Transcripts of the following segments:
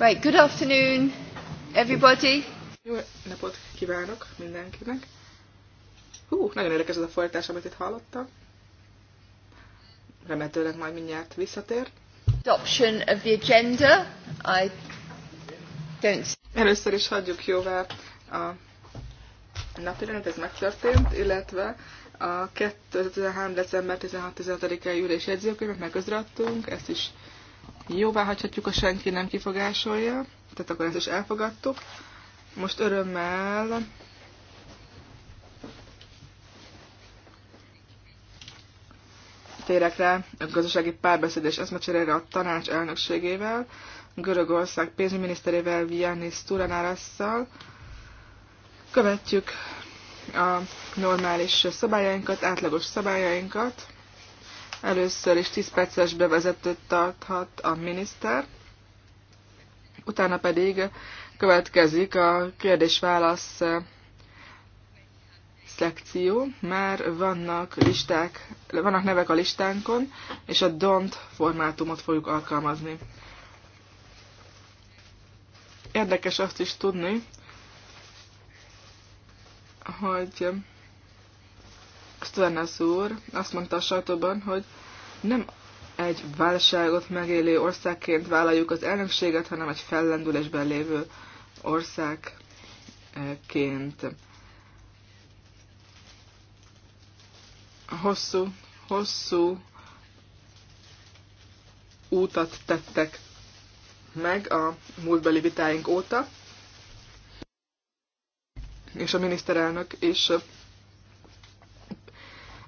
Right, good afternoon, everybody. Jó napot kívánok mindenkinek. Hú, nagyon érdekes ez a folytás, amit itt hallottam. Remélhetőleg majd mindjárt visszatér. Adoption of the agenda. I don't... Először is hagyjuk jóvá a napi rendet, ez megtörtént, illetve a 2013. december 16-16-ai ülés jegyzőkönyvet megközradtunk, ezt is Jóvá hagyhatjuk, a senki nem kifogásolja, tehát akkor ezt is elfogadtuk. Most örömmel térek rá a gazdasági párbeszéd és eszmecserére a tanács elnökségével, Görögország pénzügyminiszterével, Vianis Turanárasszal. Követjük a normális szabályainkat, átlagos szabályainkat. Először is 10 perces bevezetőt tarthat a miniszter, utána pedig következik a kérdés-válasz szekció, mert vannak listák, vannak nevek a listánkon, és a DONT formátumot fogjuk alkalmazni. Érdekes azt is tudni, hogy Sturnes úr azt mondta a sajtóban, hogy nem egy válságot megélő országként vállaljuk az elnökséget, hanem egy fellendülésben lévő országként. Hosszú, hosszú útat tettek meg a múltbeli vitáink óta, és a miniszterelnök is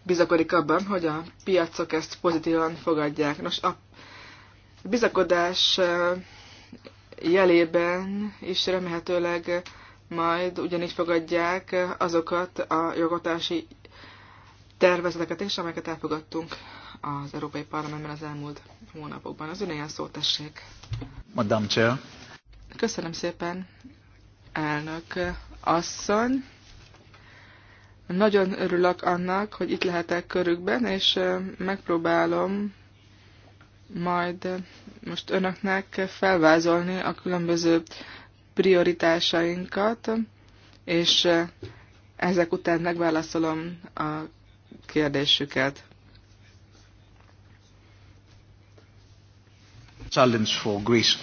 bizakodik abban, hogy a piacok ezt pozitívan fogadják. Nos, a bizakodás jelében is remélhetőleg majd ugyanígy fogadják azokat a jogotási tervezeteket is, amelyeket elfogadtunk az Európai Parlamentben az elmúlt hónapokban. Az önél szó tessék. Madame Chair. Köszönöm szépen, elnök asszony. Nagyon örülök annak, hogy itt lehetek körükben, és megpróbálom majd most önöknek felvázolni a különböző prioritásainkat, és ezek után megválaszolom a kérdésüket. Challenge for Greece.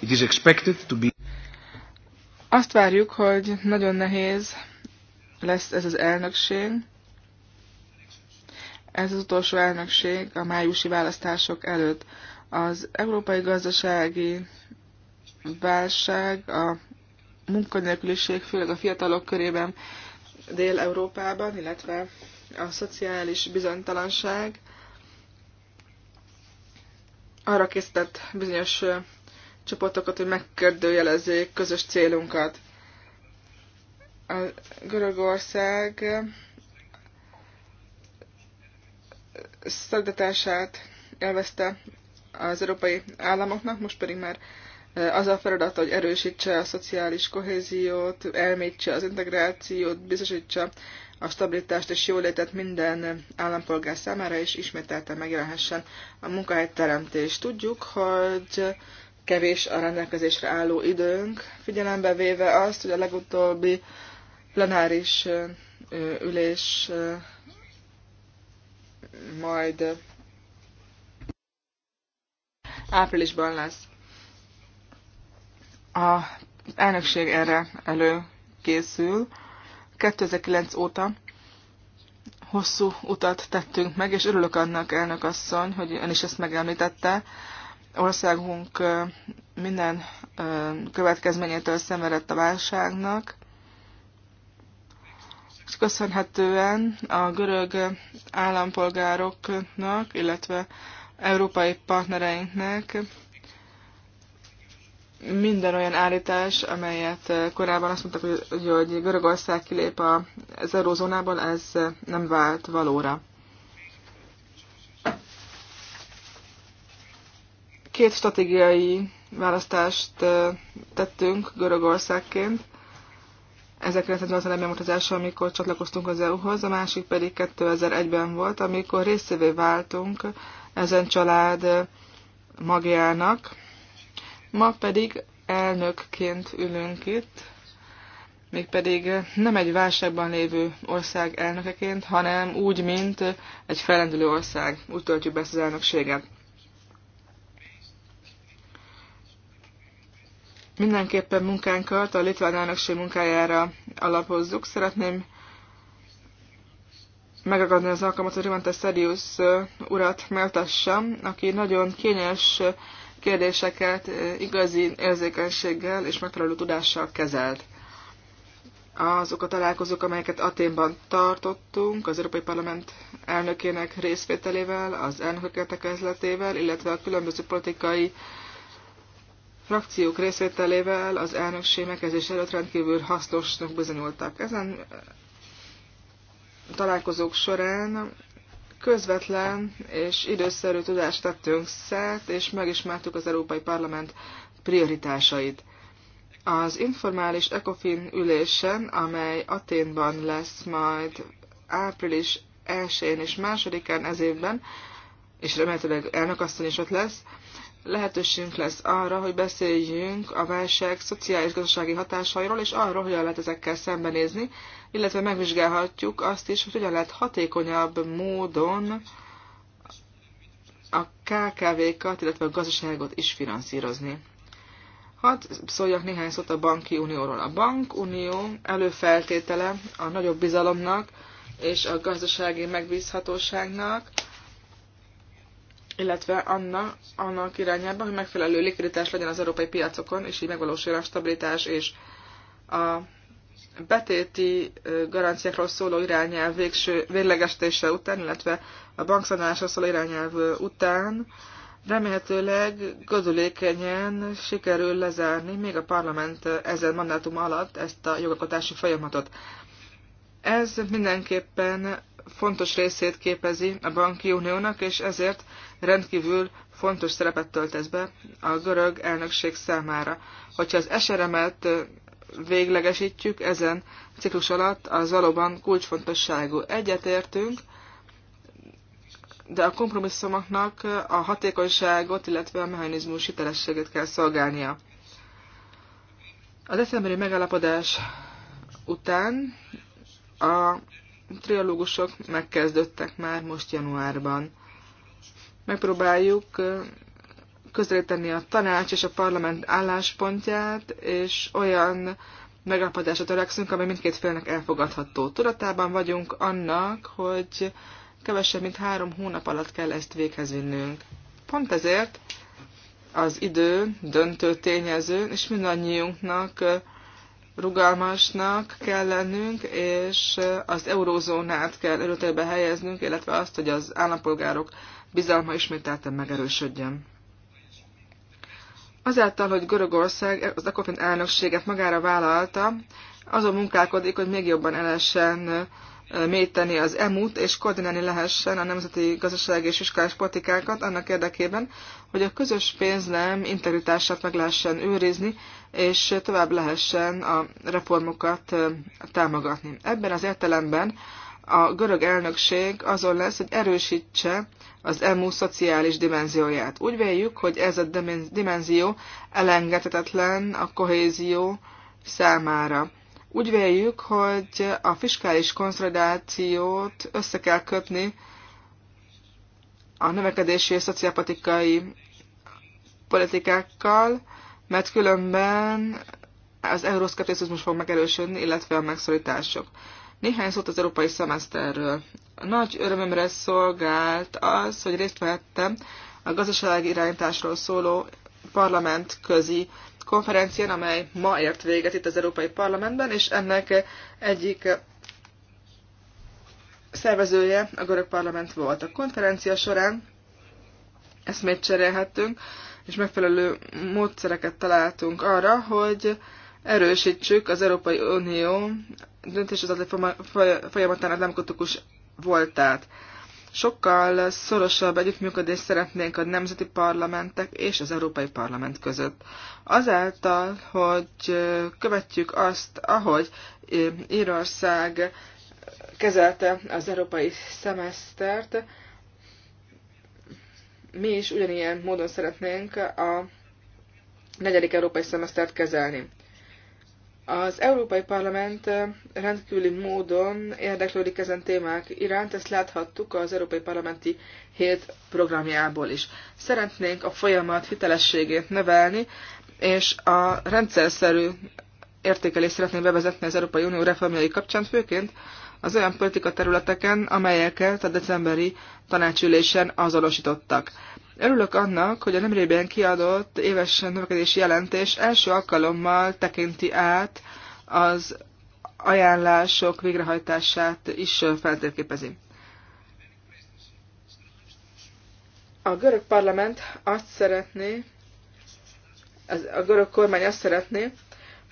It is expected to be... Azt várjuk, hogy nagyon nehéz lesz ez az elnökség. Ez az utolsó elnökség a májusi választások előtt. Az európai gazdasági válság, a munkanélküliség, főleg a fiatalok körében Dél-Európában, illetve a szociális bizonytalanság arra készített bizonyos csoportokat, hogy megkérdőjelezzék közös célunkat a Görögország szolgatását elveszte az európai államoknak, most pedig már e, az a feladat, hogy erősítse a szociális kohéziót, elmétse az integrációt, biztosítsa a stabilitást és jólétet minden állampolgár számára, és ismételten megjelenhessen a munkahelyteremtés. Tudjuk, hogy kevés a rendelkezésre álló időnk, figyelembe véve azt, hogy a legutóbbi plenáris ülés majd áprilisban lesz. A elnökség erre elő készül. 2009 óta hosszú utat tettünk meg, és örülök annak, elnök asszony, hogy ön is ezt megemlítette. Országunk minden következményétől szenvedett a válságnak, köszönhetően a görög állampolgároknak, illetve európai partnereinknek minden olyan állítás, amelyet korábban azt mondtak, hogy, hogy Görögország kilép az eurózónából, ez nem vált valóra. Két stratégiai választást tettünk Görögországként. 1980 ben volt az első, amikor csatlakoztunk az EU-hoz, a másik pedig 2001-ben volt, amikor részévé váltunk ezen család magjának. Ma pedig elnökként ülünk itt, mégpedig nem egy válságban lévő ország elnökeként, hanem úgy, mint egy felendülő ország. Úgy töltjük be ezt az elnökséget. mindenképpen munkánkat a litván elnökség munkájára alapozzuk. Szeretném megragadni az alkalmat, hogy Rivante Szerius urat méltassam, aki nagyon kényes kérdéseket igazi érzékenységgel és megfelelő tudással kezelt. Azok a találkozók, amelyeket Aténban tartottunk, az Európai Parlament elnökének részvételével, az elnökök illetve a különböző politikai uh, frakciók részvételével az elnökség megkezdés előtt rendkívül hasznosnak bizonyultak. Ezen találkozók során közvetlen és időszerű tudást tettünk szert, és megismertük az Európai Parlament prioritásait. Az informális ECOFIN ülésen, amely Aténban lesz majd április 1-én és 2-án ez évben, és remélhetőleg elnökasszony is ott lesz, lehetőségünk lesz arra, hogy beszéljünk a válság szociális-gazdasági hatásairól, és arról, hogyan lehet ezekkel szembenézni, illetve megvizsgálhatjuk azt is, hogy hogyan lehet hatékonyabb módon a KKV-kat, illetve a gazdaságot is finanszírozni. Hadd szóljak néhány szót a banki unióról. A bankunió előfeltétele a nagyobb bizalomnak és a gazdasági megbízhatóságnak, illetve anna, annak irányában, hogy megfelelő likviditás legyen az európai piacokon, és így megvalósuljon a stabilitás és a betéti garanciákról szóló irányelv végső, véglegesítése után, illetve a bankszanálásról szóló irányelv után remélhetőleg gödülékenyen sikerül lezárni még a parlament ezen mandátum alatt ezt a jogalkotási folyamatot. Ez mindenképpen fontos részét képezi a banki uniónak, és ezért rendkívül fontos szerepet ez be a görög elnökség számára. Hogyha az eseremet véglegesítjük ezen ciklus alatt, az valóban kulcsfontosságú. Egyetértünk, de a kompromisszumoknak a hatékonyságot, illetve a mechanizmus hitelességét kell szolgálnia. A decemberi megállapodás után a trialógusok megkezdődtek már most januárban megpróbáljuk közelíteni a tanács és a parlament álláspontját, és olyan megállapodásra törekszünk, ami mindkét félnek elfogadható. Tudatában vagyunk annak, hogy kevesebb, mint három hónap alatt kell ezt véghez vinnünk. Pont ezért az idő döntő tényező, és mindannyiunknak rugalmasnak kell lennünk, és az eurózónát kell előtérbe helyeznünk, illetve azt, hogy az állampolgárok bizalma ismételten megerősödjön. Azáltal, hogy Görögország az ECOFIN elnökséget magára vállalta, azon munkálkodik, hogy még jobban elessen méteni az EMU-t, és koordinálni lehessen a nemzeti gazdasági és iskolás politikákat annak érdekében, hogy a közös pénznem integritását meg lehessen őrizni, és tovább lehessen a reformokat támogatni. Ebben az értelemben a görög elnökség azon lesz, hogy erősítse az EMU szociális dimenzióját. Úgy véljük, hogy ez a dimenzió elengedhetetlen a kohézió számára. Úgy véljük, hogy a fiskális konszolidációt össze kell kötni a növekedési és szociálpolitikai politikákkal, mert különben az euroszkeptizmus fog megerősödni, illetve a megszorítások. Néhány szót az európai szemeszterről. A nagy örömömre szolgált az, hogy részt vehettem a gazdasági irányításról szóló parlament közi konferencián, amely ma ért véget itt az Európai Parlamentben, és ennek egyik szervezője a görög parlament volt. A konferencia során eszmét cserélhettünk, és megfelelő módszereket találtunk arra, hogy erősítsük az Európai Unió döntéshozatai folyamatának demokratikus voltát. Sokkal szorosabb együttműködést szeretnénk a nemzeti parlamentek és az Európai Parlament között. Azáltal, hogy követjük azt, ahogy Írország kezelte az európai szemesztert, mi is ugyanilyen módon szeretnénk a negyedik európai szemesztert kezelni. Az Európai Parlament rendkívüli módon érdeklődik ezen témák iránt, ezt láthattuk az Európai Parlamenti hét programjából is. Szeretnénk a folyamat hitelességét növelni, és a rendszerszerű értékelést szeretnénk bevezetni az Európai Unió reformjai kapcsán, főként az olyan politika területeken, amelyeket a decemberi tanácsülésen azonosítottak. Örülök annak, hogy a nemrégiben kiadott éves növekedési jelentés első alkalommal tekinti át az ajánlások végrehajtását is feltérképezi. A görög parlament azt szeretné, a görög kormány azt szeretné,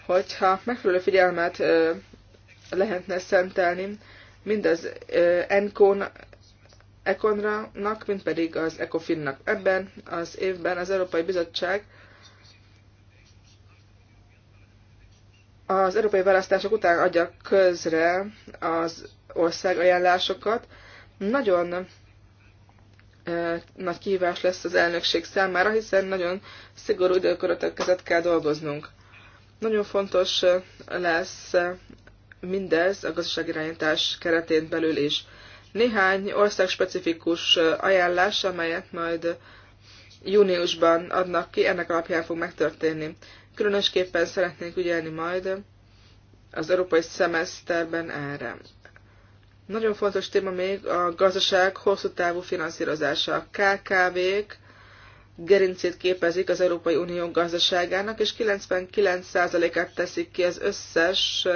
hogyha megfelelő figyelmet lehetne szentelni mindez az Econra-nak, mint pedig az Ecofinnak. Ebben az évben az Európai Bizottság az európai választások után adja közre az ország ajánlásokat. Nagyon nagy kihívás lesz az elnökség számára, hiszen nagyon szigorú időkörötök között kell dolgoznunk. Nagyon fontos lesz mindez a gazdaságirányítás keretén belül is. Néhány országspecifikus ajánlás, amelyet majd júniusban adnak ki, ennek alapján fog megtörténni. Különösképpen szeretnénk ügyelni majd az európai szemeszterben erre. Nagyon fontos téma még a gazdaság hosszú távú finanszírozása. A KKV-k gerincét képezik az Európai Unió gazdaságának, és 99%-át teszik ki az összes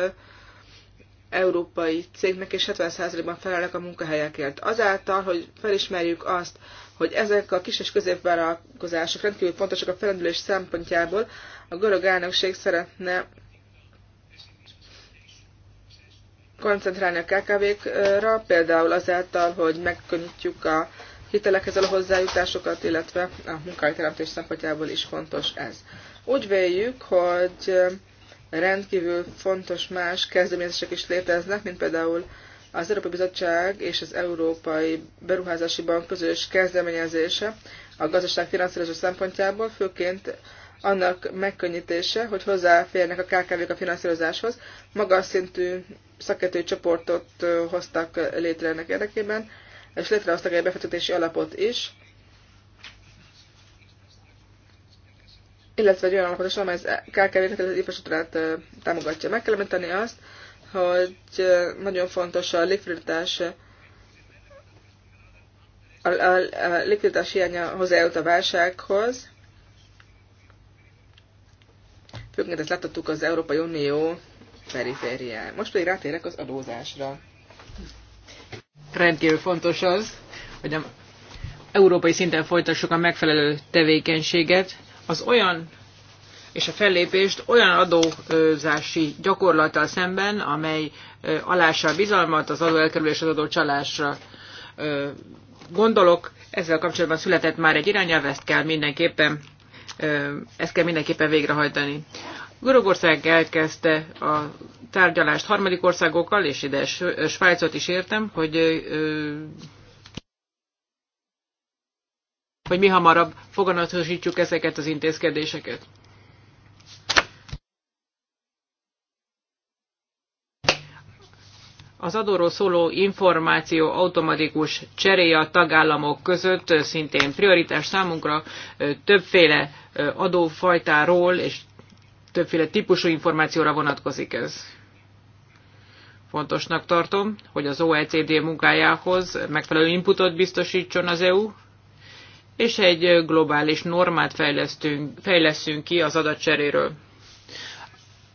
európai cégnek, és 70%-ban felelnek a munkahelyekért. Azáltal, hogy felismerjük azt, hogy ezek a kis és középvállalkozások rendkívül fontosak a felendülés szempontjából, a görög elnökség szeretne koncentrálni a KKV-kra, például azáltal, hogy megkönnyítjük a hitelekhez a hozzájutásokat, illetve a munkahelyteremtés szempontjából is fontos ez. Úgy véljük, hogy rendkívül fontos más kezdeményezések is léteznek, mint például az Európai Bizottság és az Európai Beruházási Bank közös kezdeményezése a gazdaság finanszírozása szempontjából, főként annak megkönnyítése, hogy hozzáférnek a KKV-k a finanszírozáshoz. Magas szintű szakértői csoportot hoztak létre ennek érdekében, és létrehoztak egy befektetési alapot is, illetve egy olyan alkotás, amely az kkv az infrastruktúrát támogatja. Meg kell említeni azt, hogy nagyon fontos a likviditás a, a, a likviditás hiánya hozzájut a válsághoz. Főként ezt láthattuk az Európai Unió perifériáján. Most pedig rátérek az adózásra. Rendkívül fontos az, hogy a európai szinten folytassuk a megfelelő tevékenységet, az olyan és a fellépést olyan adózási gyakorlattal szemben, amely alássa a bizalmat, az adóelkerülés, az adócsalásra gondolok. Ezzel kapcsolatban született már egy irányelv, ezt kell mindenképpen, ezt kell mindenképpen végrehajtani. Görögország elkezdte a tárgyalást harmadik országokkal, és ide Svájcot is értem, hogy hogy mi hamarabb foganatosítsuk ezeket az intézkedéseket. Az adóról szóló információ automatikus cseréje a tagállamok között szintén prioritás számunkra többféle adófajtáról és többféle típusú információra vonatkozik ez. Fontosnak tartom, hogy az OECD munkájához megfelelő inputot biztosítson az EU, és egy globális normát fejlesztünk, fejleszünk ki az adatcseréről.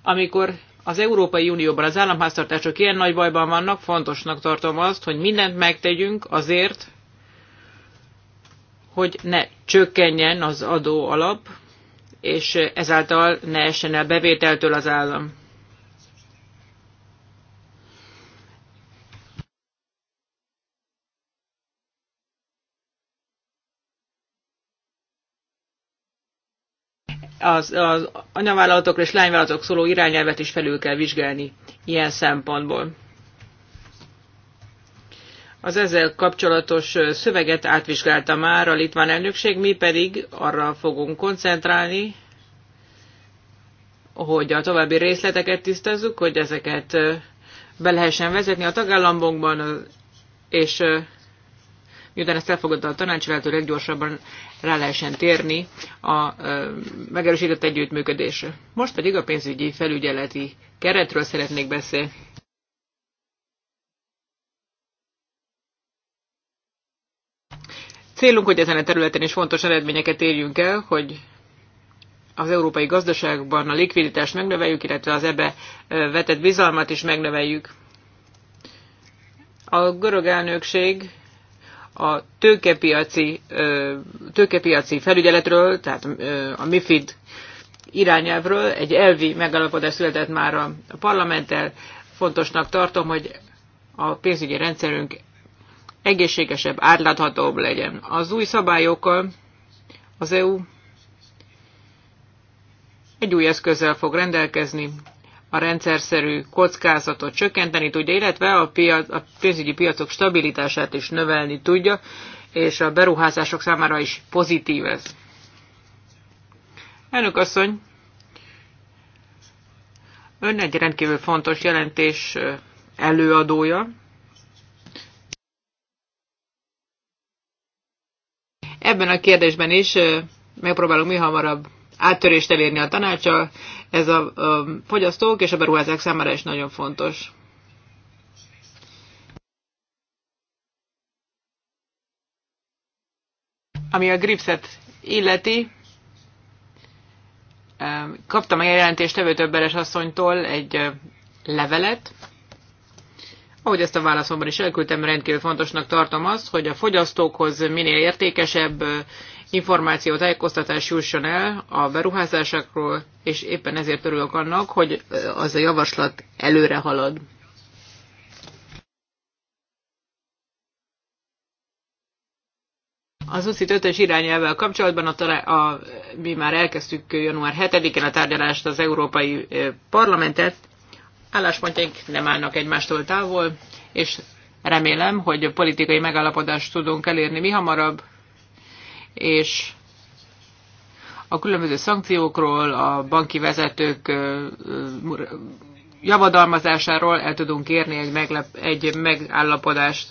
Amikor az Európai Unióban az államháztartások ilyen nagy bajban vannak, fontosnak tartom azt, hogy mindent megtegyünk azért, hogy ne csökkenjen az adó alap, és ezáltal ne essen el bevételtől az állam. az, az anyavállalatokra és lányvállalatok szóló irányelvet is felül kell vizsgálni ilyen szempontból. Az ezzel kapcsolatos szöveget átvizsgálta már a litván elnökség, mi pedig arra fogunk koncentrálni, hogy a további részleteket tisztázzuk, hogy ezeket be lehessen vezetni a tagállamokban, és miután ezt elfogadta a tanács, lehető leggyorsabban rá lehessen térni a megerősített együttműködésre. Most pedig a pénzügyi felügyeleti keretről szeretnék beszélni. Célunk, hogy ezen a területen is fontos eredményeket érjünk el, hogy az európai gazdaságban a likviditást megnöveljük, illetve az ebbe vetett bizalmat is megnöveljük. A görög elnökség a tőkepiaci, tőkepiaci felügyeletről, tehát a MIFID irányelvről egy elvi megalapodás született már a parlamenttel. Fontosnak tartom, hogy a pénzügyi rendszerünk egészségesebb, átláthatóbb legyen. Az új szabályokkal az EU egy új eszközzel fog rendelkezni, a rendszerszerű kockázatot csökkenteni tudja, illetve a, piac, a pénzügyi piacok stabilitását is növelni tudja, és a beruházások számára is pozitív ez. Elnök asszony, ön egy rendkívül fontos jelentés előadója. Ebben a kérdésben is megpróbálunk mi hamarabb áttörést elérni a tanácsa, ez a, a fogyasztók és a beruházák számára is nagyon fontos. Ami a gripset illeti, kaptam egy jelentést tevő többeres asszonytól egy levelet, ahogy ezt a válaszomban is elküldtem, rendkívül fontosnak tartom azt, hogy a fogyasztókhoz minél értékesebb információ, tájékoztatás jusson el a beruházásokról, és éppen ezért örülök annak, hogy az a javaslat előre halad. Az UCI 5-ös irányelvvel kapcsolatban a, a, mi már elkezdtük január 7-én a tárgyalást az Európai Parlamentet. Álláspontjaink nem állnak egymástól távol, és remélem, hogy politikai megállapodást tudunk elérni mi hamarabb, és a különböző szankciókról, a banki vezetők javadalmazásáról el tudunk érni egy, meglep, egy megállapodást.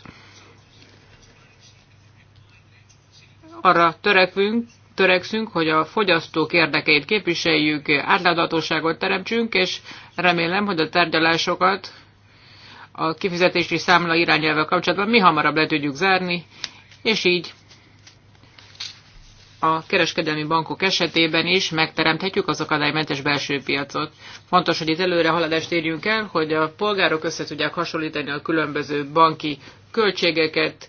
Arra törekvünk, törekszünk, hogy a fogyasztók érdekeit képviseljük, átláthatóságot teremtsünk, és remélem, hogy a tárgyalásokat a kifizetési számla irányelve kapcsolatban mi hamarabb le tudjuk zárni, és így a kereskedelmi bankok esetében is megteremthetjük az akadálymentes belső piacot. Fontos, hogy itt előre haladást érjünk el, hogy a polgárok össze tudják hasonlítani a különböző banki költségeket,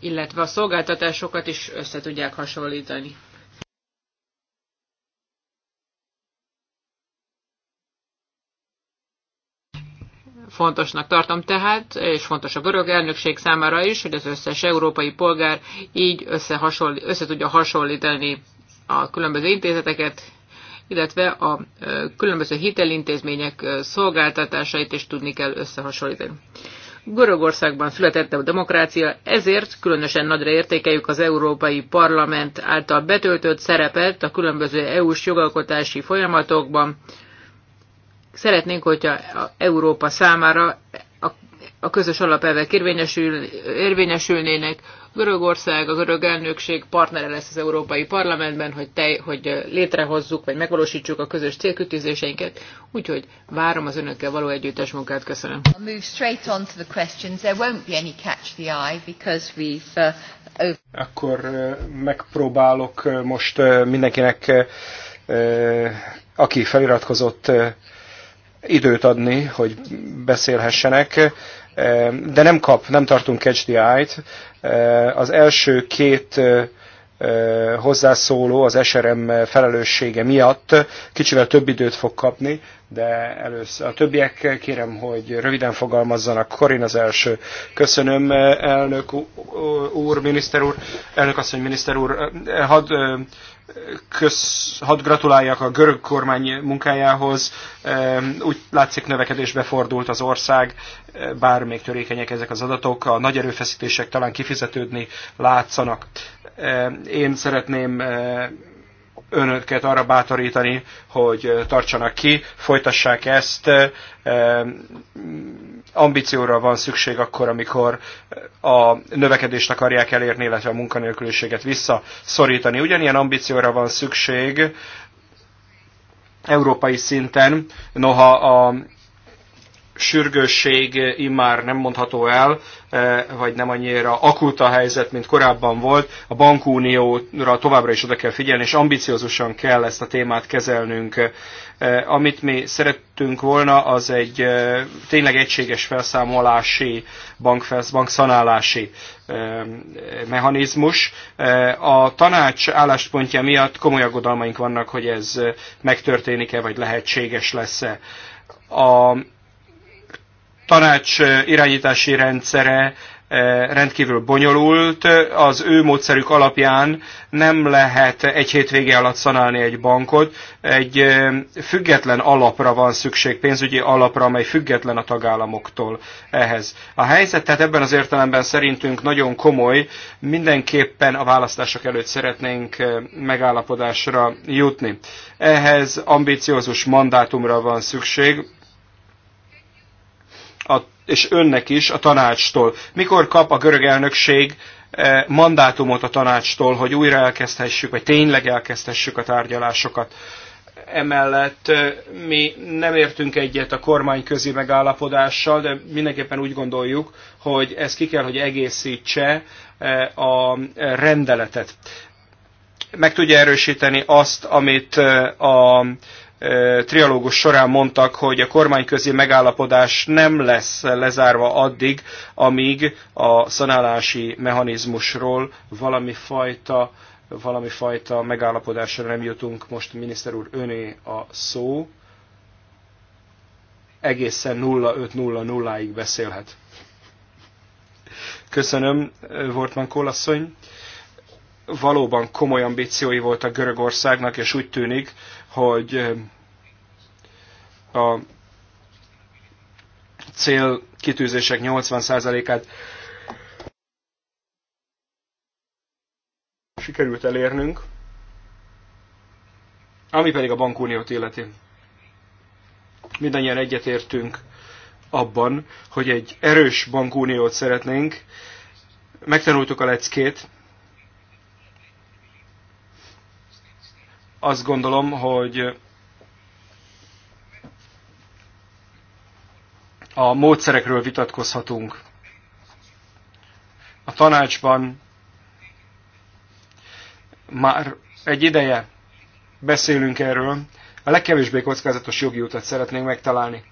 illetve a szolgáltatásokat is össze tudják hasonlítani. Fontosnak tartom tehát, és fontos a görög elnökség számára is, hogy az összes európai polgár így össze tudja hasonlítani a különböző intézeteket, illetve a különböző hitelintézmények szolgáltatásait is tudni kell összehasonlítani. Görögországban született a demokrácia, ezért különösen nagyra értékeljük az Európai Parlament által betöltött szerepet a különböző EU-s jogalkotási folyamatokban, Szeretnénk, hogyha Európa számára a közös alapelvek érvényesül, érvényesülnének. Görögország, a görög elnökség partnere lesz az Európai Parlamentben, hogy, te, hogy létrehozzuk, vagy megvalósítsuk a közös célkütőzéseinket. Úgyhogy várom az önökkel való együttes munkát. Köszönöm. Akkor megpróbálok most mindenkinek, aki feliratkozott, uh, időt adni, hogy beszélhessenek, de nem kap, nem tartunk HDI-t. Az első két hozzászóló az SRM felelőssége miatt kicsivel több időt fog kapni, de először a többiek kérem, hogy röviden fogalmazzanak. Korin az első. Köszönöm, elnök úr, miniszter úr, elnök asszony, miniszter úr. Hadd kösz hadd gratuláljak a görög kormány munkájához. Úgy látszik növekedésbe fordult az ország, bár még törékenyek ezek az adatok, a nagy erőfeszítések talán kifizetődni látszanak. Én szeretném önöket arra bátorítani, hogy tartsanak ki, folytassák ezt. Ambícióra van szükség akkor, amikor a növekedést akarják elérni, illetve a munkanélküliséget visszaszorítani. Ugyanilyen ambícióra van szükség európai szinten, noha a sürgősség immár nem mondható el, eh, vagy nem annyira akut a helyzet, mint korábban volt. A bankunióra továbbra is oda kell figyelni, és ambiciózusan kell ezt a témát kezelnünk. Eh, amit mi szerettünk volna, az egy eh, tényleg egységes felszámolási, bankszanálási mechanizmus. A tanács álláspontja miatt komoly aggodalmaink vannak, hogy ez megtörténik-e, vagy lehetséges lesz-e. A tanács irányítási rendszere rendkívül bonyolult, az ő módszerük alapján nem lehet egy hétvége alatt szanálni egy bankot, egy független alapra van szükség, pénzügyi alapra, amely független a tagállamoktól ehhez. A helyzet tehát ebben az értelemben szerintünk nagyon komoly, mindenképpen a választások előtt szeretnénk megállapodásra jutni. Ehhez ambiciózus mandátumra van szükség, a, és önnek is a tanácstól. Mikor kap a görög elnökség eh, mandátumot a tanácstól, hogy újra elkezdhessük, vagy tényleg elkezdhessük a tárgyalásokat? Emellett eh, mi nem értünk egyet a kormány közi megállapodással, de mindenképpen úgy gondoljuk, hogy ez ki kell, hogy egészítse eh, a rendeletet meg tudja erősíteni azt, amit a trialógus során mondtak, hogy a kormányközi megállapodás nem lesz lezárva addig, amíg a szanálási mechanizmusról valami fajta, valami fajta megállapodásra nem jutunk. Most miniszter úr öné a szó. Egészen 0500-ig beszélhet. Köszönöm, Wortman Kólasszony. Valóban komoly ambíciói voltak Görögországnak, és úgy tűnik, hogy eh, a cél kitűzések 80%-át sikerült elérnünk, ami pedig a bankuniót illeti. Mindannyian egyetértünk abban, hogy egy erős bankuniót szeretnénk. Megtanultuk a leckét, Azt gondolom, hogy a módszerekről vitatkozhatunk. A tanácsban már egy ideje beszélünk erről, a legkevésbé kockázatos jogi utat szeretnénk megtalálni.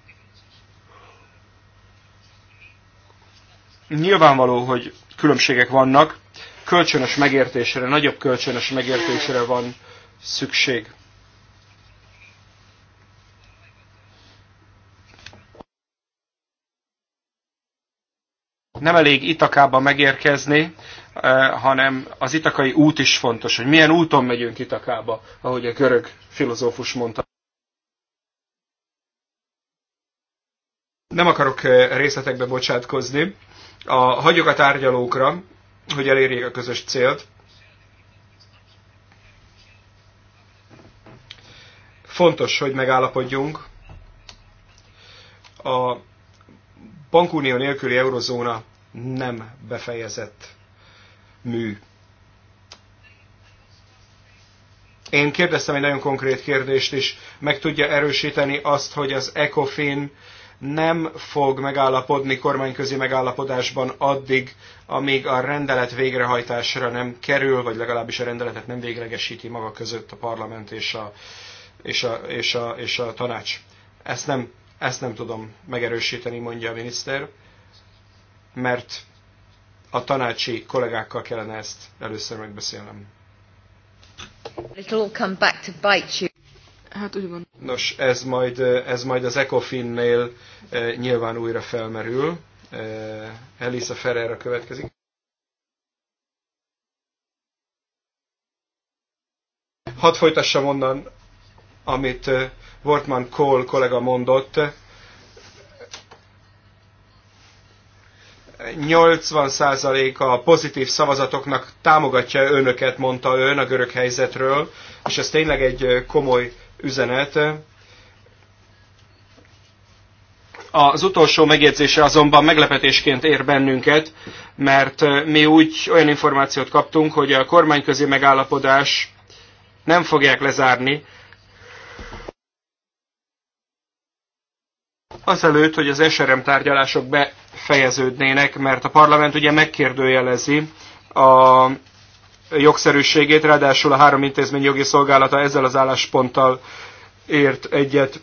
Nyilvánvaló, hogy különbségek vannak, kölcsönös megértésre, nagyobb kölcsönös megértésre van szükség. Nem elég Itakába megérkezni, eh, hanem az itakai út is fontos, hogy milyen úton megyünk Itakába, ahogy a görög filozófus mondta. Nem akarok eh, részletekbe bocsátkozni. A hagyok a tárgyalókra, hogy elérjék a közös célt. Fontos, hogy megállapodjunk. A bankunió nélküli eurozóna nem befejezett mű. Én kérdeztem egy nagyon konkrét kérdést is. Meg tudja erősíteni azt, hogy az ECOFIN nem fog megállapodni kormányközi megállapodásban addig, amíg a rendelet végrehajtásra nem kerül, vagy legalábbis a rendeletet nem véglegesíti maga között a parlament és a és a, és a, és a tanács. Ezt nem, ezt nem tudom megerősíteni, mondja a miniszter, mert a tanácsi kollégákkal kellene ezt először megbeszélnem. Hát úgy Nos, ez majd, ez majd az Ecofinnél eh, nyilván újra felmerül. Eh, Elisa a következik. Hadd folytassam onnan, amit Wortman Kohl kollega mondott, 80%-a a pozitív szavazatoknak támogatja önöket, mondta ön a görög helyzetről, és ez tényleg egy komoly üzenet. Az utolsó megjegyzése azonban meglepetésként ér bennünket, mert mi úgy olyan információt kaptunk, hogy a kormányközi megállapodás nem fogják lezárni, azelőtt, hogy az SRM tárgyalások befejeződnének, mert a parlament ugye megkérdőjelezi a jogszerűségét, ráadásul a három intézmény jogi szolgálata ezzel az állásponttal ért egyet.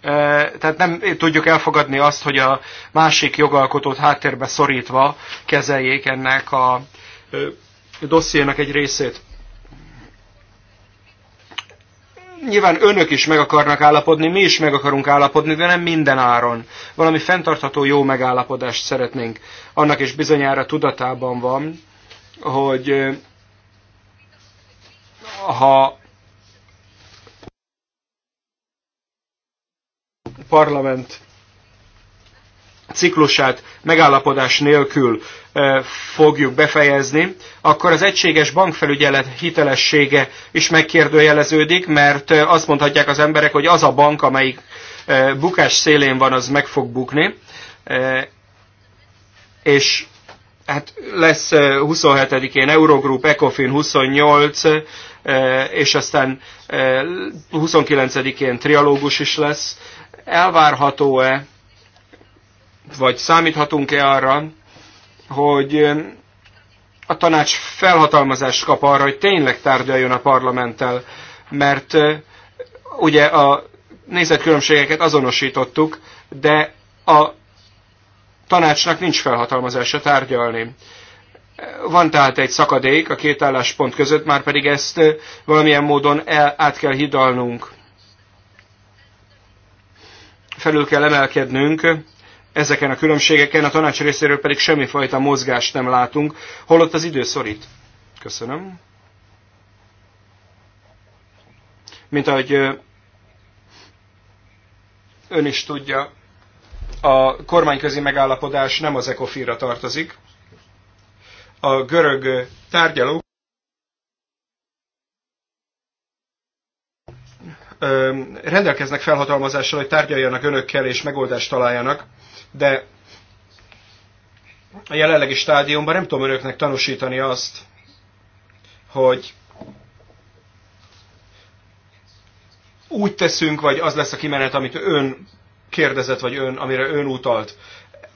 E, tehát nem tudjuk elfogadni azt, hogy a másik jogalkotót háttérbe szorítva kezeljék ennek a e, dossziénak egy részét. Nyilván önök is meg akarnak állapodni, mi is meg akarunk állapodni, de nem minden áron. Valami fenntartható jó megállapodást szeretnénk. Annak is bizonyára tudatában van, hogy ha parlament ciklusát megállapodás nélkül fogjuk befejezni, akkor az egységes bankfelügyelet hitelessége is megkérdőjeleződik, mert azt mondhatják az emberek, hogy az a bank, amelyik bukás szélén van, az meg fog bukni, és hát lesz 27-én Eurogroup, Ecofin 28, és aztán 29-én trialógus is lesz. Elvárható-e vagy számíthatunk-e arra, hogy a tanács felhatalmazást kap arra, hogy tényleg tárgyaljon a parlamenttel, mert ugye a nézetkülönbségeket azonosítottuk, de a tanácsnak nincs felhatalmazása tárgyalni. Van tehát egy szakadék a két álláspont között, már pedig ezt valamilyen módon el, át kell hidalnunk. Felül kell emelkednünk ezeken a különbségeken, a tanács részéről pedig semmifajta mozgást nem látunk, holott az idő szorít. Köszönöm. Mint ahogy ön is tudja, a kormányközi megállapodás nem az ECOFIR-ra tartozik. A görög tárgyalók rendelkeznek felhatalmazással, hogy tárgyaljanak önökkel és megoldást találjanak de a jelenlegi stádiumban nem tudom önöknek tanúsítani azt, hogy úgy teszünk, vagy az lesz a kimenet, amit ön kérdezett, vagy ön, amire ön utalt.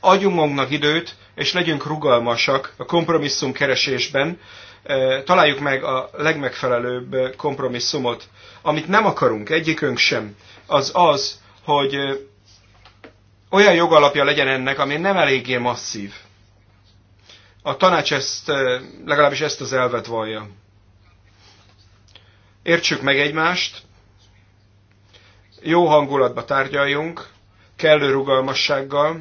Adjunk magunknak időt, és legyünk rugalmasak a kompromisszum keresésben, e, találjuk meg a legmegfelelőbb kompromisszumot. Amit nem akarunk, egyikünk sem, az az, hogy olyan jogalapja legyen ennek, ami nem eléggé masszív. A tanács ezt, legalábbis ezt az elvet vallja. Értsük meg egymást, jó hangulatba tárgyaljunk, kellő rugalmassággal,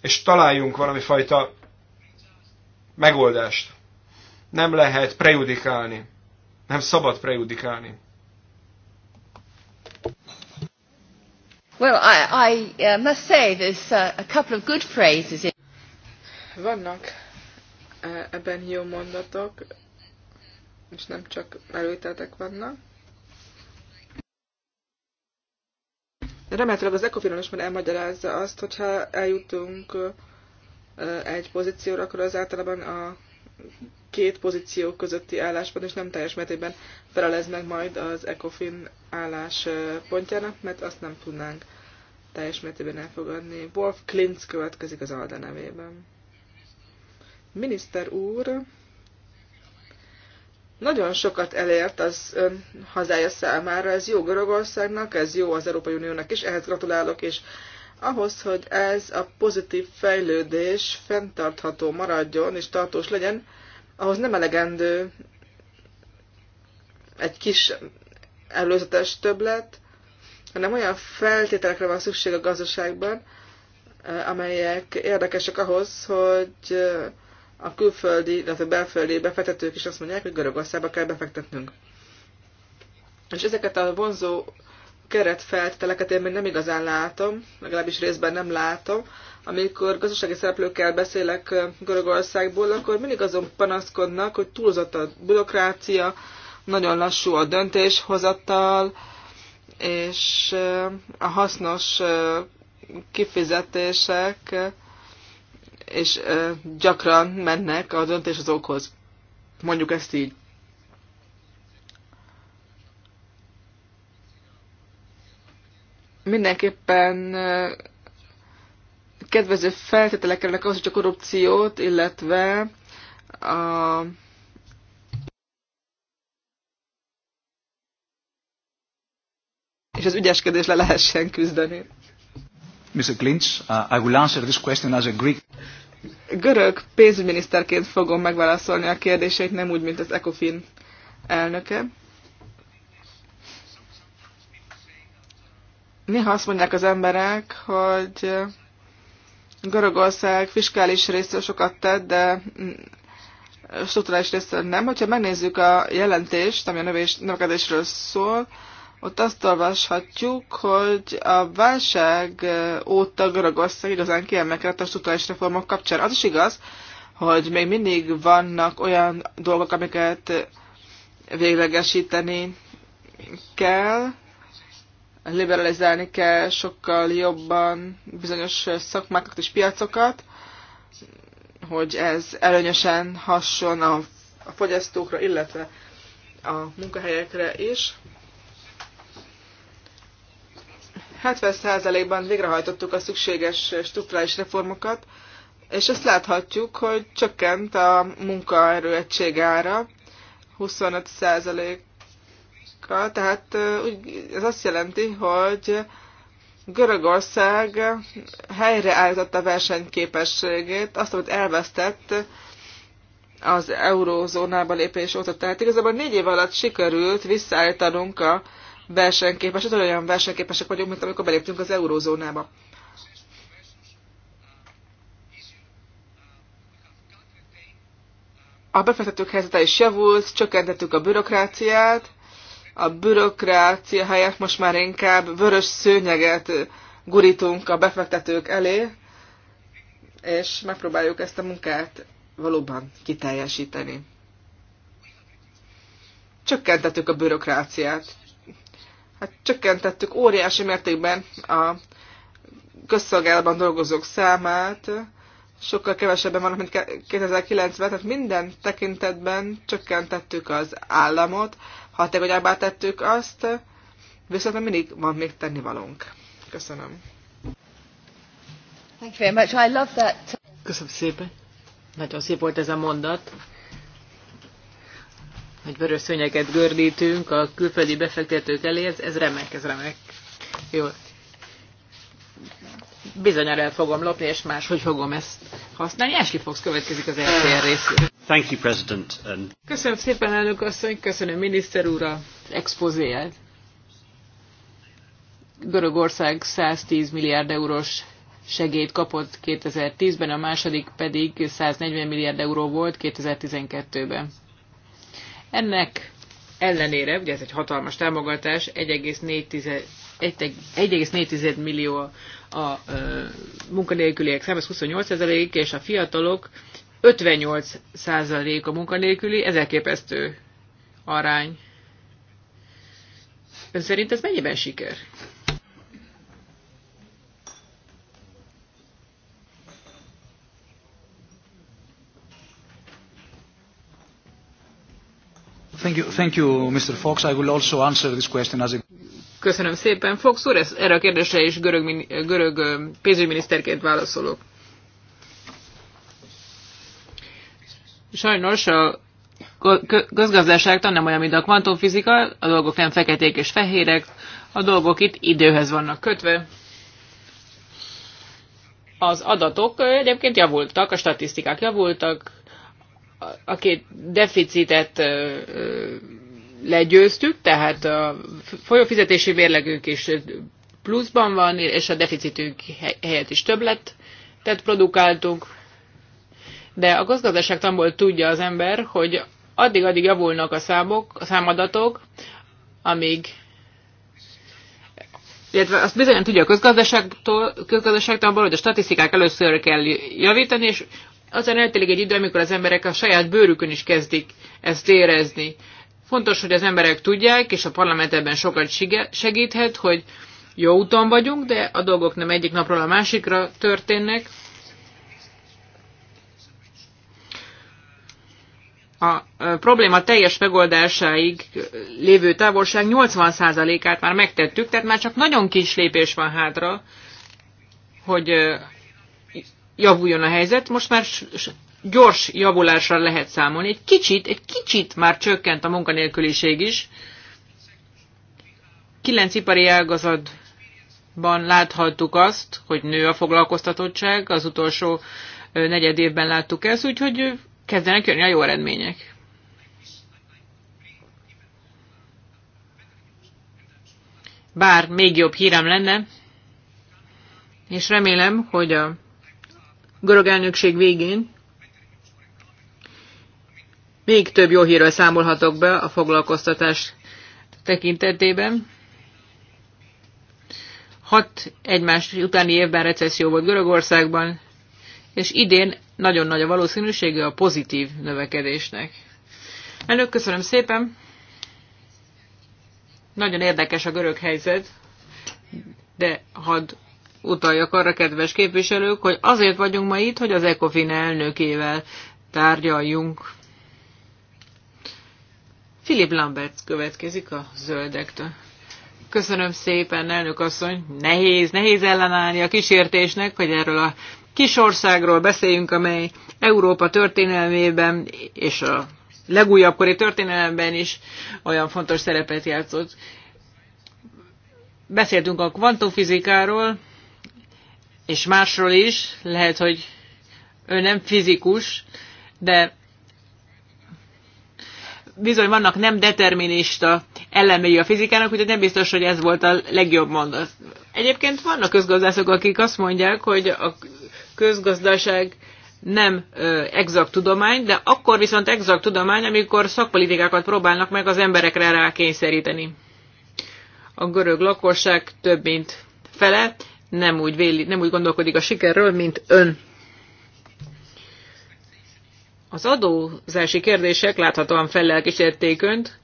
és találjunk valami fajta megoldást. Nem lehet prejudikálni. Nem szabad prejudikálni. Well, I, I uh, must say there's uh, a couple of good phrases. In... Vannak uh, ebben jó mondatok, és nem csak előtetek vannak. remélhetőleg az Ecofinon is már elmagyarázza azt, hogyha eljutunk egy pozícióra, akkor az általában a két pozíció közötti álláspont, és nem teljes mértékben felelez meg majd az ECOFIN álláspontjának, mert azt nem tudnánk teljes mértékben elfogadni. Wolf Klintz következik az Alda nevében. Miniszter úr nagyon sokat elért az ön hazája számára, ez jó Görögországnak, ez jó az Európai Uniónak is, ehhez gratulálok, és ahhoz, hogy ez a pozitív fejlődés fenntartható maradjon és tartós legyen, ahhoz nem elegendő egy kis előzetes többlet, hanem olyan feltételekre van szükség a gazdaságban, eh, amelyek érdekesek ahhoz, hogy eh, a külföldi, illetve belföldi befektetők is azt mondják, hogy Görögországba kell befektetnünk. És ezeket a vonzó keretfeltételeket én még nem igazán látom, legalábbis részben nem látom, amikor gazdasági szereplőkkel beszélek Görögországból, akkor mindig azon panaszkodnak, hogy túlzott a bürokrácia, nagyon lassú a döntéshozattal, és a hasznos kifizetések és gyakran mennek a döntéshozókhoz. Mondjuk ezt így. Mindenképpen kedvező feltételek kerülnek ahhoz, hogy a korrupciót, illetve a és az ügyeskedés le lehessen küzdeni. Mr. Klinch, uh, I will answer this question as a Greek. Görög pénzügyminiszterként fogom megválaszolni a kérdéseit, nem úgy, mint az ECOFIN elnöke. Néha azt mondják az emberek, hogy Görögország fiskális részről sokat tett, de mm, strukturális részről nem. Hogyha megnézzük a jelentést, ami a növés, növekedésről szól, ott azt olvashatjuk, hogy a válság óta Görögország igazán kiemelkedett a strukturális reformok kapcsán. Az is igaz, hogy még mindig vannak olyan dolgok, amiket véglegesíteni kell, liberalizálni kell sokkal jobban bizonyos szakmákat és piacokat, hogy ez előnyösen hasson a, a fogyasztókra, illetve a munkahelyekre is. 70%-ban végrehajtottuk a szükséges struktúrális reformokat, és ezt láthatjuk, hogy csökkent a munkaerő egységára 25% országokkal, tehát ez azt jelenti, hogy Görögország helyreállította a versenyképességét, azt, amit elvesztett az eurózónába lépés óta. Tehát igazából négy év alatt sikerült visszaállítanunk a versenyképességet, olyan versenyképesek vagyunk, mint amikor beléptünk az eurózónába. A befektetők helyzete is javult, csökkentettük a bürokráciát, a bürokrácia helyett most már inkább vörös szőnyeget gurítunk a befektetők elé, és megpróbáljuk ezt a munkát valóban kiteljesíteni. Csökkentettük a bürokráciát. Hát csökkentettük óriási mértékben a közszolgálatban dolgozók számát, sokkal kevesebben vannak, mint 2009-ben, tehát minden tekintetben csökkentettük az államot, hatékonyabbá tettük azt, viszont mindig van még tennivalónk. Köszönöm. Thank you very much. I love that. Köszönöm szépen. Nagyon szép volt ez a mondat hogy vörös szőnyeget gördítünk a külföldi befektetők elé, ez, ez remek, ez remek. Jó, bizonyára el fogom lopni, és máshogy fogom ezt használni. Ashley Fox következik az RTL részéről. Thank you, President. And... Köszönöm szépen, elnök asszony, köszönöm miniszter úr az expozéját. Görögország 110 milliárd eurós segélyt kapott 2010-ben, a második pedig 140 milliárd euró volt 2012-ben. Ennek ellenére, ugye ez egy hatalmas támogatás, 1,4 millió a munkanélküliek száma 28% és a fiatalok 58% a munkanélküli, ez elképesztő arány. Ön szerint ez mennyiben siker? Thank you, thank you, Mr. Fox. I will also answer this question as a... Köszönöm szépen, Fox úr. Ez, erre a kérdésre is görög, görög pénzügyminiszterként válaszolok. Sajnos a közgazdaságtan nem olyan, mint a kvantumfizika, a dolgok nem feketék és fehérek, a dolgok itt időhez vannak kötve. Az adatok egyébként javultak, a statisztikák javultak, a két deficitet legyőztük, tehát a folyófizetési mérlegünk is pluszban van, és a deficitünk helyett is több lett. tehát produkáltunk. De a gazdaságtamból tudja az ember, hogy addig-addig javulnak a számok, a számadatok, amíg illetve azt bizonyan tudja a közgazdaságtól, közgazdaságtól, hogy a statisztikák először kell javítani, és aztán eltelik egy idő, amikor az emberek a saját bőrükön is kezdik ezt érezni. Fontos, hogy az emberek tudják, és a parlament ebben sokat segíthet, hogy jó úton vagyunk, de a dolgok nem egyik napról a másikra történnek. A probléma teljes megoldásáig lévő távolság 80%-át már megtettük, tehát már csak nagyon kis lépés van hátra, hogy javuljon a helyzet, most már gyors javulásra lehet számolni. Egy kicsit, egy kicsit már csökkent a munkanélküliség is. Kilenc ipari ágazatban láthattuk azt, hogy nő a foglalkoztatottság, az utolsó negyed évben láttuk ezt, úgyhogy kezdenek jönni a jó eredmények. Bár még jobb hírem lenne, és remélem, hogy a görög elnökség végén. Még több jó hírről számolhatok be a foglalkoztatás tekintetében. Hat egymás utáni évben recesszió volt Görögországban, és idén nagyon nagy a valószínűsége a pozitív növekedésnek. Elnök, köszönöm szépen! Nagyon érdekes a görög helyzet, de hadd utaljak arra, kedves képviselők, hogy azért vagyunk ma itt, hogy az ECOFIN elnökével tárgyaljunk. Philip Lambert következik a zöldektől. Köszönöm szépen, elnök asszony. Nehéz, nehéz ellenállni a kísértésnek, hogy erről a kis országról beszéljünk, amely Európa történelmében és a legújabbkori történelemben is olyan fontos szerepet játszott. Beszéltünk a kvantumfizikáról, és másról is, lehet, hogy ő nem fizikus, de bizony vannak nem determinista elemei a fizikának, úgyhogy nem biztos, hogy ez volt a legjobb mondat. Egyébként vannak közgazdászok, akik azt mondják, hogy a közgazdaság nem exakt tudomány, de akkor viszont exakt tudomány, amikor szakpolitikákat próbálnak meg az emberekre rákényszeríteni. A görög lakosság több mint fele nem úgy, véli, nem úgy gondolkodik a sikerről, mint ön. Az adózási kérdések láthatóan fellelkísérték önt.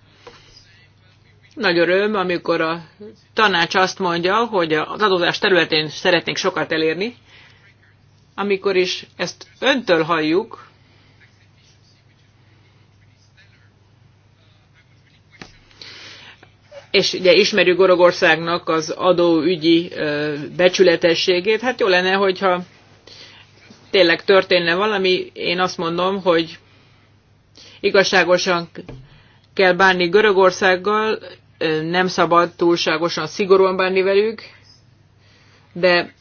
Nagy öröm, amikor a tanács azt mondja, hogy az adózás területén szeretnénk sokat elérni. Amikor is ezt öntől halljuk, és ugye ismerjük Gorogországnak az adóügyi becsületességét, hát jó lenne, hogyha tényleg történne valami, én azt mondom, hogy igazságosan kell bánni Görögországgal, nem szabad túlságosan szigorúan bánni velük, de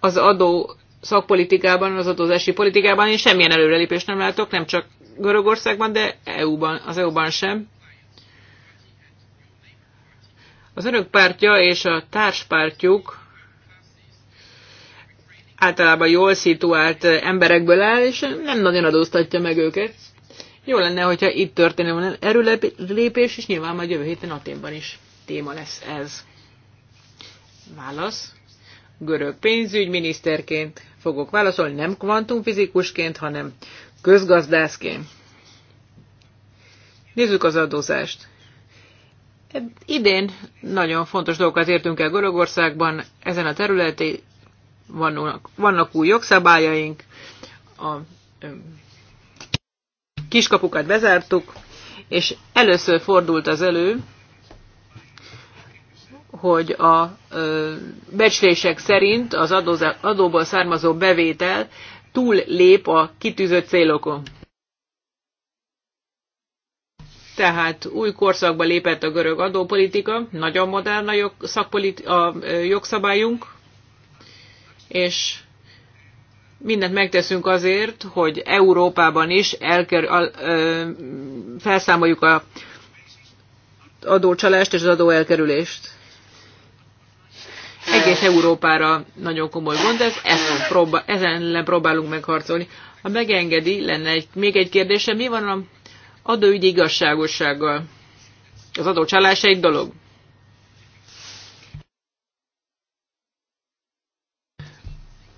az adó szakpolitikában, az adózási politikában én semmilyen előrelépést nem látok, nem csak Görögországban, de EU-ban, az EU-ban sem. Az önök pártja és a társpártjuk általában jól szituált emberekből áll, és nem nagyon adóztatja meg őket. Jó lenne, hogyha itt történne van erőlépés, és nyilván majd jövő héten Aténban is téma lesz ez. Válasz. Görög pénzügyminiszterként fogok válaszolni, nem kvantumfizikusként, hanem közgazdászként. Nézzük az adózást. Idén nagyon fontos dolgokat értünk el Görögországban, ezen a területén vannak, vannak új jogszabályaink, a kiskapukat bezártuk, és először fordult az elő, hogy a becslések szerint az adóból származó bevétel túl lép a kitűzött célokon tehát új korszakba lépett a görög adópolitika, nagyon modern a, jog, a jogszabályunk, és mindent megteszünk azért, hogy Európában is elker, a, ö, felszámoljuk a adócsalást és az adóelkerülést. Egész Európára nagyon komoly gond ez, ezen, próba- ezen ellen próbálunk megharcolni. Ha megengedi, lenne egy, még egy kérdése, mi van a adóügyi igazságossággal. Az adócsalás egy dolog.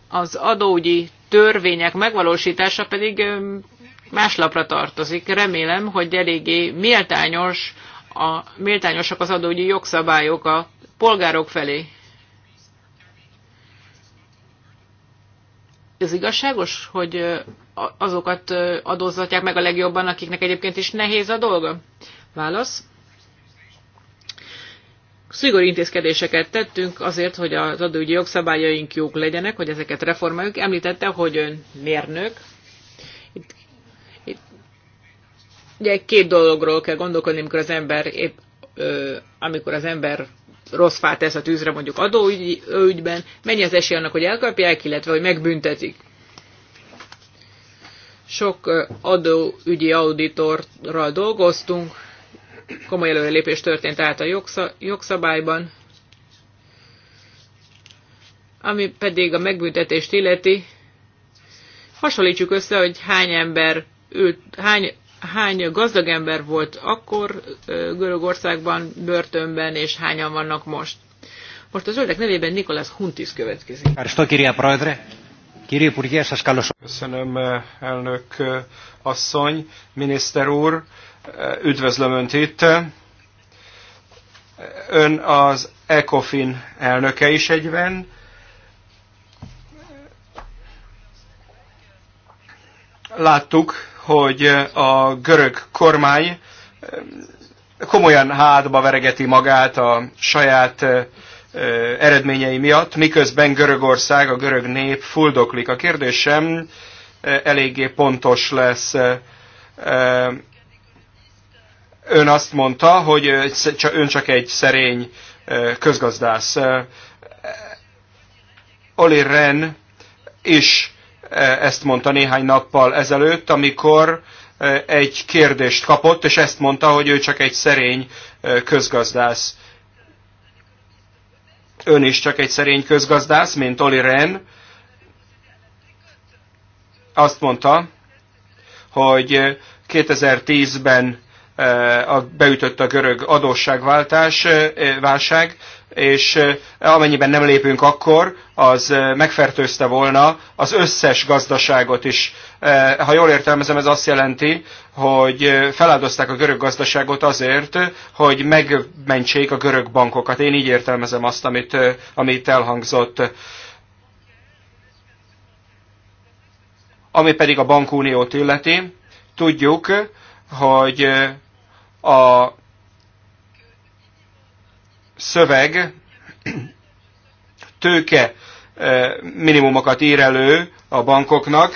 Az adóügyi törvények megvalósítása pedig más lapra tartozik. Remélem, hogy eléggé méltányos a, méltányosak az adóügyi jogszabályok a polgárok felé. ez igazságos, hogy azokat adózatják meg a legjobban, akiknek egyébként is nehéz a dolga? Válasz. Szigorú intézkedéseket tettünk azért, hogy az adógyi jogszabályaink jók legyenek, hogy ezeket reformáljuk. Említette, hogy ön mérnök. Itt, itt, ugye két dologról kell gondolkodni, amikor az ember épp, ö, amikor az ember rossz fát tesz a tűzre mondjuk adóügyben, mennyi az esély annak, hogy elkapják, illetve hogy megbüntetik. Sok adóügyi auditorral dolgoztunk, komoly előrelépés történt át a jogszabályban, ami pedig a megbüntetést illeti, hasonlítsuk össze, hogy hány ember ült, hány hány gazdag ember volt akkor Görögországban, börtönben, és hányan vannak most. Most az öldek nevében Nikolás Huntis következik. Köszönöm, elnök asszony, miniszter úr, üdvözlöm Önt itt. Ön az ECOFIN elnöke is egyben. Láttuk, hogy a görög kormány komolyan hátba veregeti magát a saját eredményei miatt, miközben Görögország, a görög nép fuldoklik. A kérdésem eléggé pontos lesz. Ön azt mondta, hogy ön csak egy szerény közgazdász. Oli Ren is E, ezt mondta néhány nappal ezelőtt, amikor e, egy kérdést kapott, és ezt mondta, hogy ő csak egy szerény e, közgazdász. Ön is csak egy szerény közgazdász, mint Oli Ren. Azt mondta, hogy 2010-ben beütött a görög adósságváltás, válság, és amennyiben nem lépünk akkor, az megfertőzte volna az összes gazdaságot is. Ha jól értelmezem, ez azt jelenti, hogy feláldozták a görög gazdaságot azért, hogy megmentsék a görög bankokat. Én így értelmezem azt, amit, amit elhangzott. Ami pedig a bankuniót illeti, tudjuk, hogy a szöveg tőke e, minimumokat ír elő a bankoknak,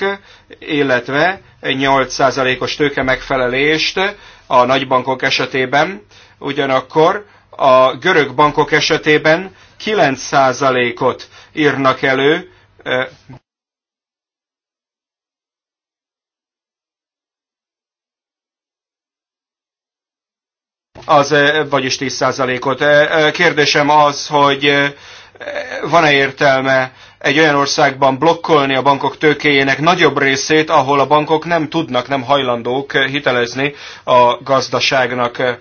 illetve 8%-os tőke megfelelést a nagybankok esetében, ugyanakkor a görög bankok esetében 9%-ot írnak elő, e, Az, eh, vagyis 10%-ot. Eh, eh, kérdésem az, hogy van-e értelme egy olyan országban blokkolni a bankok tőkéjének nagyobb részét, ahol a bankok nem tudnak, nem hajlandók hitelezni a gazdaságnak.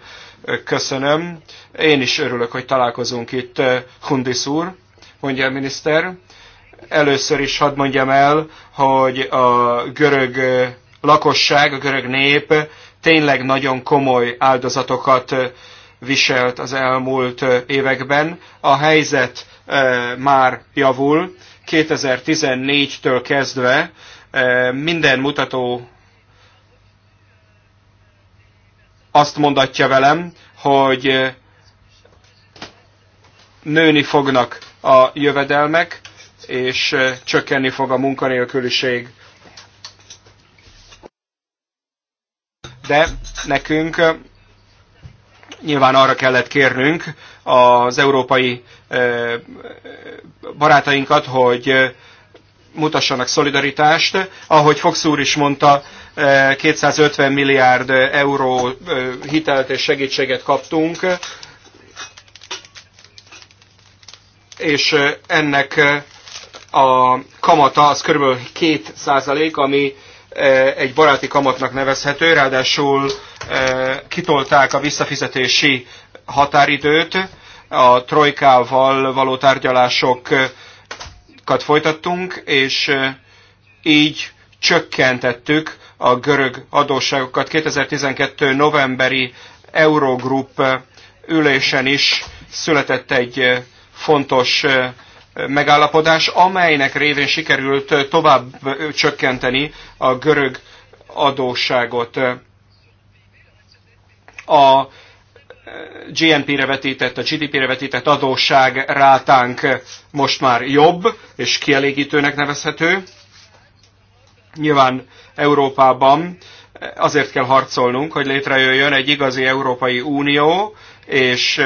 Köszönöm. Én is örülök, hogy találkozunk itt, Hundis úr, mondja a miniszter. Először is hadd mondjam el, hogy a görög lakosság, a görög nép tényleg nagyon komoly áldozatokat viselt az elmúlt években. A helyzet már javul. 2014-től kezdve minden mutató azt mondatja velem, hogy nőni fognak a jövedelmek, és csökkenni fog a munkanélküliség. de nekünk nyilván arra kellett kérnünk az európai barátainkat, hogy mutassanak szolidaritást. Ahogy Fox úr is mondta, 250 milliárd euró hitelt és segítséget kaptunk, és ennek a kamata az kb. 2 százalék, ami egy baráti kamatnak nevezhető, ráadásul kitolták a visszafizetési határidőt, a trojkával való tárgyalásokat folytattunk, és így csökkentettük a görög adósságokat. 2012. novemberi Eurogroup ülésen is született egy fontos megállapodás, amelynek révén sikerült tovább csökkenteni a görög adósságot. A GNP-re vetített, a GDP-re vetített adósság rátánk most már jobb és kielégítőnek nevezhető. Nyilván Európában azért kell harcolnunk, hogy létrejöjjön egy igazi Európai Unió, és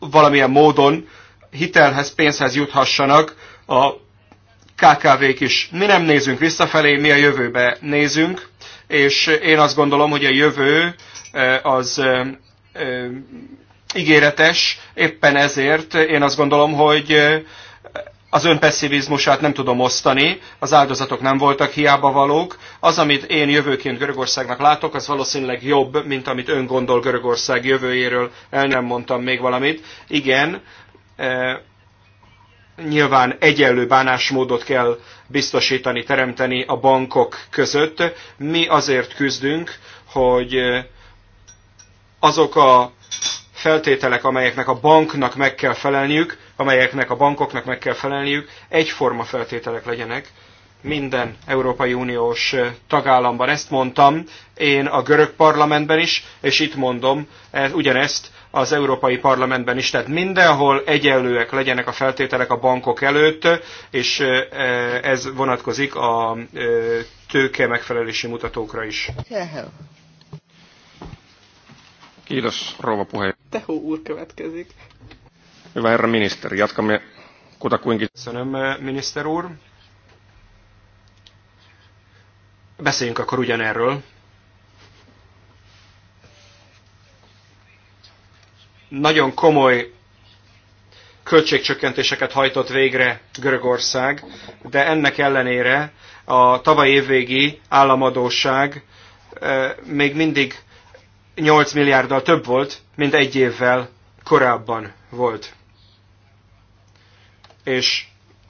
valamilyen módon hitelhez, pénzhez juthassanak a KKV-k is. Mi nem nézünk visszafelé, mi a jövőbe nézünk, és én azt gondolom, hogy a jövő e, az e, e, ígéretes, éppen ezért én azt gondolom, hogy az önpesszivizmusát nem tudom osztani, az áldozatok nem voltak hiába valók. Az, amit én jövőként Görögországnak látok, az valószínűleg jobb, mint amit ön gondol Görögország jövőjéről. El nem mondtam még valamit. Igen, e, nyilván egyenlő bánásmódot kell biztosítani, teremteni a bankok között. Mi azért küzdünk, hogy azok a feltételek, amelyeknek a banknak meg kell felelniük, amelyeknek a bankoknak meg kell felelniük, egyforma feltételek legyenek minden Európai Uniós eh, tagállamban. Ezt mondtam én a görög parlamentben is, és itt mondom eh, ugyanezt az Európai Parlamentben is. Tehát mindenhol egyenlőek legyenek a feltételek a bankok előtt, és eh, ez vonatkozik a tőke megfelelési mutatókra is. Kiitos, rouva puheenjohtaja. Tehu úr következik. Hyvä herra ministeri, jatkamme kutakuinkin. Köszönöm, eh, miniszter úr. Beszéljünk akkor ugyanerről. Nagyon komoly költségcsökkentéseket hajtott végre Görögország, de ennek ellenére a tavaly évvégi államadóság eh, még mindig 8 milliárddal több volt, mint egy évvel korábban volt. És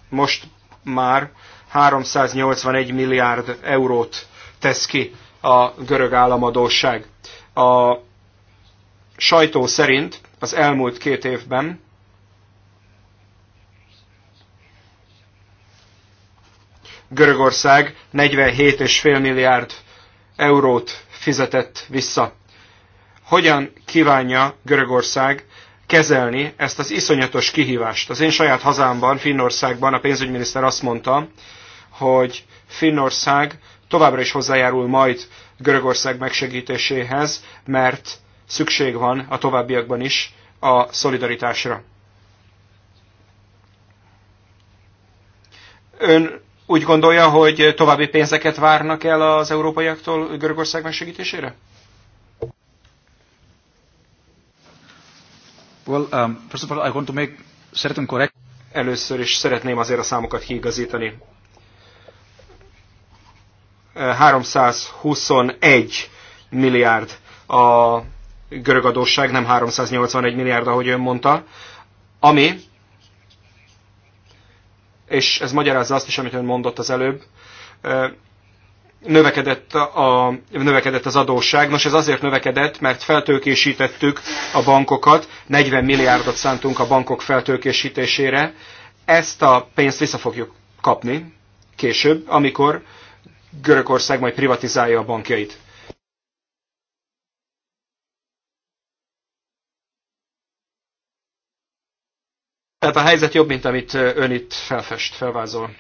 most már 381 milliárd eurót tesz ki a görög államadóság. A sajtó szerint az elmúlt két évben Görögország 47,5 milliárd eurót fizetett vissza hogyan kívánja Görögország kezelni ezt az iszonyatos kihívást. Az én saját hazámban, Finnországban a pénzügyminiszter azt mondta, hogy Finnország továbbra is hozzájárul majd Görögország megsegítéséhez, mert szükség van a továbbiakban is a szolidaritásra. Ön úgy gondolja, hogy további pénzeket várnak el az európaiaktól Görögország megsegítésére? Well, um, first of all, I want to make certain correct... Először is szeretném azért a számokat kiigazítani. 321 eh, milliárd a görög adósság, nem 381 milliárd, ahogy ön mondta, ami, és ez magyarázza azt is, amit ön mondott az előbb, eh, növekedett, a, növekedett az adósság. Nos, ez azért növekedett, mert feltőkésítettük a bankokat, 40 milliárdot szántunk a bankok feltőkésítésére. Ezt a pénzt vissza fogjuk kapni később, amikor Görögország majd privatizálja a bankjait. Tehát a helyzet jobb, mint amit ön itt felfest, felvázol.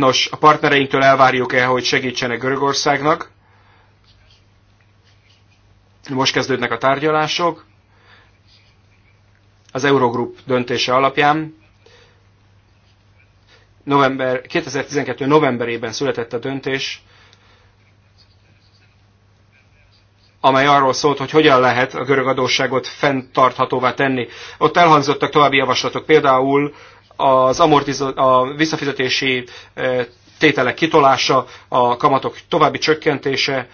Nos, a partnereinktől elvárjuk el, hogy segítsenek Görögországnak. Most kezdődnek a tárgyalások. Az Eurogroup döntése alapján november, 2012. novemberében született a döntés, amely arról szólt, hogy hogyan lehet a görög adósságot fenntarthatóvá tenni. Ott elhangzottak további javaslatok, például az amortiz- a visszafizetési tételek kitolása, a kamatok további csökkentése,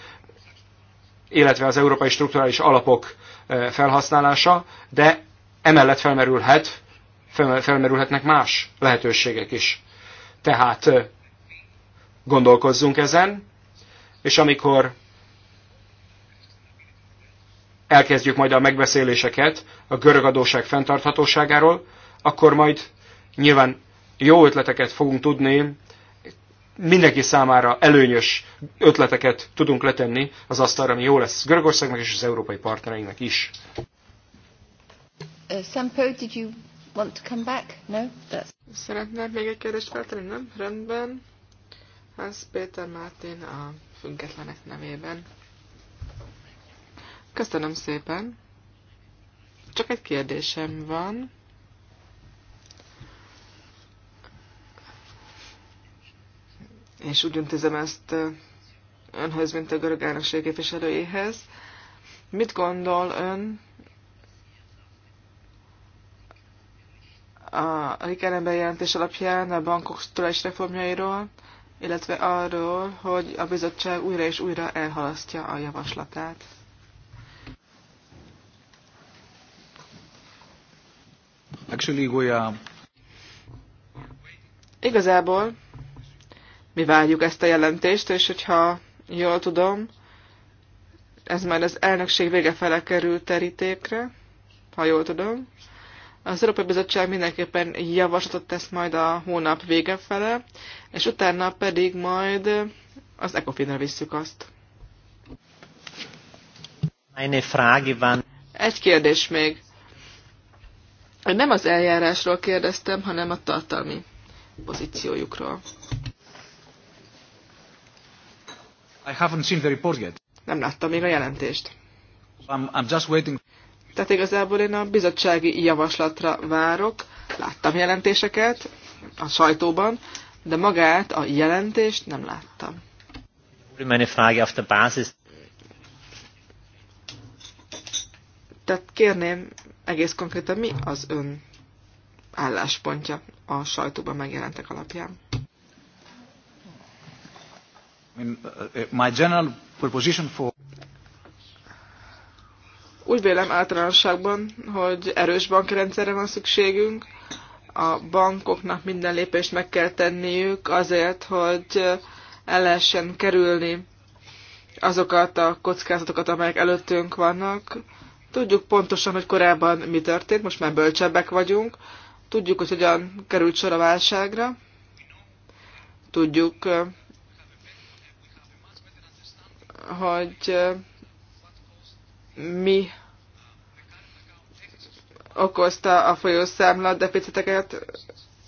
illetve az európai strukturális alapok felhasználása, de emellett felmerülhet, felmerülhetnek más lehetőségek is. Tehát gondolkozzunk ezen, és amikor elkezdjük majd a megbeszéléseket a görög adóság fenntarthatóságáról, akkor majd Nyilván jó ötleteket fogunk tudni, mindenki számára előnyös ötleteket tudunk letenni az asztalra, ami jó lesz Görögországnak és az európai partnereinknek is. Uh, Sampo, did you want to come back? No? That's... Szeretnél még egy kérdést feltenni, nem? Rendben. Hans Péter Mártin a függetlenek nevében. Köszönöm szépen. Csak egy kérdésem van. és úgy intézem ezt önhöz, mint a görög elnökség képviselőjéhez. Mit gondol ön a Rikeren bejelentés alapján a bankok tulajdonos reformjairól, illetve arról, hogy a bizottság újra és újra elhalasztja a javaslatát? Actually, we are... Igazából mi várjuk ezt a jelentést, és hogyha jól tudom, ez már az elnökség vége fele került terítékre, ha jól tudom. Az Európai Bizottság mindenképpen javaslatot tesz majd a hónap vége fele, és utána pedig majd az ECOFIN-re visszük azt. Egy kérdés még. Nem az eljárásról kérdeztem, hanem a tartalmi pozíciójukról. I haven't seen the report yet. Nem láttam még a jelentést. I'm, I'm just waiting. Tehát igazából én a bizottsági javaslatra várok. Láttam jelentéseket a sajtóban, de magát a jelentést nem láttam. Tehát kérném egész konkrétan, mi az ön álláspontja a sajtóban megjelentek alapján? Uh, uh, úgy vélem általánosságban, hogy erős bankrendszerre van szükségünk. A bankoknak minden lépést meg kell tenniük azért, hogy el lehessen kerülni azokat a kockázatokat, amelyek előttünk vannak. Tudjuk pontosan, hogy korábban mi történt, most már bölcsebbek vagyunk. Tudjuk, hogy hogyan került sor a válságra. Tudjuk, hogy mi okozta a folyószámla deficiteket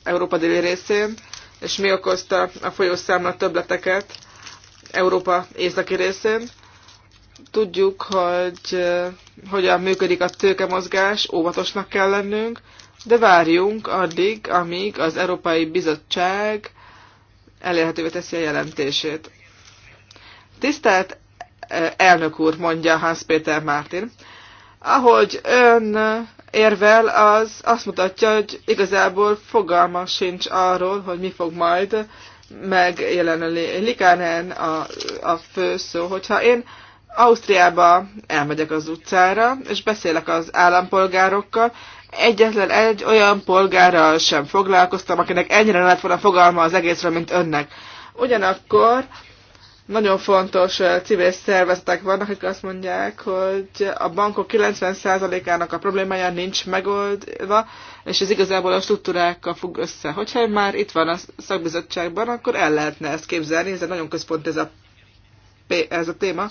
Európa déli részén, és mi okozta a folyószámla többleteket Európa északi részén. Tudjuk, hogy hogyan működik a tőkemozgás, óvatosnak kell lennünk, de várjunk addig, amíg az Európai Bizottság elérhetővé teszi a jelentését. Tisztelt elnök úr, mondja Hans Péter Mártin. Ahogy ön érvel, az azt mutatja, hogy igazából fogalma sincs arról, hogy mi fog majd megjelenni Likánen a, a főszó. Hogyha én Ausztriába elmegyek az utcára, és beszélek az állampolgárokkal, egyetlen egy olyan polgárral sem foglalkoztam, akinek ennyire lett volna fogalma az egészről, mint önnek. Ugyanakkor nagyon fontos eh, civil szervezetek vannak, akik azt mondják, hogy a bankok 90%-ának a problémája nincs megoldva, és ez igazából a struktúrákkal függ össze. Hogyha már itt van a szakbizottságban, akkor el lehetne ezt képzelni, ez nagyon központ ez a, ez a téma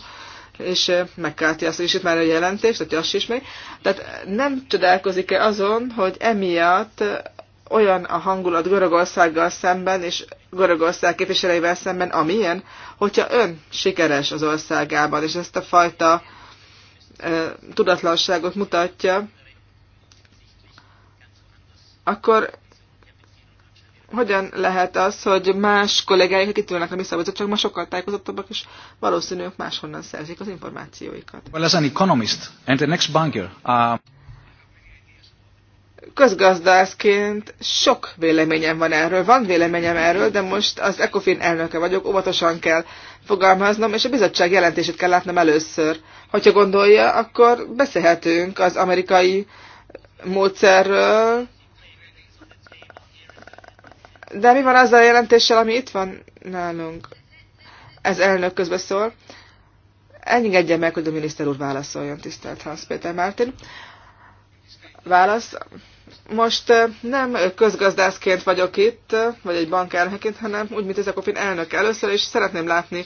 és eh, megkárti azt is itt már a jelentést, hogy azt is meg. Tehát nem csodálkozik-e azon, hogy emiatt olyan a hangulat Görögországgal szemben és Görögország képviselőivel szemben, amilyen, hogyha ön sikeres az országában, és ezt a fajta e, tudatlanságot mutatja, akkor hogyan lehet az, hogy más kollégáik, akik itt ülnek a mi csak ma sokkal tájékozottabbak, és valószínűleg máshonnan szerzik az információikat. Well, as an economist and the next banker, uh közgazdászként sok véleményem van erről. Van véleményem erről, de most az ECOFIN elnöke vagyok, óvatosan kell fogalmaznom, és a bizottság jelentését kell látnom először. Hogyha gondolja, akkor beszélhetünk az amerikai módszerről, de mi van azzal a jelentéssel, ami itt van nálunk? Ez elnök közbeszól. Engedje meg, hogy a miniszter úr válaszoljon, tisztelt Hans Péter Mártin. Válasz. Most nem közgazdászként vagyok itt, vagy egy bankárnökeként, hanem úgy, mint az Ekofin elnök először, és szeretném látni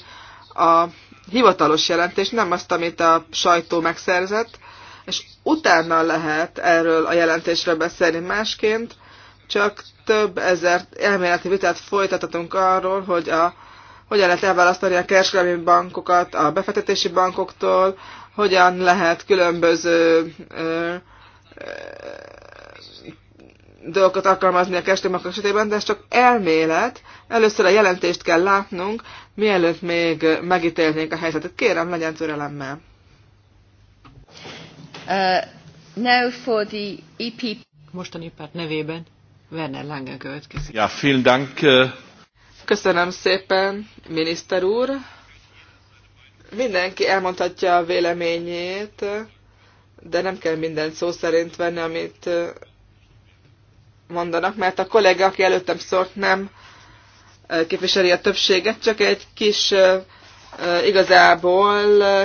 a hivatalos jelentést, nem azt, amit a sajtó megszerzett, és utána lehet erről a jelentésről beszélni másként, csak több ezer elméleti vitát folytathatunk arról, hogy a, hogyan lehet elválasztani a kereskedelmi bankokat a befektetési bankoktól, hogyan lehet különböző ö, ö, dolgokat alkalmazni a kestőmak esetében, de ez csak elmélet. Először a jelentést kell látnunk, mielőtt még megítélnénk a helyzetet. Kérem, legyen türelemmel. Uh, now for the EP... Mostani párt nevében Werner Langen következik. Ja, vielen Dank. Äh, Köszönöm szépen, miniszter úr. Mindenki elmondhatja a véleményét, de nem kell mindent szó szerint venni, amit mondanak, mert a kollega, aki előttem szólt, nem képviseli a többséget, csak egy kis igazából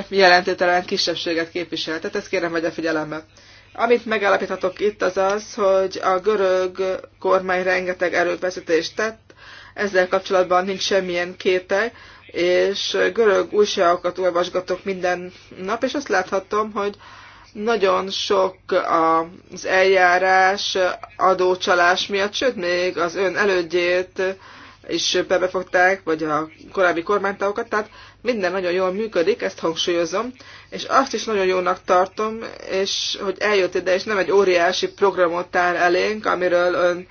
jelentételen kisebbséget képvisel. Tehát ezt kérem a figyelembe. Amit megállapíthatok itt az az, hogy a görög kormány rengeteg erőfeszítést tett, ezzel kapcsolatban nincs semmilyen kétel, és görög újságokat olvasgatok minden nap, és azt láthatom, hogy nagyon sok az eljárás adócsalás miatt, sőt még az ön elődjét is bebefogták, vagy a korábbi kormánytagokat, tehát minden nagyon jól működik, ezt hangsúlyozom, és azt is nagyon jónak tartom, és hogy eljött ide, és nem egy óriási programot tár elénk, amiről ön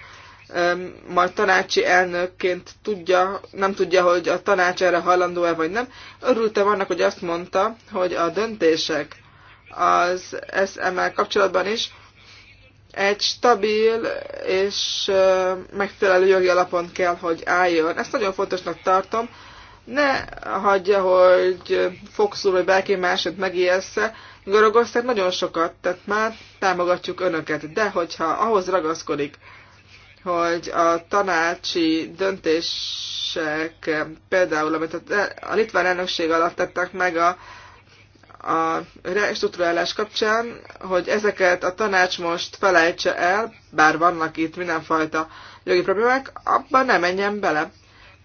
majd tanácsi elnökként tudja, nem tudja, hogy a tanács erre hajlandó-e vagy nem. Örültem annak, hogy azt mondta, hogy a döntések, az SML kapcsolatban is, egy stabil és megfelelő jogi alapon kell, hogy álljon. Ezt nagyon fontosnak tartom. Ne hagyja, hogy Fox vagy bárki másod megijessze. Görögország nagyon sokat tett már, támogatjuk önöket. De hogyha ahhoz ragaszkodik, hogy a tanácsi döntések, például amit a litván elnökség alatt tettek meg a a restruktúrálás kapcsán, hogy ezeket a tanács most felejtse el, bár vannak itt mindenfajta jogi problémák, abban ne menjen bele.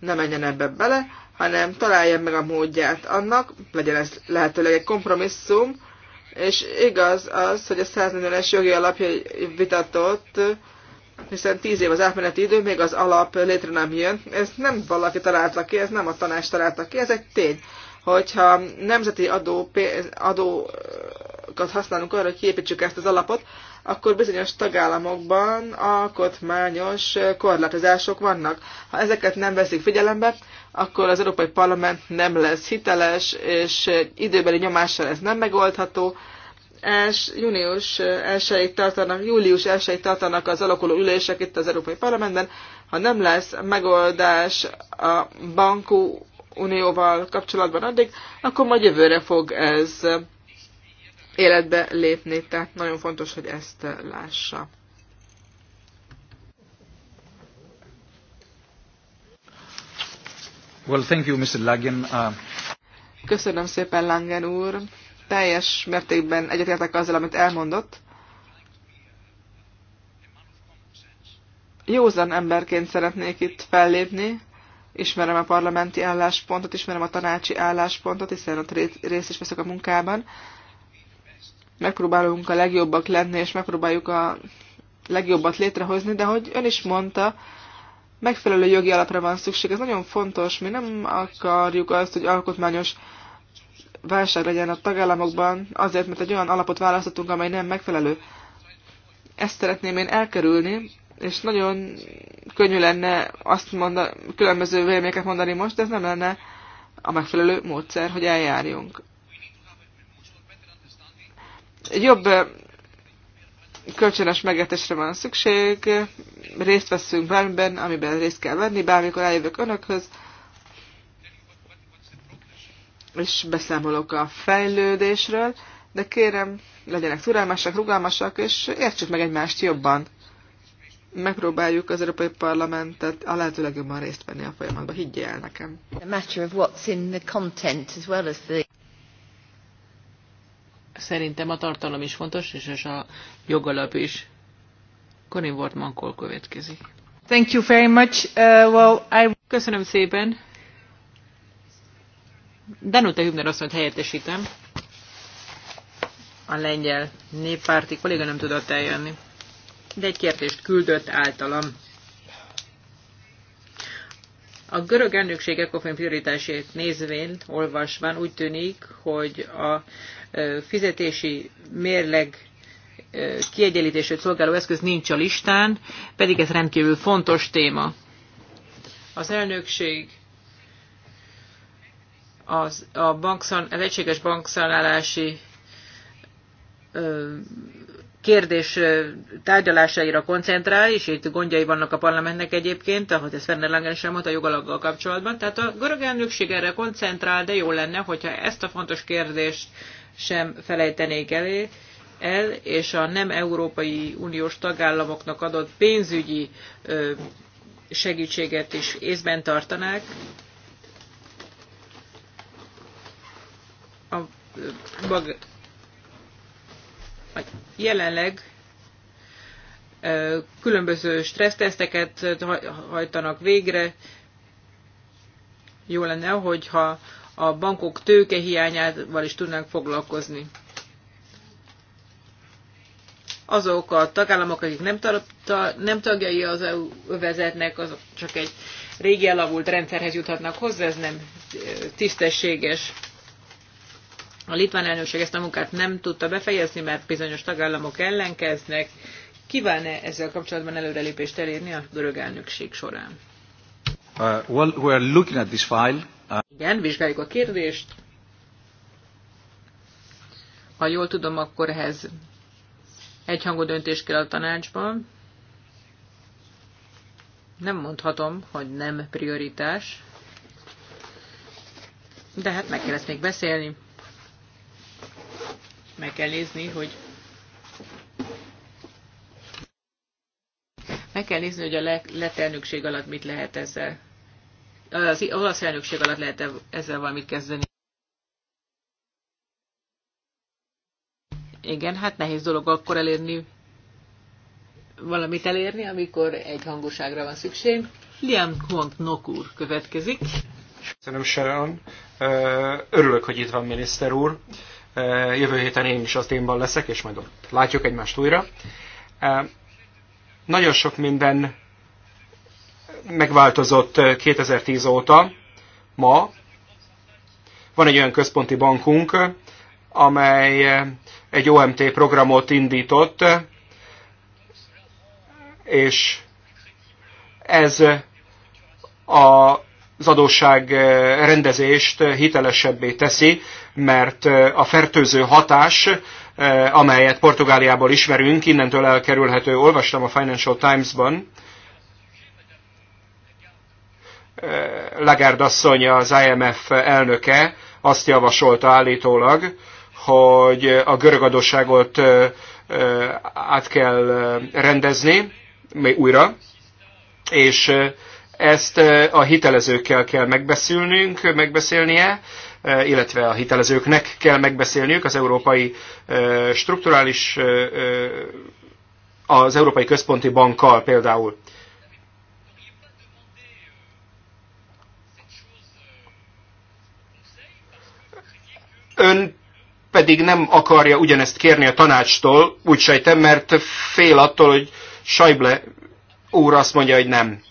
Ne menjen ebbe bele, hanem találja meg a módját annak, legyen ez lehetőleg egy kompromisszum, és igaz az, hogy a 140-es jogi alapja vitatott, hiszen 10 év az átmeneti idő, még az alap létre nem jön. Ez nem valaki találta ki, ez nem a tanács találta ki, ez egy tény hogyha nemzeti adó, adókat használunk arra, hogy kiépítsük ezt az alapot, akkor bizonyos tagállamokban alkotmányos korlátozások vannak. Ha ezeket nem veszik figyelembe, akkor az Európai Parlament nem lesz hiteles, és időbeli nyomással ez nem megoldható. És június 1 tartanak, július 1 tartanak az alakuló ülések itt az Európai Parlamentben. Ha nem lesz megoldás a bankú Unióval kapcsolatban addig, akkor majd jövőre fog ez életbe lépni, tehát nagyon fontos, hogy ezt lássa. Well, thank you, Mr. Langen. Uh... Köszönöm szépen, Langen úr. Teljes mértékben egyetértek azzal, amit elmondott. Józan emberként szeretnék itt fellépni, ismerem a parlamenti álláspontot, ismerem a tanácsi álláspontot, hiszen ott részt is veszek a munkában. Megpróbálunk a legjobbak lenni, és megpróbáljuk a legjobbat létrehozni, de hogy ön is mondta, megfelelő jogi alapra van szükség. Ez nagyon fontos, mi nem akarjuk azt, hogy alkotmányos válság legyen a tagállamokban, azért, mert egy olyan alapot választottunk, amely nem megfelelő. Ezt szeretném én elkerülni, és nagyon könnyű lenne azt mondani, különböző véleményeket mondani most, de ez nem lenne a megfelelő módszer, hogy eljárjunk. Jobb kölcsönös megértésre van szükség, részt veszünk bármiben, amiben részt kell venni, bármikor eljövök önökhöz, és beszámolok a fejlődésről, de kérem, legyenek türelmesek, rugalmasak, és értsük meg egymást jobban megpróbáljuk az Európai Parlamentet a lehető legjobban részt venni a folyamatban. Higgyél el nekem. A matter of what's in the content as well as the... Szerintem a tartalom is fontos, és a jogalap is. Corin Wortmann-Kohl következik. Thank you very much. Uh, well, I... Köszönöm szépen. Danuta Hübner azt mondta, helyettesítem. A lengyel néppárti kolléga nem tudott eljönni de egy kérdést küldött általam. A görög elnökség ECOFIN prioritásét nézvén, olvasván úgy tűnik, hogy a fizetési mérleg kiegyenlítését szolgáló eszköz nincs a listán, pedig ez rendkívül fontos téma. Az elnökség az, a bankszan, az egységes bankszállási kérdés tárgyalásaira koncentrál, és itt gondjai vannak a parlamentnek egyébként, ahogy ezt Werner Langen is elmondta a jogalaggal kapcsolatban. Tehát a görög elnökség erre koncentrál, de jó lenne, hogyha ezt a fontos kérdést sem felejtenék elé, el, és a nem Európai Uniós tagállamoknak adott pénzügyi ö, segítséget is észben tartanák. A, Jelenleg különböző stresszteszteket hajtanak végre. Jó lenne, hogyha a bankok tőkehiányával is tudnánk foglalkozni. Azok a tagállamok, akik nem, tar- ta, nem tagjai az EU övezetnek, azok csak egy régi elavult rendszerhez juthatnak hozzá, ez nem tisztességes. A litván elnökség ezt a munkát nem tudta befejezni, mert bizonyos tagállamok ellenkeznek. Kíván-e ezzel kapcsolatban előrelépést elérni a görög elnökség során? Uh, well, we're looking at this file. Uh... Igen, vizsgáljuk a kérdést. Ha jól tudom, akkor ehhez egyhangú döntés kell a tanácsban. Nem mondhatom, hogy nem prioritás, de hát meg kell ezt még beszélni meg kell nézni, hogy meg kell nézni, hogy a letelnökség alatt mit lehet ezzel, az olasz elnökség alatt lehet -e ezzel valamit kezdeni. Igen, hát nehéz dolog akkor elérni, valamit elérni, amikor egy hangoságra van szükség. Liam Kwong Nokur következik. Köszönöm, Sharon. Örülök, hogy itt van, miniszter úr. Jövő héten én is az témban leszek, és majd ott látjuk egymást újra. Nagyon sok minden megváltozott 2010 óta. Ma van egy olyan központi bankunk, amely egy OMT programot indított, és ez a az adósság eh, rendezést hitelesebbé teszi, mert eh, a fertőző hatás, eh, amelyet Portugáliából ismerünk, innentől elkerülhető. Olvastam a Financial Times-ban, Lagarde asszony, az IMF elnöke azt javasolta állítólag, hogy a görög adósságot át kell rendezni, újra, és ezt a hitelezőkkel kell megbeszélnünk, megbeszélnie, illetve a hitelezőknek kell megbeszélniük az európai strukturális, az Európai Központi Bankkal például. Ön pedig nem akarja ugyanezt kérni a tanácstól, úgy sejtem, mert fél attól, hogy sajble úr azt mondja, hogy nem.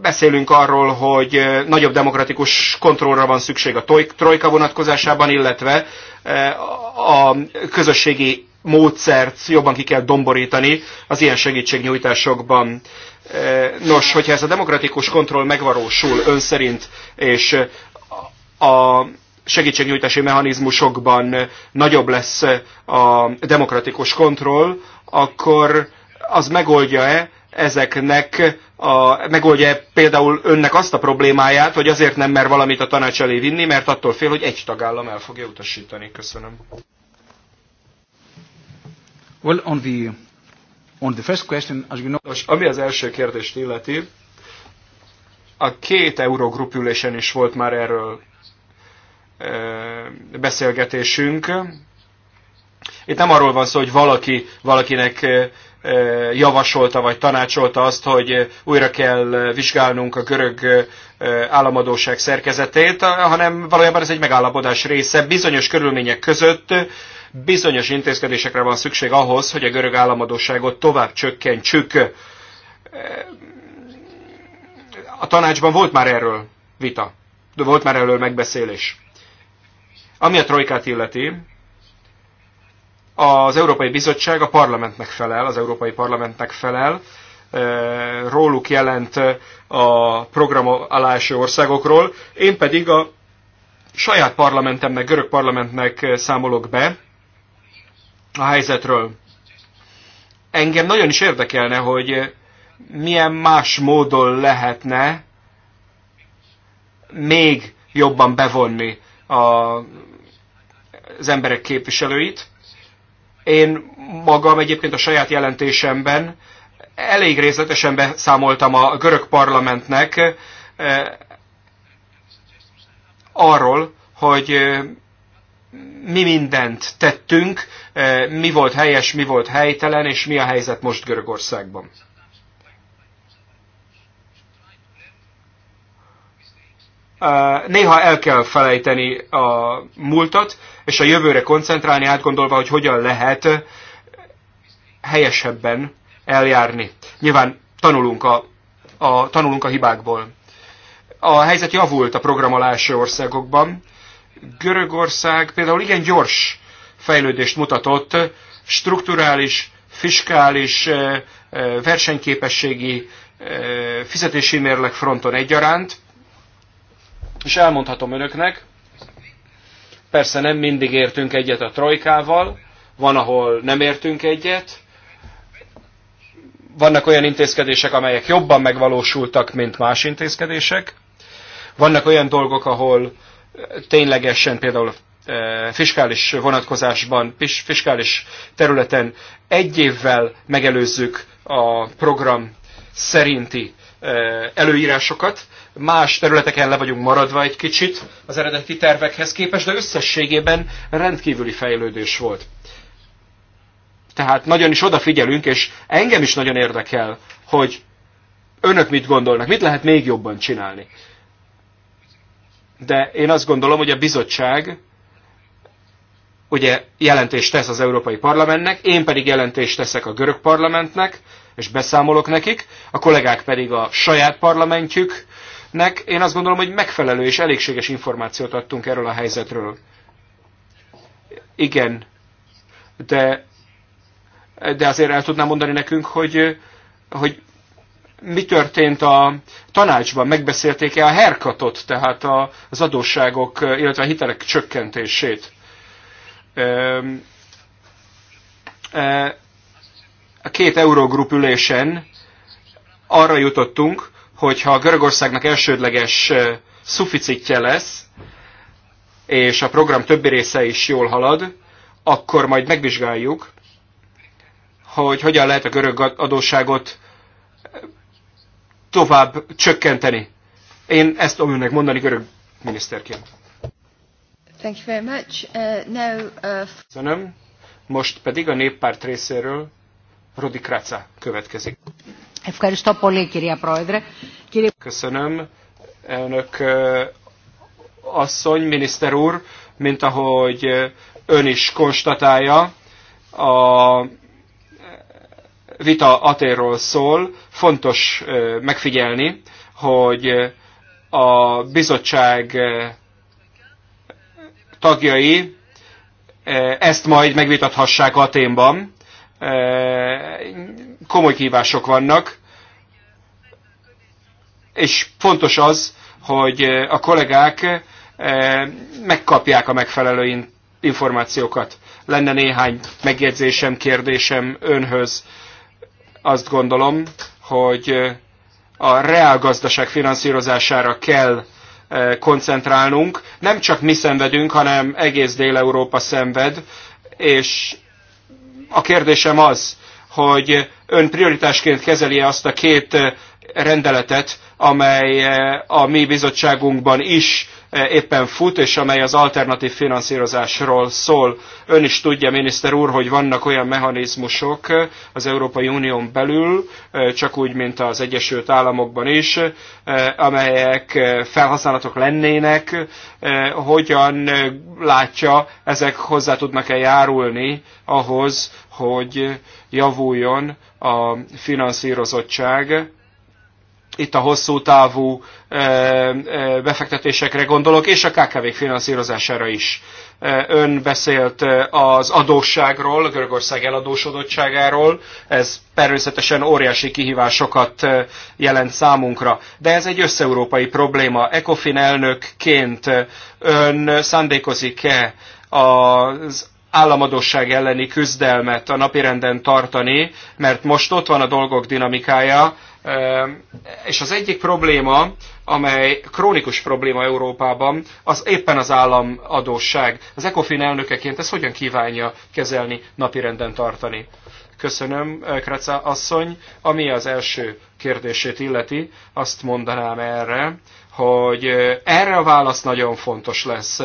Beszélünk arról, hogy nagyobb demokratikus kontrollra van szükség a trojka vonatkozásában, illetve a közösségi módszert jobban ki kell domborítani az ilyen segítségnyújtásokban. Nos, hogyha ez a demokratikus kontroll megvalósul ön szerint, és a segítségnyújtási mechanizmusokban nagyobb lesz a demokratikus kontroll, akkor az megoldja-e ezeknek a, megoldja például önnek azt a problémáját, hogy azért nem mer valamit a tanács elé vinni, mert attól fél, hogy egy tagállam el fogja utasítani. Köszönöm. Well, on the, on the first question, as you know... ami az első kérdést illeti, a két eurogrup ülésen is volt már erről e, beszélgetésünk. Itt nem arról van szó, hogy valaki valakinek javasolta vagy tanácsolta azt, hogy újra kell vizsgálnunk a görög államadóság szerkezetét, hanem valójában ez egy megállapodás része. Bizonyos körülmények között bizonyos intézkedésekre van szükség ahhoz, hogy a görög államadóságot tovább csökkentsük. A tanácsban volt már erről vita, de volt már erről megbeszélés. Ami a trojkát illeti, az Európai Bizottság a parlamentnek felel, az Európai Parlamentnek felel, róluk jelent a program alá országokról, én pedig a saját parlamentemnek, görög parlamentnek számolok be a helyzetről. Engem nagyon is érdekelne, hogy milyen más módon lehetne még jobban bevonni a, az emberek képviselőit. Én magam egyébként a saját jelentésemben elég részletesen beszámoltam a görög parlamentnek eh, arról, hogy eh, mi mindent tettünk, eh, mi volt helyes, mi volt helytelen, és mi a helyzet most Görögországban. néha el kell felejteni a múltat, és a jövőre koncentrálni, átgondolva, hogy hogyan lehet helyesebben eljárni. Nyilván tanulunk a, a, tanulunk a hibákból. A helyzet javult a program országokban. Görögország például igen gyors fejlődést mutatott, strukturális, fiskális, versenyképességi, fizetési mérleg fronton egyaránt, és elmondhatom önöknek, persze nem mindig értünk egyet a trojkával, van, ahol nem értünk egyet, vannak olyan intézkedések, amelyek jobban megvalósultak, mint más intézkedések, vannak olyan dolgok, ahol ténylegesen például fiskális vonatkozásban, fiskális területen egy évvel megelőzzük a program szerinti előírásokat, más területeken le vagyunk maradva egy kicsit az eredeti tervekhez képest, de összességében rendkívüli fejlődés volt. Tehát nagyon is odafigyelünk, és engem is nagyon érdekel, hogy önök mit gondolnak, mit lehet még jobban csinálni. De én azt gondolom, hogy a bizottság ugye jelentést tesz az Európai Parlamentnek, én pedig jelentést teszek a görög parlamentnek, és beszámolok nekik, a kollégák pedig a saját parlamentjük nek. Én azt gondolom, hogy megfelelő és elégséges információt adtunk erről a helyzetről. Igen, de, de azért el tudnám mondani nekünk, hogy, hogy mi történt a tanácsban, megbeszélték-e a herkatot, tehát az adósságok, illetve a hitelek csökkentését. A két Eurogroup ülésen arra jutottunk, hogyha a Görögországnak elsődleges szuficitje lesz, és a program többi része is jól halad, akkor majd megvizsgáljuk, hogy hogyan lehet a görög adósságot tovább csökkenteni. Én ezt tudom önnek mondani görög miniszterként. Thank you very much. Uh, now, uh... Köszönöm. Most pedig a néppárt részéről Rodi Kraca következik. Köszönöm, elnök eh, asszony, miniszter úr, mint ahogy eh, ön is konstatálja, a eh, vita atéról szól, fontos megfigyelni, hogy a bizottság tagjai ezt majd megvitathassák Aténban, komoly kívások vannak, és fontos az, hogy a kollégák megkapják a megfelelő információkat. Lenne néhány megjegyzésem, kérdésem önhöz. Azt gondolom, hogy a reálgazdaság finanszírozására kell koncentrálnunk. Nem csak mi szenvedünk, hanem egész Dél-Európa szenved, és a kérdésem az, hogy ön prioritásként kezeli azt a két rendeletet, amely eh, a mi bizottságunkban is E, éppen fut, és amely az alternatív finanszírozásról szól. Ön is tudja, miniszter úr, hogy vannak olyan mechanizmusok e, az Európai Unión belül, e, csak úgy, mint az Egyesült Államokban is, amelyek felhasználatok lennének. Hogyan látja, ezek hozzá tudnak-e járulni ahhoz, hogy javuljon a finanszírozottság itt a hosszú távú befektetésekre gondolok, és a kkv finanszírozására is. Ön beszélt az adósságról, a Görögország eladósodottságáról, ez természetesen óriási kihívásokat jelent számunkra, de ez egy összeurópai probléma. Ecofin elnökként ön szándékozik-e az államadóság elleni küzdelmet a napirenden tartani, mert most ott van a dolgok dinamikája, Ehm, és az egyik probléma, amely krónikus probléma Európában, az éppen az államadósság. Az ECOFIN elnökeként ezt hogyan kívánja kezelni, napirenden tartani? Köszönöm, eh, Kreca asszony. Ami az első kérdését illeti, azt mondanám erre, hogy eh, erre a válasz nagyon fontos lesz.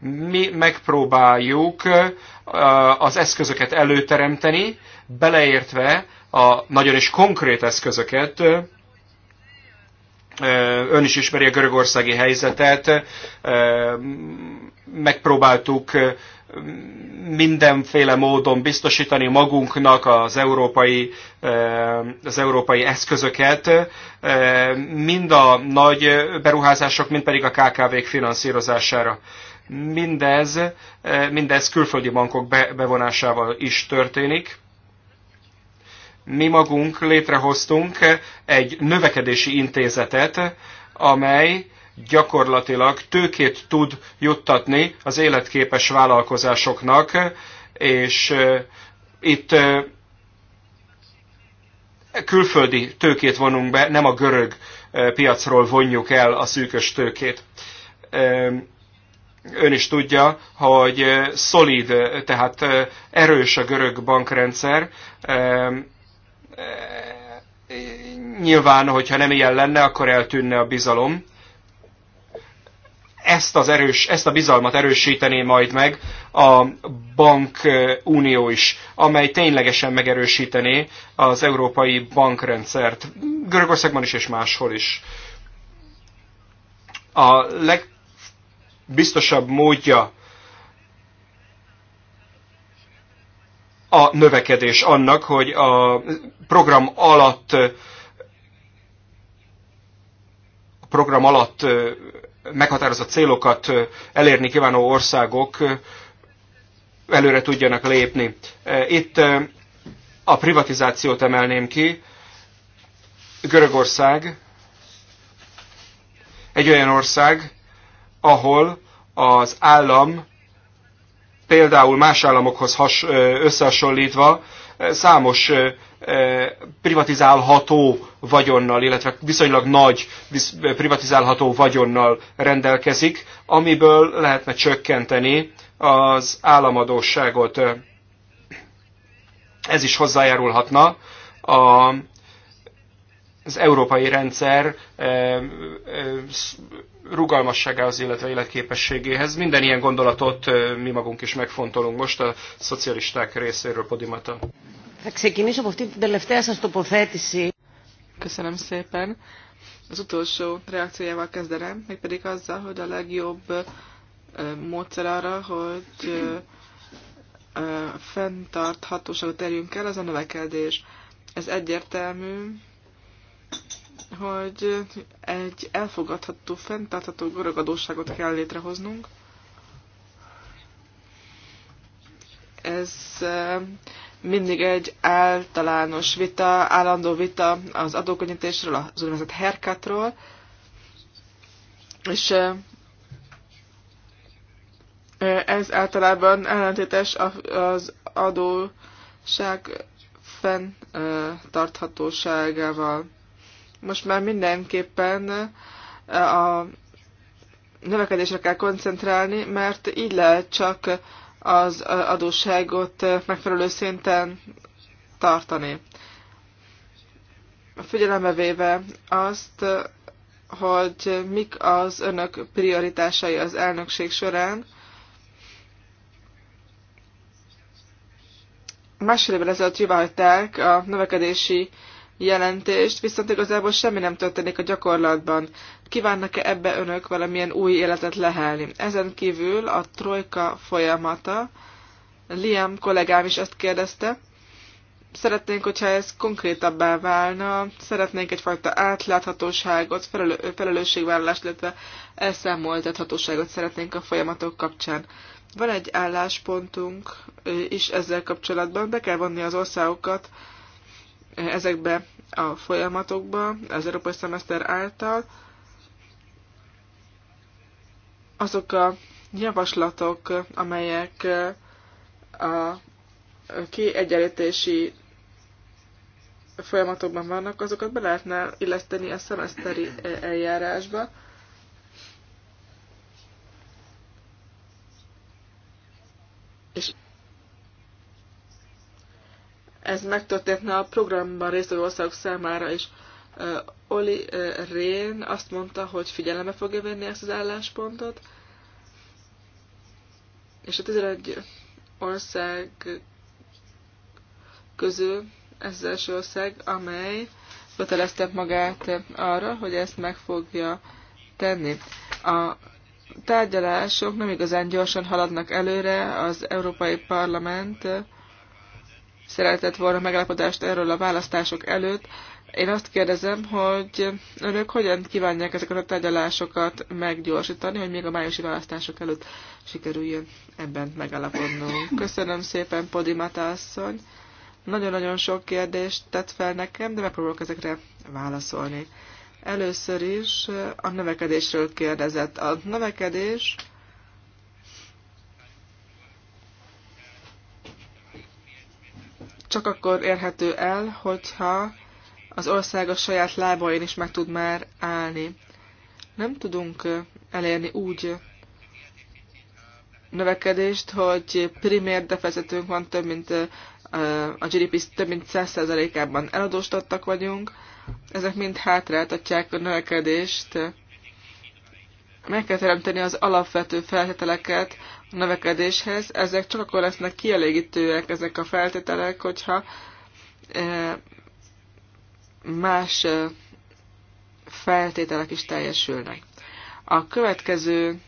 Mi megpróbáljuk eh, az eszközöket előteremteni, beleértve a nagyon is konkrét eszközöket. Ön is ismeri a görögországi helyzetet. Megpróbáltuk mindenféle módon biztosítani magunknak az európai, az európai eszközöket, mind a nagy beruházások, mind pedig a KKV-k finanszírozására. Mindez, mindez külföldi bankok bevonásával is történik mi magunk létrehoztunk egy növekedési intézetet, amely gyakorlatilag tőkét tud juttatni az életképes vállalkozásoknak, és itt külföldi tőkét vonunk be, nem a görög piacról vonjuk el a szűkös tőkét. Ön is tudja, hogy szolid, tehát erős a görög bankrendszer, nyilván, hogyha nem ilyen lenne, akkor eltűnne a bizalom. Ezt, az erős, ezt a bizalmat erősítené majd meg a bankunió is, amely ténylegesen megerősítené az európai bankrendszert. Görögországban is és máshol is. A legbiztosabb módja a növekedés annak, hogy a program alatt a program alatt meghatározott célokat elérni kívánó országok előre tudjanak lépni. Itt a privatizációt emelném ki. Görögország egy olyan ország, ahol az állam például más államokhoz has, összehasonlítva számos privatizálható vagyonnal, illetve viszonylag nagy privatizálható vagyonnal rendelkezik, amiből lehetne csökkenteni az államadóságot. Ez is hozzájárulhatna a, az európai rendszer rugalmasságához, illetve életképességéhez. Minden ilyen gondolatot mi magunk is megfontolunk most a szocialisták részéről, Podimata. Köszönöm szépen. Az utolsó reakciójával kezdenem, mégpedig azzal, hogy a legjobb módszer arra, hogy fenntarthatóságot terjünk el, az a növekedés. Ez egyértelmű, hogy egy elfogadható, fenntartható görögadóságot kell létrehoznunk. Ez mindig egy általános vita, állandó vita az adókönnyítésről, az úgynevezett herkatról, és ez általában ellentétes az adóság fenntarthatóságával. Most már mindenképpen eh, a növekedésre kell koncentrálni, mert így lehet csak az eh, adósságot eh, megfelelő szinten tartani. Figyelembe véve azt, hogy mik az önök prioritásai az elnökség során, másfél évvel ezelőtt jóváhagyták a növekedési jelentést, viszont igazából semmi nem történik a gyakorlatban. Kívánnak-e ebbe önök valamilyen új életet lehelni? Ezen kívül a trojka folyamata, Liam kollégám is ezt kérdezte, szeretnénk, hogyha ez konkrétabbá válna, szeretnénk egyfajta átláthatóságot, felelő, felelősségvállalást, illetve elszámoltathatóságot szeretnénk a folyamatok kapcsán. Van egy álláspontunk is ezzel kapcsolatban, be kell vonni az országokat ezekbe a folyamatokba az európai szemeszter által. Azok a javaslatok, amelyek a kiegyenlítési folyamatokban vannak, azokat be lehetne illeszteni a szemeszteri eljárásba. ez megtörténne a programban résztvevő országok számára is. Oli Rén azt mondta, hogy figyelembe fogja venni ezt az álláspontot, és a 11 ország közül ez az első ország, amely kötelezte magát arra, hogy ezt meg fogja tenni. A tárgyalások nem igazán gyorsan haladnak előre, az Európai Parlament szeretett volna megállapodást erről a választások előtt. Én azt kérdezem, hogy önök hogyan kívánják ezeket a tárgyalásokat meggyorsítani, hogy még a májusi választások előtt sikerüljön ebben megállapodnunk. Köszönöm szépen, Podimata asszony. Nagyon-nagyon sok kérdést tett fel nekem, de megpróbálok ezekre válaszolni. Először is a növekedésről kérdezett. A növekedés csak akkor érhető el, hogyha az ország a saját lábain is meg tud már állni. Nem tudunk elérni úgy növekedést, hogy primér defezetünk van több mint a GDP több mint 100%-ában eladóstattak vagyunk. Ezek mind hátráltatják a növekedést. Meg kell teremteni az alapvető feltételeket növekedéshez, ezek csak akkor lesznek kielégítőek ezek a feltételek, hogyha e, más e, feltételek is teljesülnek. A következő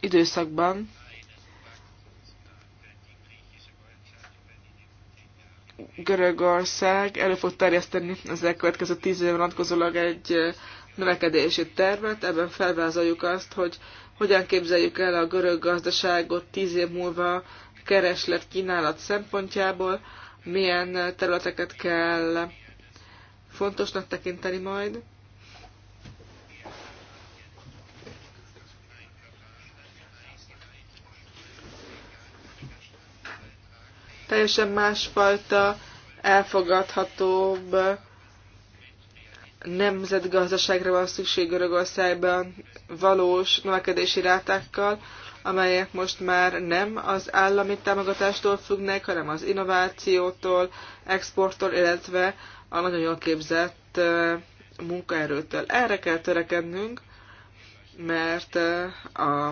időszakban Görögország elő fog terjeszteni az elkövetkező tíz évre vonatkozólag egy e, növekedési tervet, ebben felvázoljuk azt, hogy hogyan képzeljük el a görög gazdaságot tíz év múlva kereslet-kínálat szempontjából, milyen területeket kell fontosnak tekinteni majd. Teljesen másfajta, elfogadhatóbb nemzetgazdaságra van szükség Görögországban valós növekedési rátákkal, amelyek most már nem az állami támogatástól függnek, hanem az innovációtól, exporttól, illetve a nagyon jól képzett munkaerőtől. Erre kell törekednünk, mert a,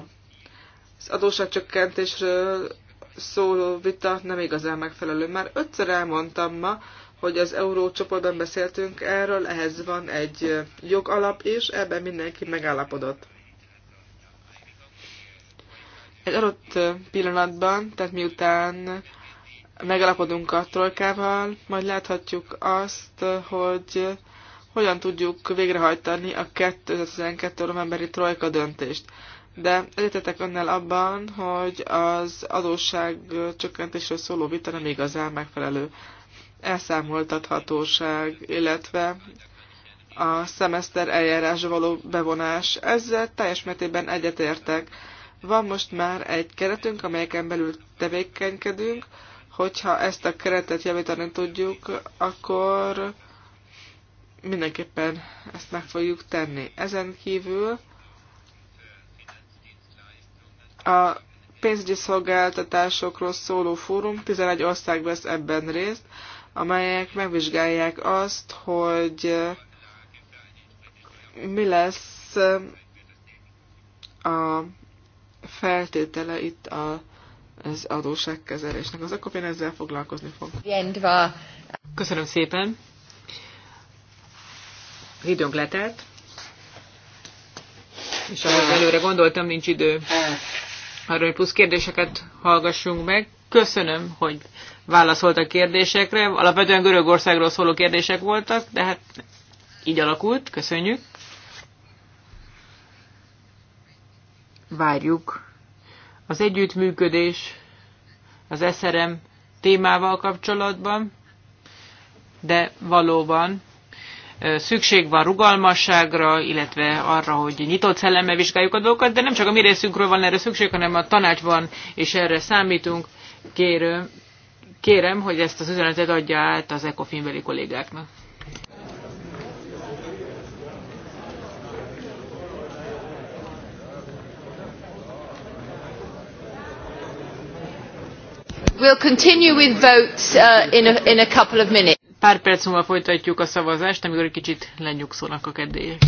az adósságcsökkentésről szóló vita nem igazán megfelelő. Már ötször elmondtam ma, hogy az eurócsoportban beszéltünk erről, ehhez van egy jogalap, és ebben mindenki megállapodott. Egy adott pillanatban, tehát miután megállapodunk a trojkával, majd láthatjuk azt, hogy hogyan tudjuk végrehajtani a 2012. novemberi trojka döntést. De egyetetek önnel abban, hogy az adósság csökkentésről szóló vita nem igazán megfelelő elszámoltathatóság, illetve a szemeszter eljárásra való bevonás. Ezzel teljes mértékben egyetértek. Van most már egy keretünk, amelyeken belül tevékenykedünk. Hogyha ezt a keretet javítani tudjuk, akkor mindenképpen ezt meg fogjuk tenni. Ezen kívül a pénzügyi szolgáltatásokról szóló fórum, 11 ország vesz ebben részt, amelyek megvizsgálják azt, hogy mi lesz a feltétele itt a, az adóságkezelésnek. Az akkor én ezzel foglalkozni fog. Köszönöm szépen. Az időnk letelt. És ahogy előre gondoltam, nincs idő arról, hogy plusz kérdéseket hallgassunk meg. Köszönöm, hogy válaszolt a kérdésekre. Alapvetően Görögországról szóló kérdések voltak, de hát így alakult. Köszönjük. Várjuk az együttműködés az SRM témával kapcsolatban, de valóban szükség van rugalmasságra, illetve arra, hogy nyitott szellemmel vizsgáljuk a dolgokat, de nem csak a mi részünkről van erre szükség, hanem a tanácsban és erre számítunk. Kérem, kérem, hogy ezt az üzenetet adja át az ECOFIN-beli kollégáknak. We'll continue with votes uh, in, a, in a couple of minutes. Pár perc múlva folytatjuk a szavazást, amikor egy kicsit lenyugszolnak a kedélyek.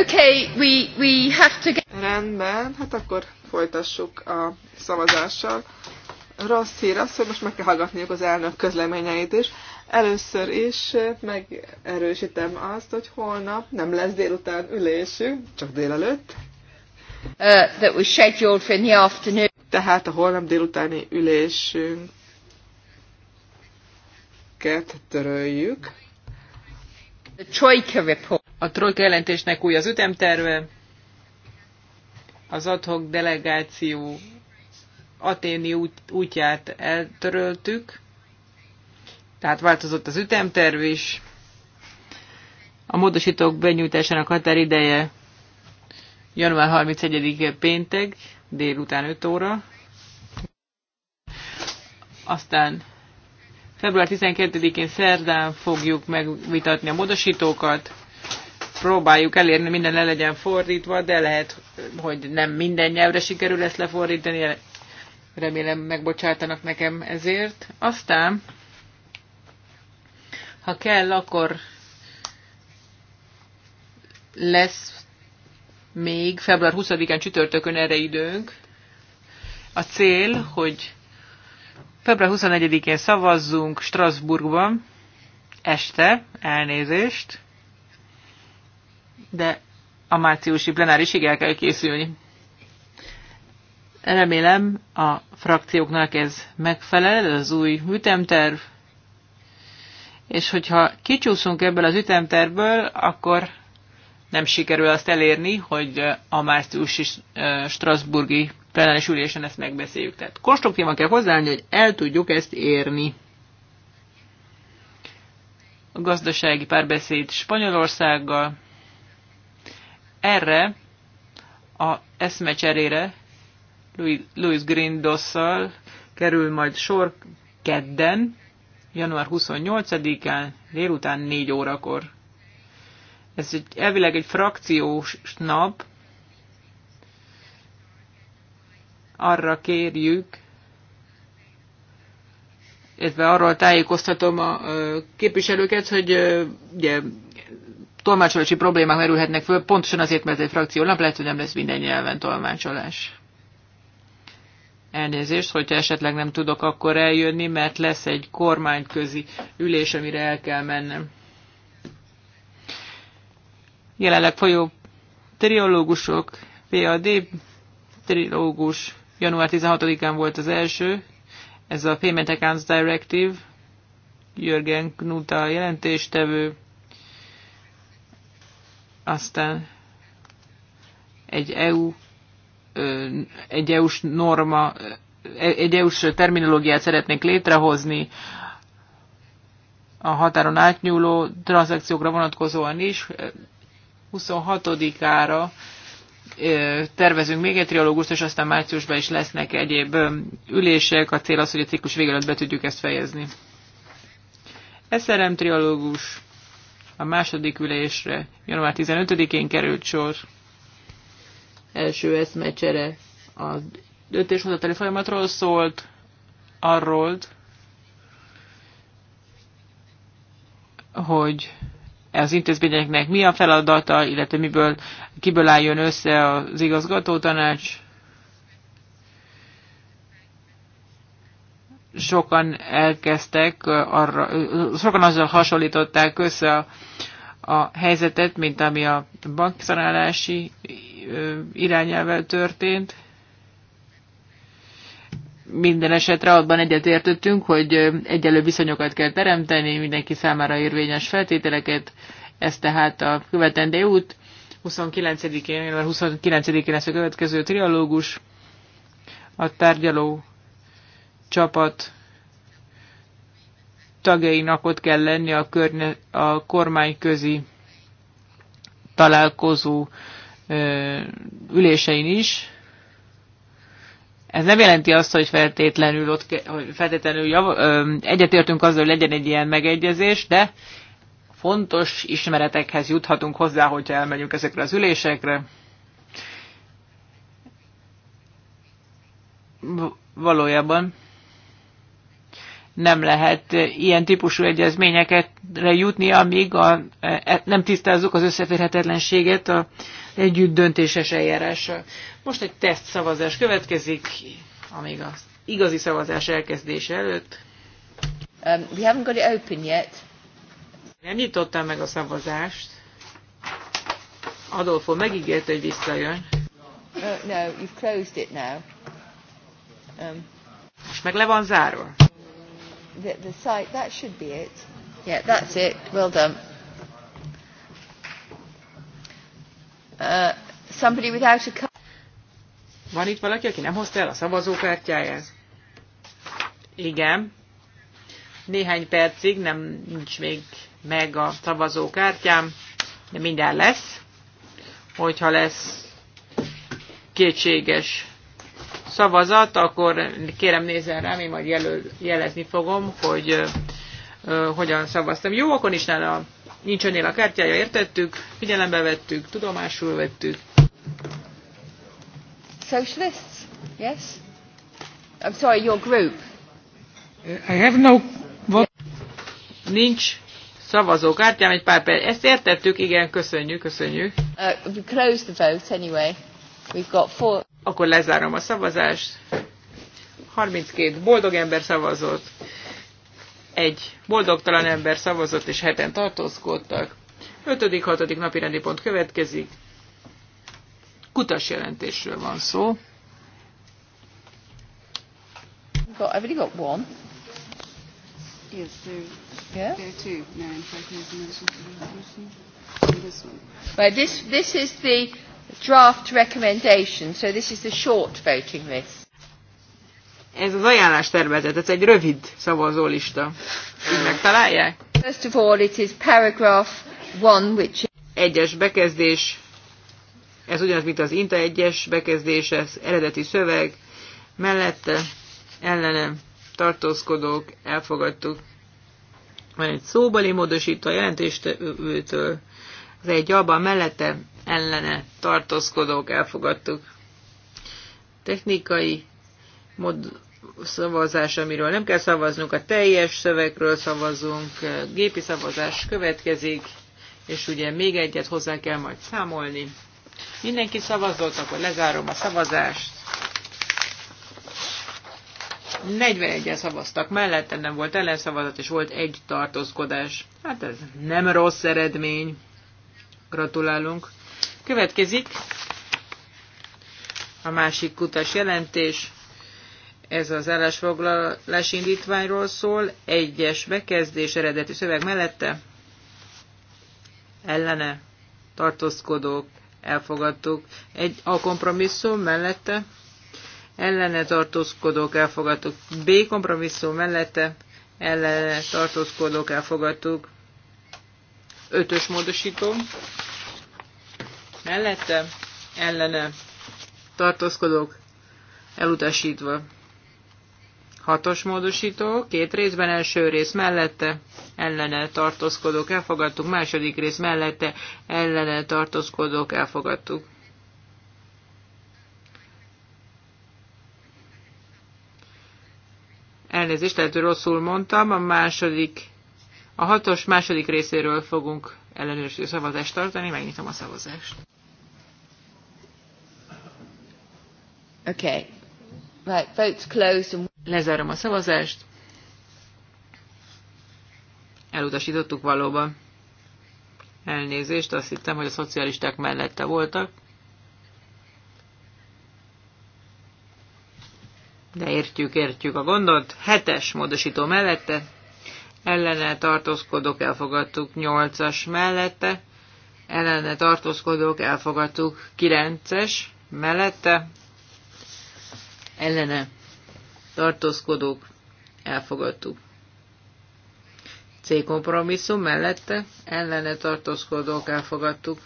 Okay, we, we have to get... Rendben, hát akkor folytassuk a szavazással. Rossz hír az, hogy most meg kell hallgatniuk az elnök közleményeit is. Először is megerősítem azt, hogy holnap nem lesz délután ülésünk, csak délelőtt. Uh, that was scheduled for in the afternoon. Tehát a holnap délutáni ülésünket töröljük. The Troika report. A trojka jelentésnek új az ütemterve, az adhok delegáció aténi út, útját eltöröltük, tehát változott az ütemterv is. A módosítók benyújtásának határideje január 31 péntek, délután 5 óra. Aztán február 12-én szerdán fogjuk megvitatni a módosítókat, próbáljuk elérni, minden le legyen fordítva, de lehet, hogy nem minden nyelvre sikerül ezt lefordítani, remélem megbocsátanak nekem ezért. Aztán, ha kell, akkor lesz még február 20-án csütörtökön erre időnk. A cél, hogy február 24-én szavazzunk Strasbourgban, este, elnézést, de a márciusi plenárisig el kell készülni. Remélem a frakcióknak ez megfelel, az új ütemterv, és hogyha kicsúszunk ebből az ütemtervből, akkor nem sikerül azt elérni, hogy a márciusi Strasburgi plenáris ülésen ezt megbeszéljük. Tehát konstruktívan kell hozzáállni, hogy el tudjuk ezt érni. A gazdasági párbeszéd Spanyolországgal, erre a eszmecserére Louis Grindosszal kerül majd sor kedden, január 28-án délután 4 órakor. Ez egy, elvileg egy frakciós nap. Arra kérjük, illetve arról tájékoztatom a képviselőket, hogy ugye tolmácsolási problémák merülhetnek föl, pontosan azért, mert egy frakció nap lehet, hogy nem lesz minden nyelven tolmácsolás. Elnézést, hogyha esetleg nem tudok akkor eljönni, mert lesz egy kormányközi ülés, amire el kell mennem. Jelenleg folyó triológusok, PAD triológus, január 16-án volt az első, ez a Payment Accounts Directive, Jürgen Knuta jelentéstevő, aztán egy EU egy EU-s norma, egy EU-s terminológiát szeretnék létrehozni a határon átnyúló tranzakciókra vonatkozóan is. 26-ára tervezünk még egy triológust, és aztán márciusban is lesznek egyéb ülések. A cél az, hogy a ciklus végelőtt be tudjuk ezt fejezni. SRM triológus. A második ülésre január 15-én került sor első eszmecsere a döntéshozatali folyamatról szólt, arról, hogy az intézményeknek mi a feladata, illetve miből, kiből álljon össze az igazgató tanács, sokan elkezdtek arra, sokan azzal hasonlították össze a, a helyzetet, mint ami a bankszanálási irányelvel történt. Minden esetre abban egyetértettünk, hogy egyelő viszonyokat kell teremteni, mindenki számára érvényes feltételeket, ez tehát a követendő út. 29-én, 29-én lesz a következő trialógus. A tárgyaló csapat tagjainak ott kell lenni a, körne a kormányközi találkozó ö, ülésein is. Ez nem jelenti azt, hogy feltétlenül, ott, ke, hogy feltétlenül jav, ö, egyetértünk azzal, hogy legyen egy ilyen megegyezés, de fontos ismeretekhez juthatunk hozzá, hogyha elmegyünk ezekre az ülésekre. Valójában nem lehet ilyen típusú egyezményekre jutni, amíg a, e, nem tisztázzuk az összeférhetetlenséget a együtt döntéses eljárással. Most egy teszt szavazás következik, amíg az igazi szavazás elkezdése előtt. Um, we haven't got it open yet. Nem nyitottam meg a szavazást. Adolfo megígérte, hogy visszajön. No, uh, no, you've closed it now. Um. Most meg le van zárva the, the site. That should be it. Yeah, that's it. Well done. Uh, somebody without a card. Van itt valaki, aki nem hozta el a szavazókártyáját? Igen. Néhány percig nem nincs még meg a szavazókártyám, de minden lesz, hogyha lesz kétséges szavazat, akkor kérem nézzen rám, én majd jelöl, jelezni fogom, hogy ö, hogyan szavaztam. Jó, akkor is nála nincs önél a kártyája, értettük, figyelembe vettük, tudomásul vettük. Socialists, yes? I'm sorry, your group. I have no... What? Nincs szavazókártyám, egy pár perc. Ezt értettük, igen, köszönjük, köszönjük. Uh, we close the vote anyway. We've got four... Akkor lezárom a szavazást. 32 boldog ember szavazott, egy boldogtalan ember szavazott, és heten tartózkodtak. 5.-6. napi rendi pont következik. Kutas jelentésről van szó. Got, I've only got one. Yes, there, yeah? there are two. No, in fact, there's no another one. This one. Right, this, this is the draft recommendation. So this is the short voting list. Ez az ajánlás tervezet, ez egy rövid szavazólista. Így megtalálják? First of all, it is paragraph one, which Egyes bekezdés, ez ugyanaz, mint az INTA egyes bekezdés, ez eredeti szöveg, mellette ellene tartózkodók, elfogadtuk. Van egy szóbali módosító jelentést őtől, az egy abban mellette ellene tartózkodók elfogadtuk. Technikai mod szavazás, amiről nem kell szavaznunk, a teljes szövegről szavazunk, gépi szavazás következik, és ugye még egyet hozzá kell majd számolni. Mindenki szavazott, akkor lezárom a szavazást. 41-en szavaztak mellette, nem volt ellenszavazat, és volt egy tartózkodás. Hát ez nem rossz eredmény. Gratulálunk. Következik a másik kutas jelentés. Ez az állásfoglalás indítványról szól, egyes bekezdés eredeti szöveg mellette, ellene tartózkodók, elfogadtuk. Egy, a kompromisszum mellette, ellene tartózkodók, elfogadtuk. B kompromisszum mellette, ellene tartózkodók, elfogadtuk. Ötös módosító mellette, ellene tartózkodok, elutasítva. Hatos módosító, két részben első rész mellette, ellene tartózkodok, elfogadtuk, második rész mellette, ellene tartózkodok, elfogadtuk. Elnézést, lehet, hogy rosszul mondtam, a második, a hatos második részéről fogunk ellenőrző szavazást tartani, megnyitom a szavazást. Okay. Right, vote's closed and... Lezárom a szavazást. Elutasítottuk valóban. Elnézést, azt hittem, hogy a szocialisták mellette voltak. De értjük, értjük a gondot. Hetes módosító mellette. Ellene tartózkodók elfogadtuk. Nyolcas mellette. Ellene tartózkodók elfogadtuk. Kilences mellette ellene tartózkodók elfogadtuk. C kompromisszum mellette ellene tartózkodók elfogadtuk.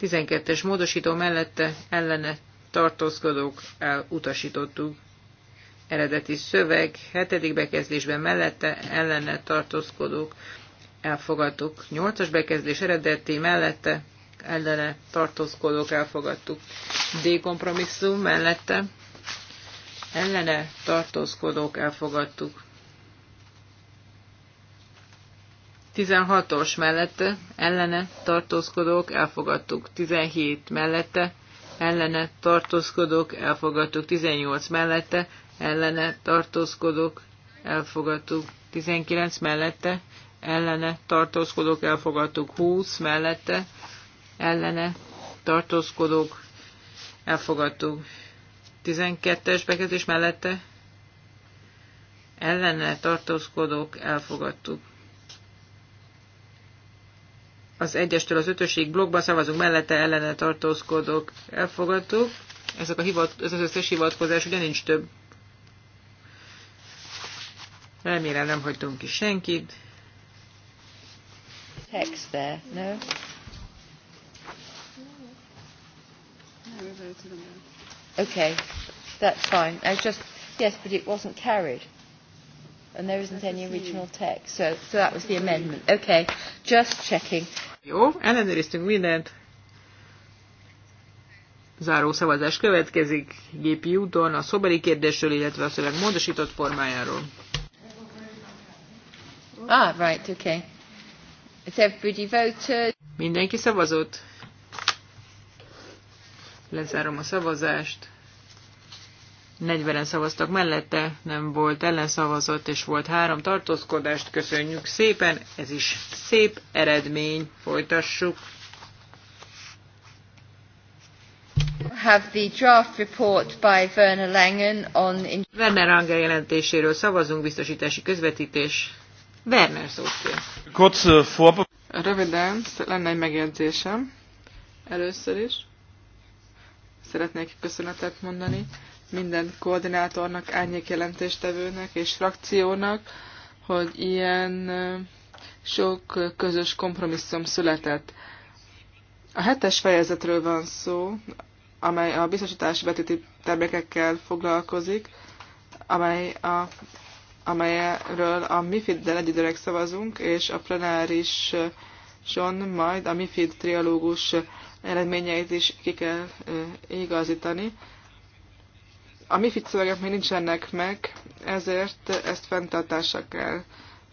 12-es módosító mellette ellene tartózkodók elutasítottuk. Eredeti szöveg 7. bekezdésben mellette ellene tartózkodók elfogadtuk. 8-as bekezdés eredeti mellette ellene tartózkodók elfogadtuk. D kompromisszum mellette ellene tartózkodók elfogadtuk. 16-os mellette ellene tartózkodók elfogadtuk. 17 mellette ellene tartózkodók elfogadtuk. 18 mellette ellene tartózkodók elfogadtuk. 19 mellette ellene tartózkodók elfogadtuk. 20 mellette ellene tartózkodók elfogadtuk. 12-es bekezdés mellette ellene tartózkodók elfogadtuk. Az 1-estől az 5-ösig blokkban szavazunk mellette ellene tartózkodók elfogadtuk. Ezek a hivat, ez az összes hivatkozás ugye nincs több. Remélem nem hagytunk ki senkit. Text there, no? no Okay, that's fine. I just, yes, but it wasn't carried. And there isn't any original text, so, so that was the amendment. Okay, just checking. Jó, ellenőriztünk mindent. Záró szavazás következik gépi úton a szobeli kérdésről, illetve a szöveg módosított formájáról. Ah, right, okay. Is everybody voted? Mindenki szavazott? Lezárom a szavazást. 40-en szavaztak mellette, nem volt ellenszavazat, és volt három tartózkodást. Köszönjük szépen, ez is szép eredmény. Folytassuk. Have the draft report by Werner Langen on... Werner Langen jelentéséről szavazunk, biztosítási közvetítés. Werner szót kér. Äh, Röviden lenne egy megjegyzésem. Először is szeretnék köszönetet mondani minden koordinátornak, árnyékjelentéstevőnek és frakciónak, hogy ilyen sok közös kompromisszum született. A hetes fejezetről van szó, amely a biztosítási betéti termékekkel foglalkozik, amely a, amelyről a MIFID-del egyidőleg szavazunk, és a plenárison majd a MIFID triológus eredményeit is ki kell igazítani. A MIFID szövegek még nincsenek meg, ezért ezt fenntartással kell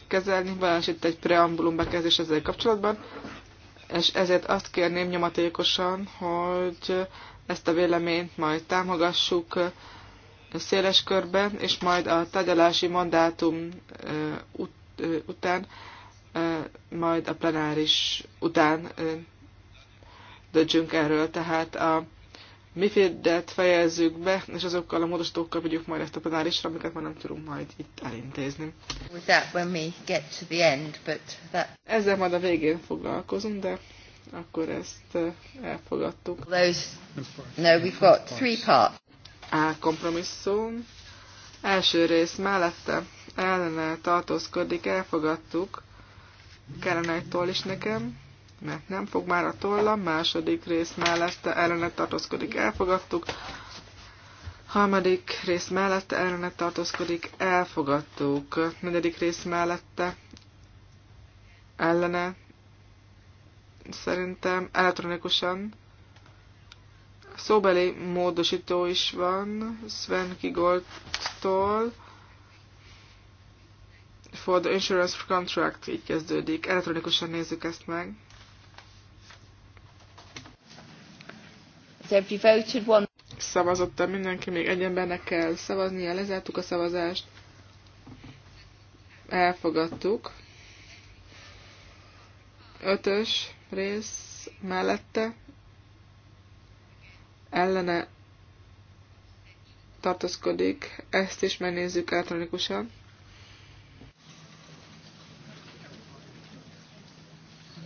kezelni. Van itt egy preambulum bekezdés ezzel kapcsolatban, és ezért azt kérném nyomatékosan, hogy ezt a véleményt majd támogassuk széles körben, és majd a tagyalási mandátum után, majd a plenáris után döntsünk erről. Tehát a mifédet fejezzük be, és azokkal a módosítókkal vigyük majd ezt a plenárisra, amiket már nem tudunk majd itt elintézni. End, that... Ezzel majd a végén foglalkozunk, de akkor ezt eh, elfogadtuk. Those... No, we've got three parts. A kompromisszum. Első rész mellette ellene tartózkodik, elfogadtuk. toll is nekem mert nem fog már a tolla, második rész mellette ellenet tartózkodik, elfogadtuk, harmadik rész mellette ellenet tartózkodik, elfogadtuk, negyedik rész mellette ellene szerintem elektronikusan szóbeli módosító is van Sven Kigoldtól. For the Insurance Contract így kezdődik. Elektronikusan nézzük ezt meg. Szavazott mindenki, még egy embernek kell szavaznia, lezártuk a szavazást. Elfogadtuk. Ötös rész mellette. Ellene tartozkodik. ezt is megnézzük elektronikusan.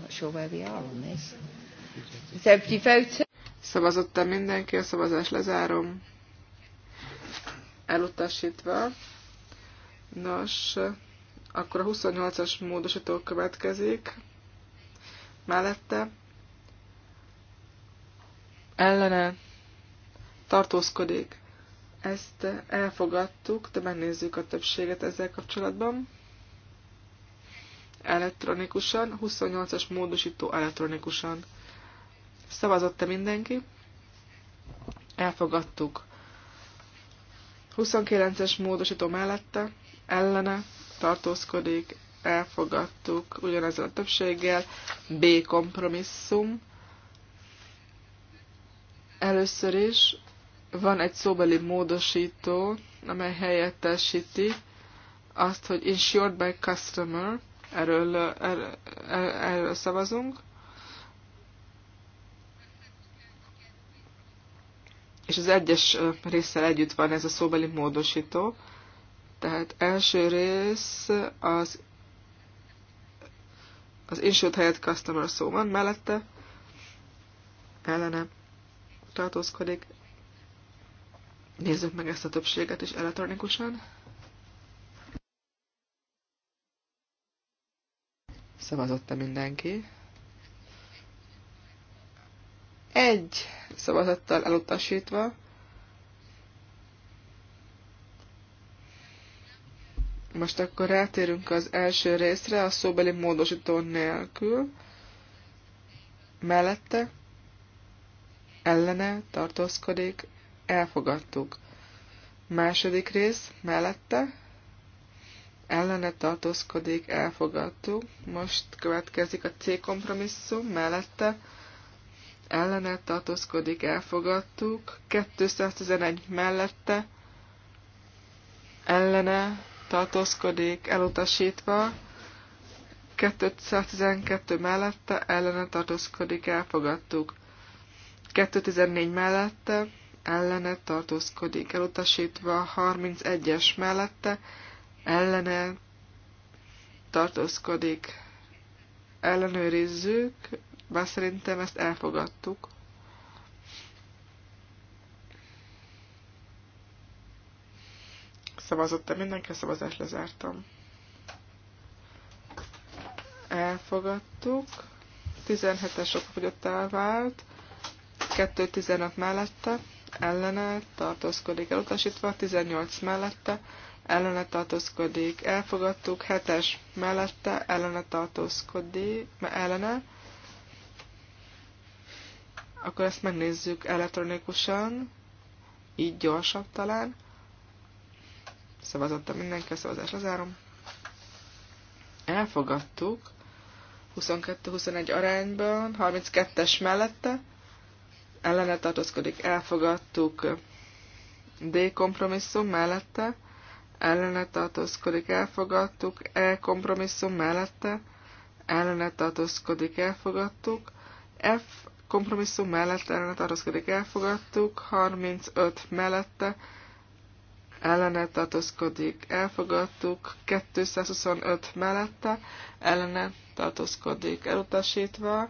Sure where we are on this. Is everybody voted? Szavazott-e mindenki? A szavazás lezárom. Elutasítva. Nos, akkor a 28-as módosító következik. Mellette. Ellene. Tartózkodik. Ezt elfogadtuk, de megnézzük a többséget ezzel kapcsolatban elektronikusan, 28-as módosító elektronikusan. Szavazott-e mindenki? Elfogadtuk. 29-es módosító mellette, ellene, tartózkodik, elfogadtuk ugyanezzel a többséggel. B kompromisszum. Először is van egy szóbeli módosító, amely helyettesíti azt, hogy insured by customer, erről, erről, er, erről szavazunk. és az egyes résszel együtt van ez a szóbeli módosító. Tehát első rész az az insult helyett customer szó van mellette, ellene tartózkodik. Nézzük meg ezt a többséget is elektronikusan. Szavazott-e mindenki? egy szavazattal elutasítva. Most akkor rátérünk az első részre, a szóbeli módosító nélkül. Mellette, ellene, tartózkodik, elfogadtuk. Második rész, mellette, ellene tartózkodik, elfogadtuk. Most következik a C kompromisszum, mellette, ellene tartózkodik, elfogadtuk. 211 mellette ellene tartózkodik, elutasítva. 212 mellette ellene tartózkodik, elfogadtuk. 214 mellette ellene tartózkodik, elutasítva. 31-es mellette ellene tartózkodik, ellenőrizzük, bár szerintem ezt elfogadtuk. Szavazottam mindenki, a Szavazást lezártam. Elfogadtuk. 17-es okfogyottá vált. 2-15 mellette. Ellene tartózkodik elutasítva. 18 mellette ellene tartózkodik, elfogadtuk, 7-es mellette ellene tartózkodik, ellene akkor ezt megnézzük elektronikusan, így gyorsabb talán. Szavazottam mindenki, a szavazás lezárom. Elfogadtuk. 22-21 arányban, 32-es mellette. Ellene tartózkodik, elfogadtuk. D kompromisszum mellette. Ellene tartózkodik, elfogadtuk. E kompromisszum mellette. Ellene tartózkodik, elfogadtuk. F kompromisszum mellett ellene tartózkodik, elfogadtuk, 35 mellette ellene tartózkodik, elfogadtuk, 225 mellette ellene tartózkodik, elutasítva,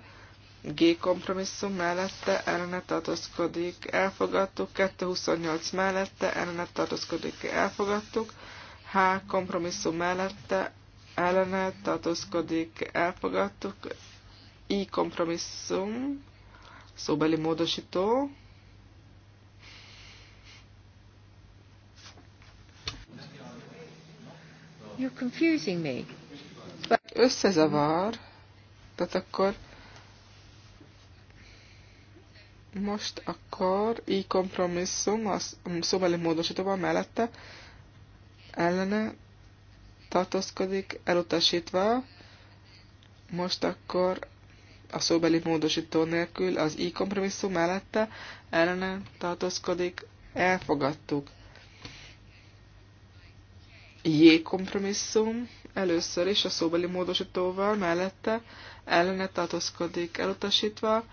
G kompromisszum mellette ellene tartózkodik, elfogadtuk, 228 mellette ellene tartózkodik, elfogadtuk, H kompromisszum mellette ellene tartózkodik, elfogadtuk, I kompromisszum szóbeli módosító. You're confusing me. Összezavar, tehát akkor most akkor i kompromisszum a szóbeli módosítóval mellette ellene tartózkodik elutasítva. Most akkor a szóbeli módosító nélkül, az i kompromisszum mellette ellene tartózkodik, elfogadtuk. J kompromisszum először is a szóbeli módosítóval mellette ellene tartózkodik elutasítva,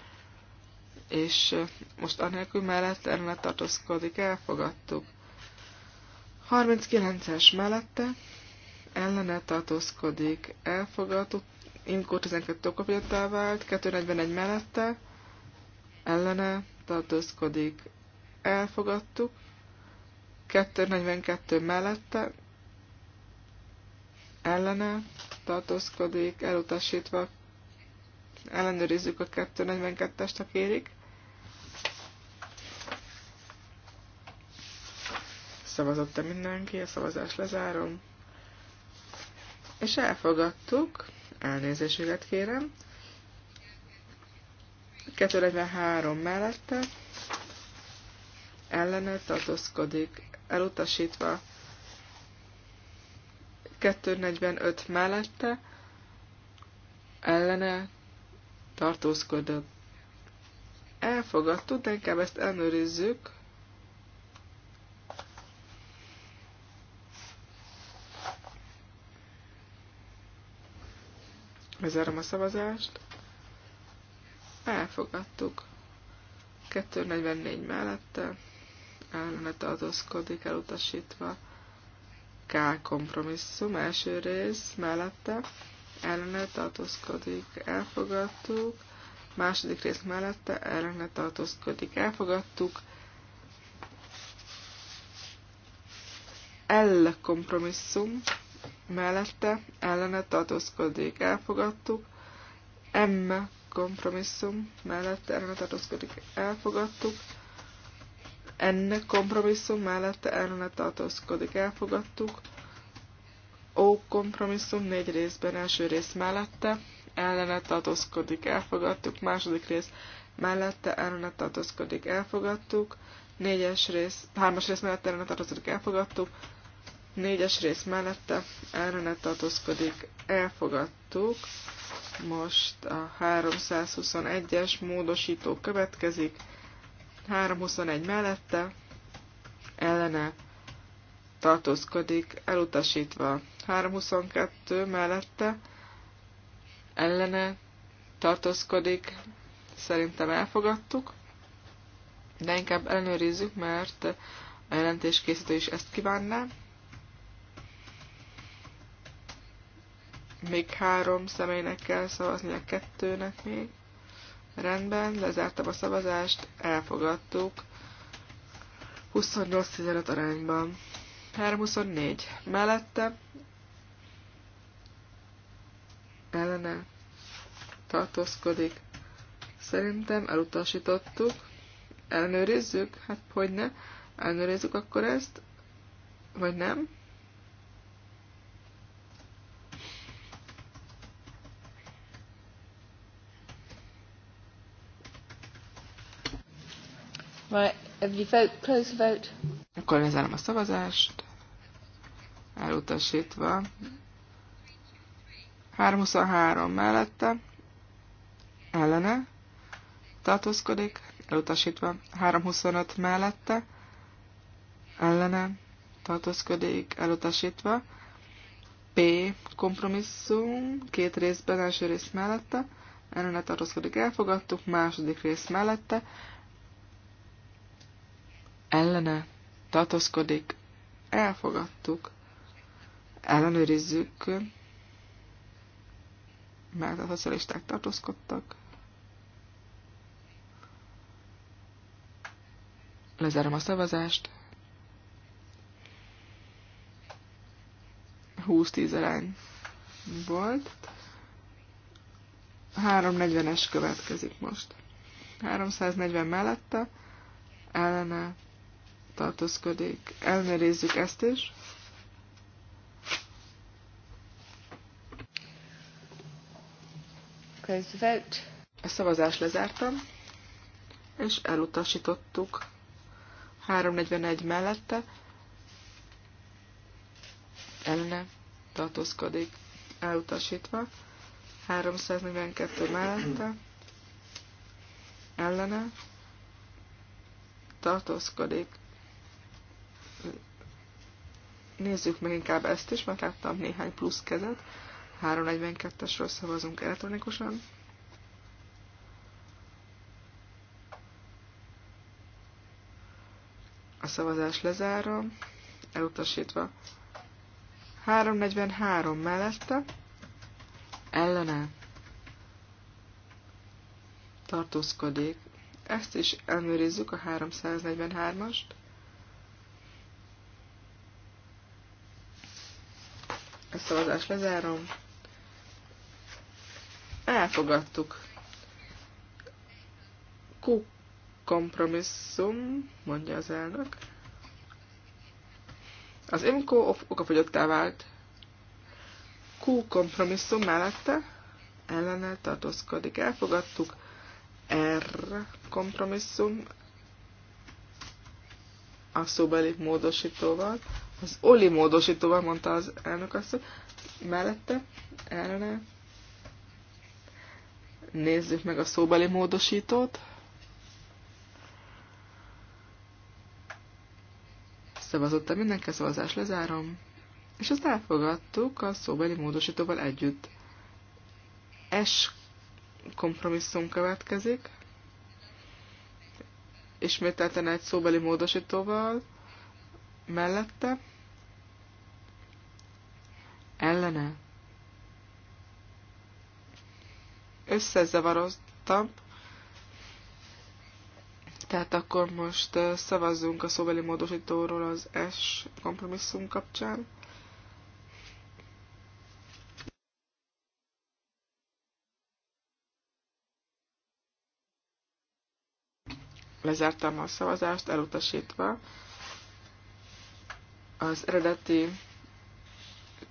és most anélkül mellett ellene tartózkodik, elfogadtuk. 39-es mellette ellene tartózkodik, elfogadtuk, Inkó 12 okafogyottá vált, 241 mellette, ellene tartózkodik. Elfogadtuk. 242 mellette, ellene tartózkodik, elutasítva ellenőrizzük a 242-est, ha kérik. Szavazott-e mindenki? A szavazás lezárom. És elfogadtuk elnézésüket kérem. 243 mellette ellene tartózkodik, elutasítva 245 mellette ellene tartózkodott. Elfogadtuk, de inkább ezt elnőrizzük. Bezárom a szavazást. Elfogadtuk. 244 mellette ellene tartózkodik elutasítva. K kompromisszum első rész mellette ellene tartózkodik, elfogadtuk. Második rész mellette ellene tartózkodik, elfogadtuk. L kompromisszum mellette ellene tartózkodik, elfogadtuk. M kompromisszum mellette ellene tartózkodik, elfogadtuk. N kompromisszum mellette ellene tartózkodik, elfogadtuk. O kompromisszum négy részben első rész mellette ellene tartózkodik, elfogadtuk. Második rész mellette ellene tartózkodik, elfogadtuk. Négyes rész, hármas rész mellette ellene tartózkodik, elfogadtuk Négyes rész mellette ellene tartózkodik, elfogadtuk. Most a 321-es módosító következik. 321 mellette ellene tartózkodik, elutasítva. 322 mellette ellene tartózkodik, szerintem elfogadtuk, de inkább ellenőrizzük, mert a jelentéskészítő is ezt kívánná. még három személynek kell szavazni, a kettőnek még. Rendben, lezártam a szavazást, elfogadtuk. 28-15 arányban. 3-24. Mellette ellene tartózkodik. Szerintem elutasítottuk. Ellenőrizzük? Hát hogy ne? Ellenőrizzük akkor ezt? Vagy nem? vote, Akkor lezárom a szavazást. Elutasítva. 323 mellette. Ellene. Tartózkodik. Elutasítva. 325 mellette. Ellene. Tartózkodik. Elutasítva. P kompromisszum, két részben, első rész mellette, ellene tartózkodik, elfogadtuk, második rész mellette, ellene tartozkodik, elfogadtuk, ellenőrizzük, mert a szocialisták tartózkodtak. Lezárom a szavazást. 20-10 arány volt. 340-es következik most. 340 mellette, ellene tartózkodik. Elmérézzük ezt is. A szavazást lezártam, és elutasítottuk 341 mellette. Ellene tartózkodik elutasítva. 342 mellette ellene tartózkodik Nézzük meg inkább ezt is, mert láttam néhány plusz kezet. 342-esről szavazunk elektronikusan. A szavazás lezárva, elutasítva. 343 mellette, ellene tartózkodik. Ezt is elmőrizzük a 343-ast. A szavazást lezárom. Elfogadtuk. kompromisszum, mondja az elnök. Az imkó okafogyottá vált. Q kompromisszum mellette ellene tartózkodik. Elfogadtuk. R kompromisszum a szóbeli módosítóval az Oli módosítóval mondta az elnök azt, mellette, ellene. Nézzük meg a szóbeli módosítót. szavazott a mindenki, szavazás lezárom. És azt elfogadtuk a szóbeli módosítóval együtt. es kompromisszum következik. Ismételten egy szóbeli módosítóval mellette, ellene. Összezavaroztam, tehát akkor most szavazzunk a szóbeli módosítóról az S kompromisszum kapcsán. Lezártam a szavazást, elutasítva az eredeti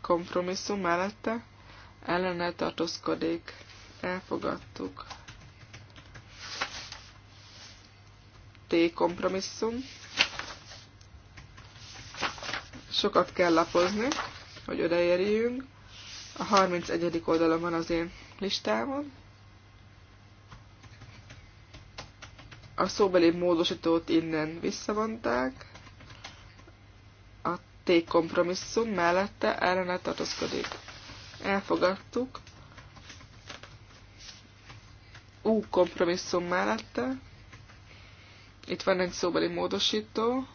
kompromisszum mellette ellene tartózkodik. Elfogadtuk. T kompromisszum. Sokat kell lapozni, hogy odaérjünk. A 31. oldalon van az én listámon. A szóbeli módosítót innen visszavonták. T kompromisszum mellette ellene tartozkodik. Elfogadtuk. U kompromisszum mellette. Itt van egy szóbeli módosító.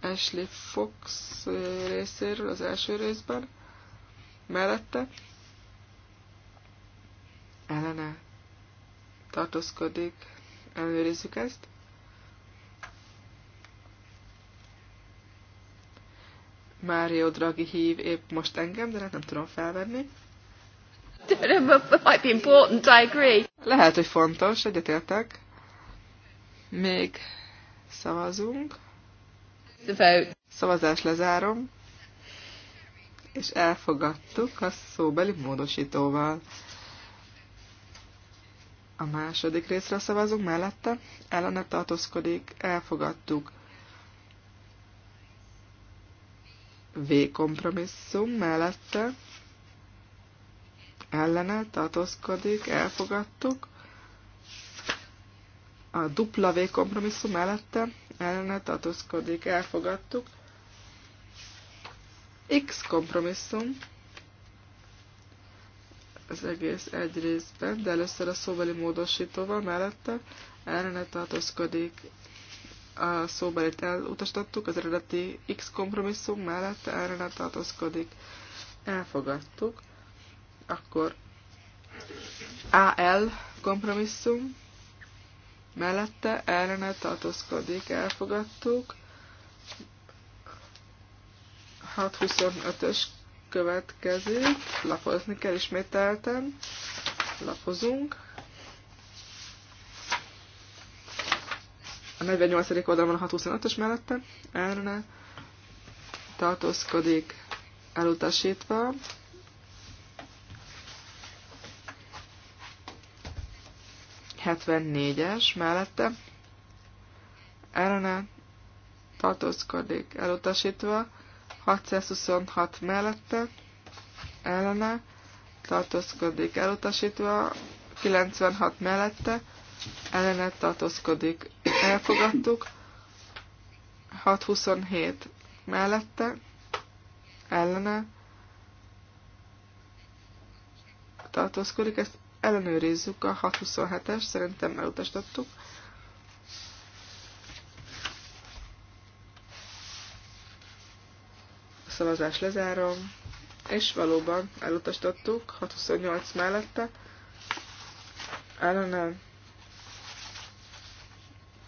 Ashley Fox részéről az első részben. Mellette. Ellene tartozkodik. Előrizzük ezt. Mário Draghi hív épp most engem, de hát nem tudom felvenni. Might be important, I agree. Lehet, hogy fontos, egyetértek. Még szavazunk. The vote. Szavazás lezárom. És elfogadtuk a szóbeli módosítóval. A második részre szavazunk mellette. Ellene tartózkodik. Elfogadtuk. V kompromisszum mellette ellene tartózkodik, elfogadtuk. A dupla V kompromisszum mellette ellene tartózkodik, elfogadtuk. X kompromisszum az egész egy részben, de először a szóbeli módosítóval mellette ellene tartózkodik, a szóbelit elutasítottuk, az eredeti X kompromisszum mellett nem tartozkodik. Elfogadtuk. Akkor AL kompromisszum mellette nem tartozkodik. Elfogadtuk. 6.25-ös következik. Lapozni kell ismételten. Lapozunk. 48. oldalon a 625-ös mellette Erre tartózkodik elutasítva. es mellette Erre tartózkodik elutasítva, 626 mellette Erre tartózkodik elutasítva, 96 mellette Erre tartózkodik elfogadtuk. 627 mellette, ellene tartózkodik, ezt ellenőrizzük a 627-es, szerintem elutasítottuk. A szavazás lezárom, és valóban elutasítottuk, 628 mellette, ellene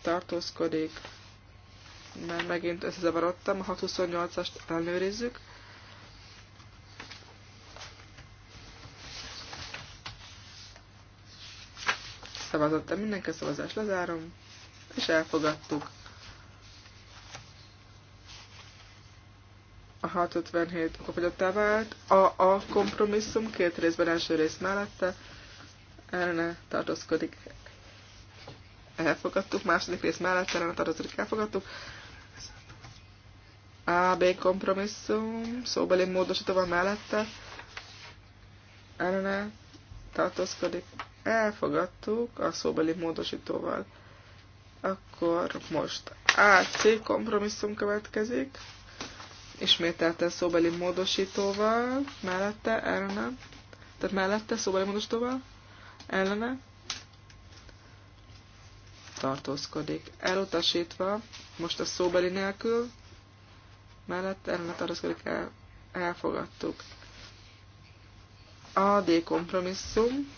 tartózkodik, mert megint összezavarodtam, a 628-ast ellenőrizzük. Szavazottam mindenki, a szavazást lezárom, és elfogadtuk. A 657 okafogyottá vált, a, a kompromisszum két részben első rész mellette, ellene tartózkodik, elfogadtuk, második rész mellett a tartozik, elfogadtuk. A, B kompromisszum, szóbeli módosító van mellette, ellene tartózkodik, elfogadtuk a szóbeli módosítóval. Akkor most a C kompromisszum következik, ismételten szóbeli módosítóval, mellette, ellene, tehát mellette szóbeli módosítóval, ellene, tartózkodik. Elutasítva, most a szóbeli nélkül, mellett ellen tartózkodik, el, elfogadtuk. A D kompromisszum,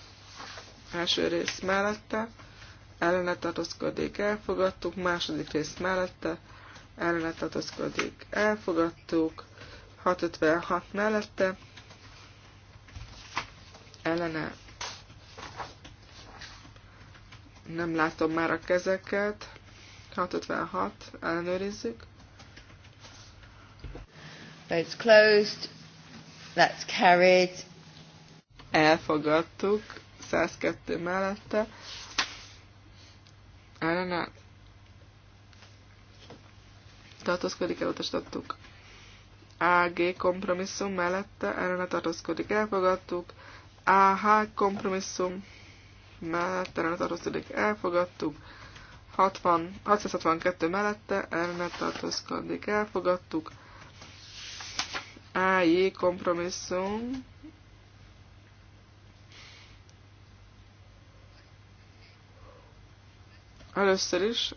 első rész mellette, ellene tartózkodik, elfogadtuk, második rész mellette, ellene tartózkodik, elfogadtuk, 656 mellette, ellene nem látom már a kezeket. 656, ellenőrizzük. That's closed. That's carried. Elfogadtuk. 102 mellette. Ellenállt. tartózkodik, elutasítottuk. AG kompromisszum mellette ellene tartózkodik, elfogadtuk. AH kompromisszum mellett, ellene tartózkodik, elfogadtuk. 60, 662 mellette, ellene tartózkodik, elfogadtuk. AJ kompromisszum. Először is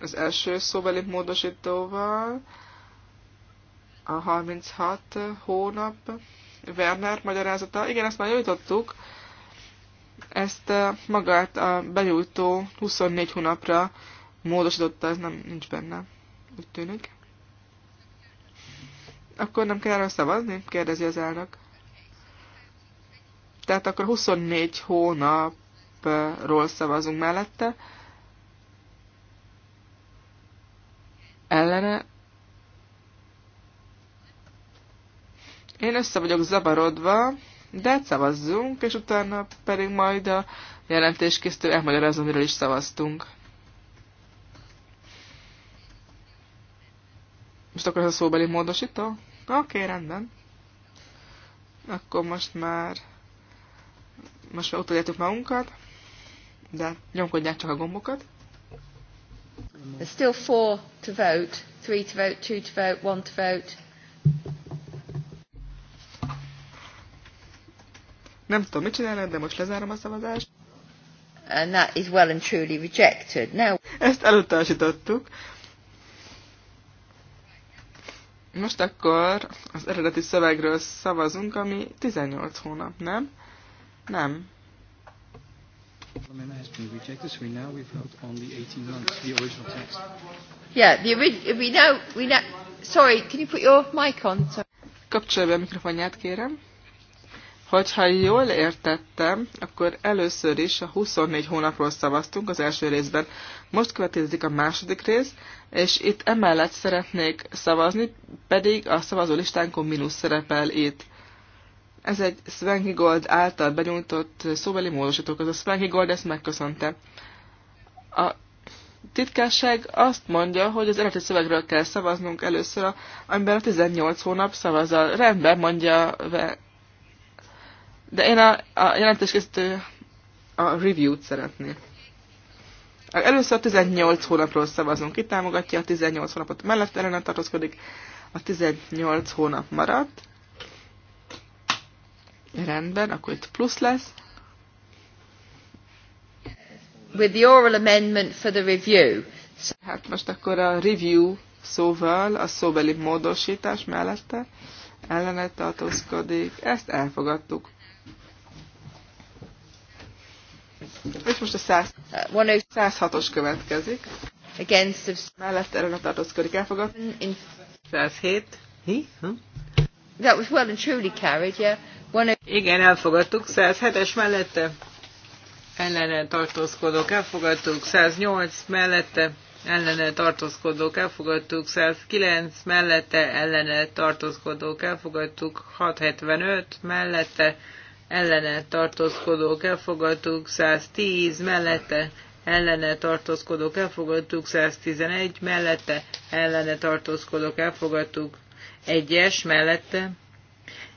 az első szóbeli módosítóval a 36 hónap Werner magyarázata. Igen, ezt már jutottuk ezt magát a benyújtó 24 hónapra módosította, ez nem nincs benne, úgy tűnik. Akkor nem kell erről szavazni? kérdezi az elnök. Tehát akkor 24 hónapról szavazunk mellette. Ellene. Én össze vagyok zavarodva de szavazzunk, és utána pedig majd a jelentéskészítő elmagyarázom, amiről is szavaztunk. Most akkor ez a szóbeli módosító? Oké, okay, rendben. Akkor most már... Most már utoljátok magunkat, de nyomkodják csak a gombokat. There's still four to vote, three to vote, two to vote, one to vote. Nem tudom, mit csinálnak, de most lezárom a szavazást. And that is well and truly rejected. Now... Ezt elutasítottuk. Most akkor az eredeti szövegről szavazunk, ami 18 hónap, nem? Nem. Yeah, the original. We now we now. Sorry, can you put your mic on? Kapcsolja be a mikrofonját, kérem. Hogyha jól értettem, akkor először is a 24 hónapról szavaztunk az első részben. Most következik a második rész, és itt emellett szeretnék szavazni, pedig a szavazólistánkon mínusz szerepel itt. Ez egy Svenki Gold által benyújtott szóbeli módosítók, az a Svenki Gold ezt megköszönte. A titkásság azt mondja, hogy az eredeti szövegről kell szavaznunk először, amiben a 18 hónap szavazal. Rendben, mondja de én a, a jelentéskészítő a review-t szeretném. Először 18 hónapról szavazunk. Ki támogatja a 18 hónapot mellett ellenet tartozkodik. A 18 hónap maradt. Rendben, akkor itt plusz lesz. With the oral amendment for the review. Hát most akkor a review szóval a szóbeli módosítás mellette ellenet tartózkodik. Ezt elfogadtuk. És most a 100, 106-os következik. Against Mellett ellen tartózkodik elfogad. 107. Mi? Hm? That was well and truly carried, yeah. One... Oh- Igen, elfogadtuk. 107-es mellette ellene tartózkodók elfogadtuk. 108 mellette ellene tartózkodók elfogadtuk. 109 mellette ellene tartózkodók elfogadtuk. 675 mellette ellene tartózkodók elfogadtuk, 110 mellette ellene tartózkodók elfogadtuk, 111 mellette ellene tartózkodók elfogadtuk, 1-es mellette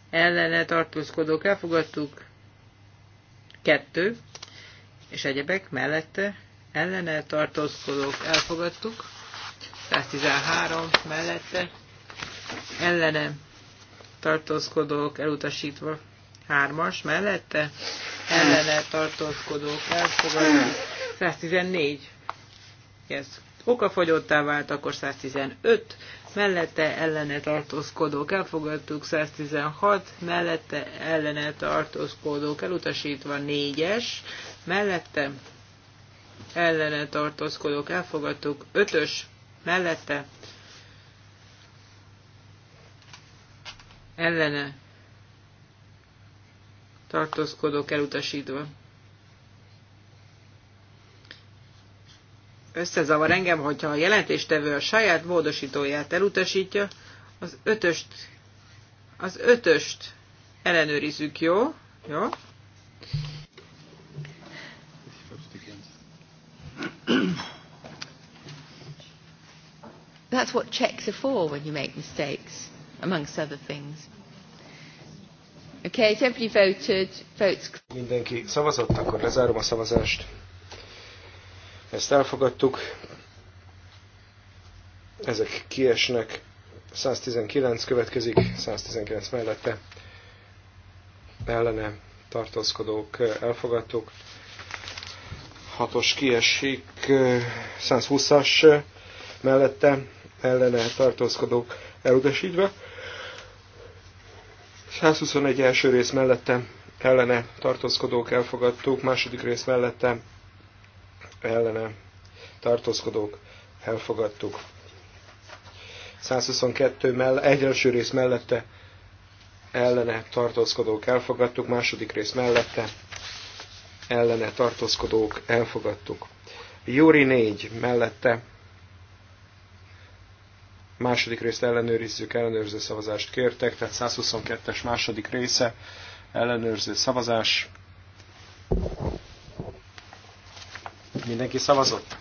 ellene tartózkodók elfogadtuk, 2 és egyebek mellette ellene tartózkodók elfogadtuk, 113 mellette ellene tartózkodók elutasítva, hármas mellette ellene tartózkodók elfogadni. 114. Ez okafogyottá vált, akkor 115 mellette ellene tartózkodók elfogadtuk, 116 mellette ellene tartózkodók elutasítva 4-es, mellette ellene tartózkodók elfogadtuk, 5-ös mellette ellene tartózkodók elutasítva. Összezavar engem, hogyha a jelentéstevő a saját módosítóját elutasítja, az ötöst, az ötöst ellenőrizzük, jó? Jó? That's what checks are for when you make mistakes, amongst other things. Okay, if everybody voted, votes... Mindenki szavazott, akkor lezárom a szavazást. Ezt elfogadtuk. Ezek kiesnek. 119 következik, 119 mellette. Ellene tartózkodók elfogadtuk. 6-os kiesik, 120-as mellette ellene tartózkodók elutasítva. 121 első rész mellette ellene tartózkodók elfogadtuk, második rész mellette ellene tartózkodók elfogadtuk. 122 mell egy első rész mellette ellene tartózkodók elfogadtuk, második rész mellette ellene tartózkodók elfogadtuk. Júri 4 mellette második részt ellenőrizzük, ellenőrző szavazást kértek, tehát 122-es második része, ellenőrző szavazás. Mindenki szavazott?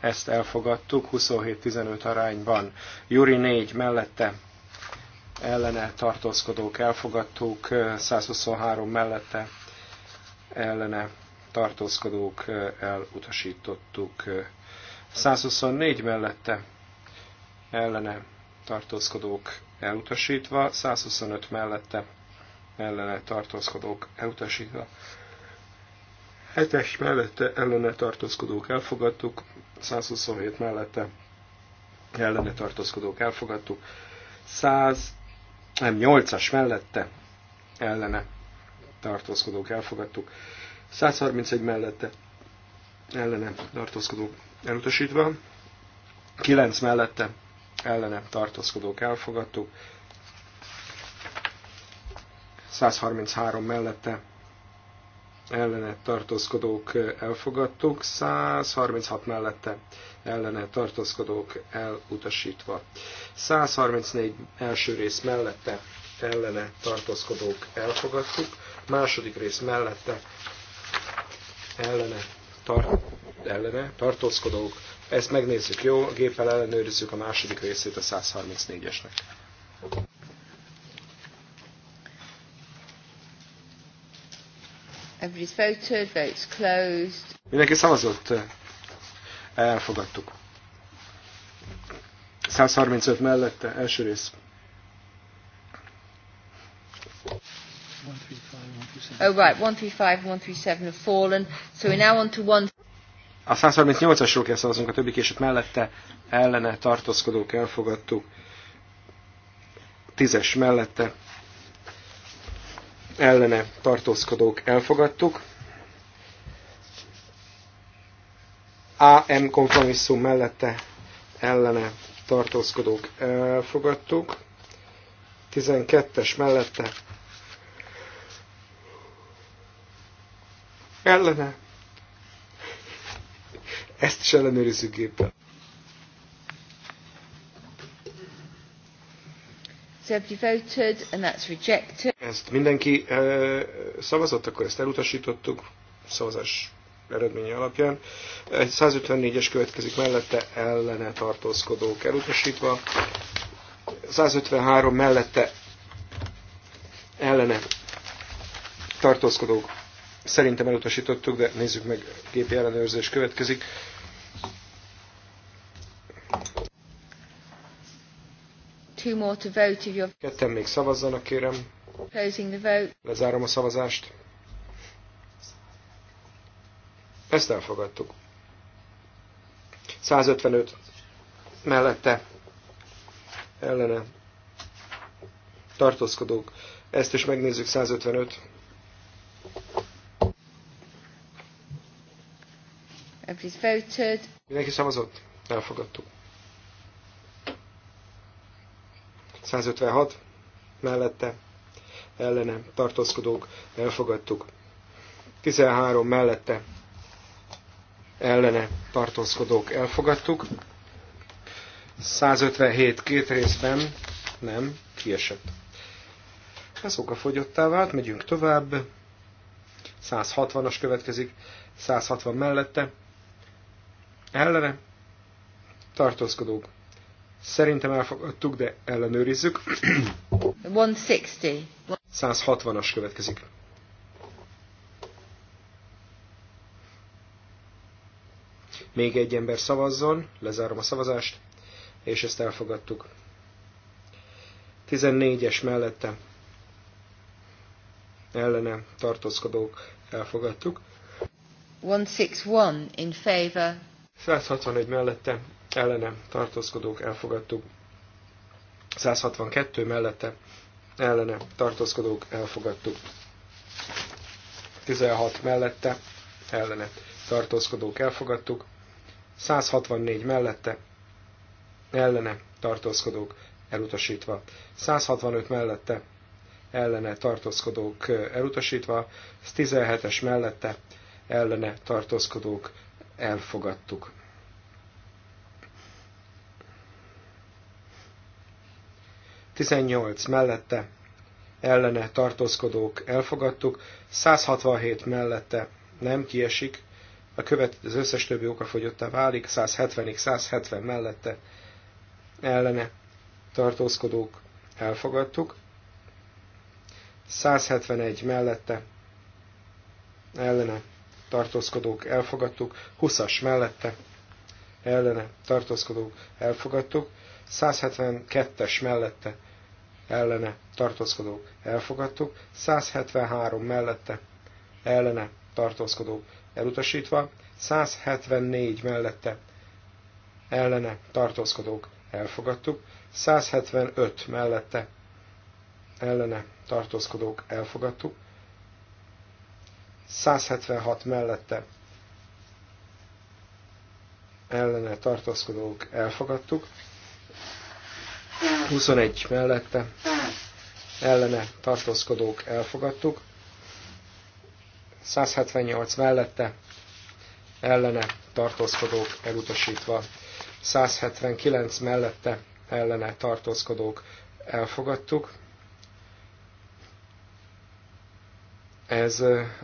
Ezt elfogadtuk, 27-15 arányban. Juri 4 mellette ellene tartózkodók elfogadtuk, 123 mellette ellene tartózkodók elutasítottuk 124 mellette ellene tartózkodók elutasítva, 125 mellette ellene tartózkodók elutasítva, 7-es mellette ellene tartózkodók elfogadtuk, 127 mellette ellene tartózkodók elfogadtuk, 100, nem, 8-as mellette ellene tartózkodók elfogadtuk, 131 mellette ellene tartózkodók elutasítva, kilenc mellette ellene tartózkodók elfogadtuk, 133 mellette ellene tartózkodók elfogadtuk, 136 mellette ellene tartózkodók elutasítva. 134 első rész mellette ellene tartózkodók elfogadtuk, második rész mellette ellene tart ellene tartózkodók. Ezt megnézzük, jó? A géppel ellenőrizzük a második részét a 134-esnek. Everybody's voted, votes closed. Mindenki szavazott. Elfogadtuk. 135 mellette, első rész. Oh right, 135, 137 have fallen. So we're now on to one. A 138-asról kell szavazunk a többi később mellette ellene tartózkodók elfogadtuk. tízes mellette ellene tartózkodók elfogadtuk. AM kompromisszum mellette ellene tartózkodók elfogadtuk. 12-es mellette ellene ezt is ellenőrizzük géppel. Ezt mindenki uh, szavazott, akkor ezt elutasítottuk szavazás eredménye alapján. 154-es következik mellette ellene tartózkodók elutasítva. 153 mellette ellene tartózkodók szerintem elutasítottuk, de nézzük meg, gépi ellenőrzés következik. Two more to vote if you're... Ketten még szavazzanak, kérem. Closing the vote. Lezárom a szavazást. Ezt elfogadtuk. 155 mellette ellene tartózkodók. Ezt is megnézzük, 155. Mindenki szavazott? Elfogadtuk. 156 mellette ellene tartózkodók elfogadtuk. 13 mellette ellene tartózkodók elfogadtuk. 157 két részben nem, kiesett. Ez fogyottá vált, megyünk tovább. 160-as következik, 160 mellette. Ellene tartózkodók Szerintem elfogadtuk, de ellenőrizzük. 160-as következik. Még egy ember szavazzon, lezárom a szavazást, és ezt elfogadtuk. 14-es mellette ellene tartózkodók elfogadtuk. 161 in favor. 161 mellette ellene tartózkodók elfogadtuk. 162 mellette ellene tartózkodók elfogadtuk. 16 mellette ellene tartózkodók elfogadtuk. 164 mellette ellene tartózkodók elutasítva. 165 mellette ellene tartózkodók elutasítva, 17-es mellette ellene tartózkodók elfogadtuk. 18 mellette ellene tartózkodók elfogadtuk, 167 mellette nem kiesik, a követ, az összes többi okafogyottá válik, 170-ig, 170 mellette ellene tartózkodók elfogadtuk, 171 mellette ellene tartózkodók elfogadtuk, 20-as mellette ellene tartózkodók elfogadtuk, 172-es mellette ellene tartózkodók elfogadtuk, 173 mellette ellene tartózkodók elutasítva, 174 mellette ellene tartózkodók elfogadtuk, 175 mellette ellene tartózkodók elfogadtuk, 176 mellette ellene tartózkodók elfogadtuk, 21 mellette ellene tartózkodók elfogadtuk, 178 mellette ellene tartózkodók elutasítva, 179 mellette ellene tartózkodók elfogadtuk. Ez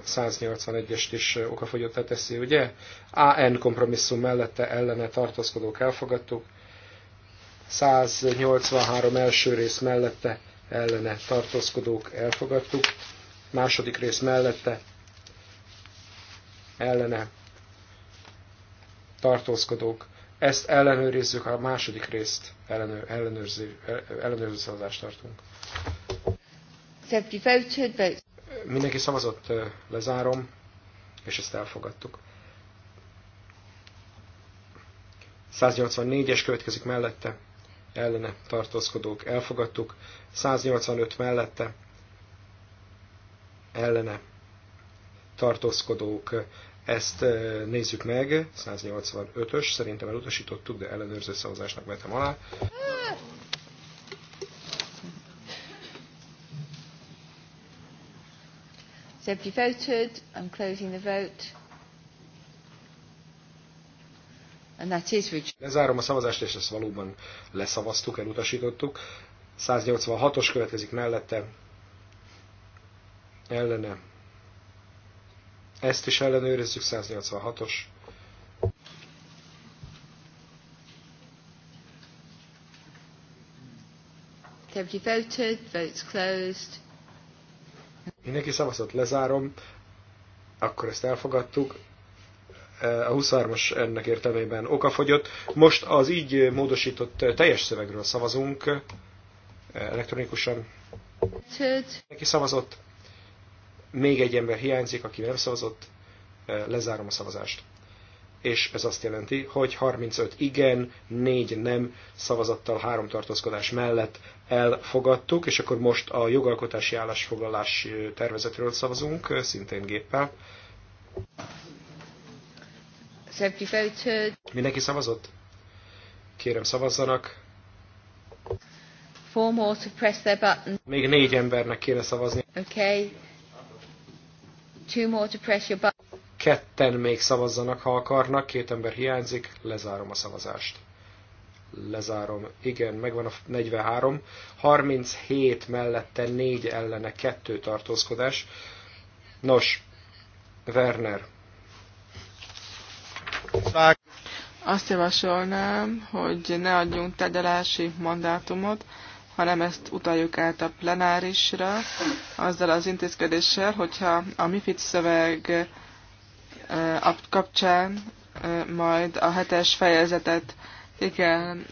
181-est is okafogyottá teszi, ugye? AN kompromisszum mellette ellene tartózkodók elfogadtuk, 183 első rész mellette ellene tartózkodók elfogadtuk, második rész mellette ellene tartózkodók. Ezt ellenőrizzük, a második részt ellenőr, ellenőrző, ellenőrző szavazást tartunk. Mindenki szavazott, lezárom, és ezt elfogadtuk. 184-es következik mellette, ellene tartózkodók elfogadtuk, 185 mellette ellene tartózkodók, ezt nézzük meg, 185-ös, szerintem elutasítottuk, de ellenőrző szavazásnak vetem alá. So if you voted, I'm closing the vote. Lezárom a szavazást, és ezt valóban leszavaztuk, elutasítottuk. 186-os következik mellette. Ellene. Ezt is ellenőrizzük, 186-os. Everybody voted, votes closed. Mindenki szavazott, lezárom. Akkor ezt elfogadtuk a 23-as ennek értelmében okafogyott. Most az így módosított teljes szövegről szavazunk eh, elektronikusan. Neki szavazott, még egy ember hiányzik, aki nem szavazott, eh, lezárom a szavazást. És ez azt jelenti, hogy 35 igen, 4 nem szavazattal, három tartózkodás mellett elfogadtuk, és akkor most a jogalkotási állásfoglalás eh, tervezetről szavazunk, szintén géppel. Mindenki szavazott? Kérem szavazzanak. Four more to press their button. Még négy embernek kéne szavazni. Okay. Two more to press your button. Ketten még szavazzanak, ha akarnak. Két ember hiányzik. Lezárom a szavazást. Lezárom. Igen, megvan a 43. 37 mellette 4 ellene 2 tartózkodás. Nos, Werner, azt javasolnám, hogy ne adjunk tegyelási mandátumot, hanem ezt utaljuk át a plenárisra, azzal az intézkedéssel, hogyha a MIFID szöveg kapcsán majd a hetes fejezetet igen,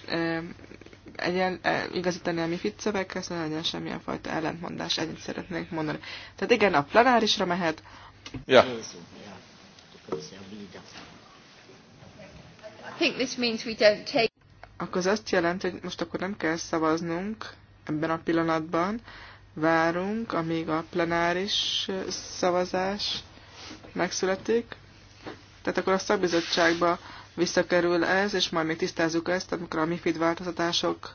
egyen, igazítani a MIFID szöveghez, ne legyen semmilyen fajta ellentmondás, ennyit szeretnénk mondani. Tehát igen, a plenárisra mehet. Ja think this means we don't take... Akkor az azt jelenti, hogy most akkor nem kell szavaznunk ebben a pillanatban. Várunk, amíg a plenáris szavazás megszületik. Tehát akkor a szakbizottságba visszakerül ez, és majd még tisztázzuk ezt, amikor a MIFID változtatások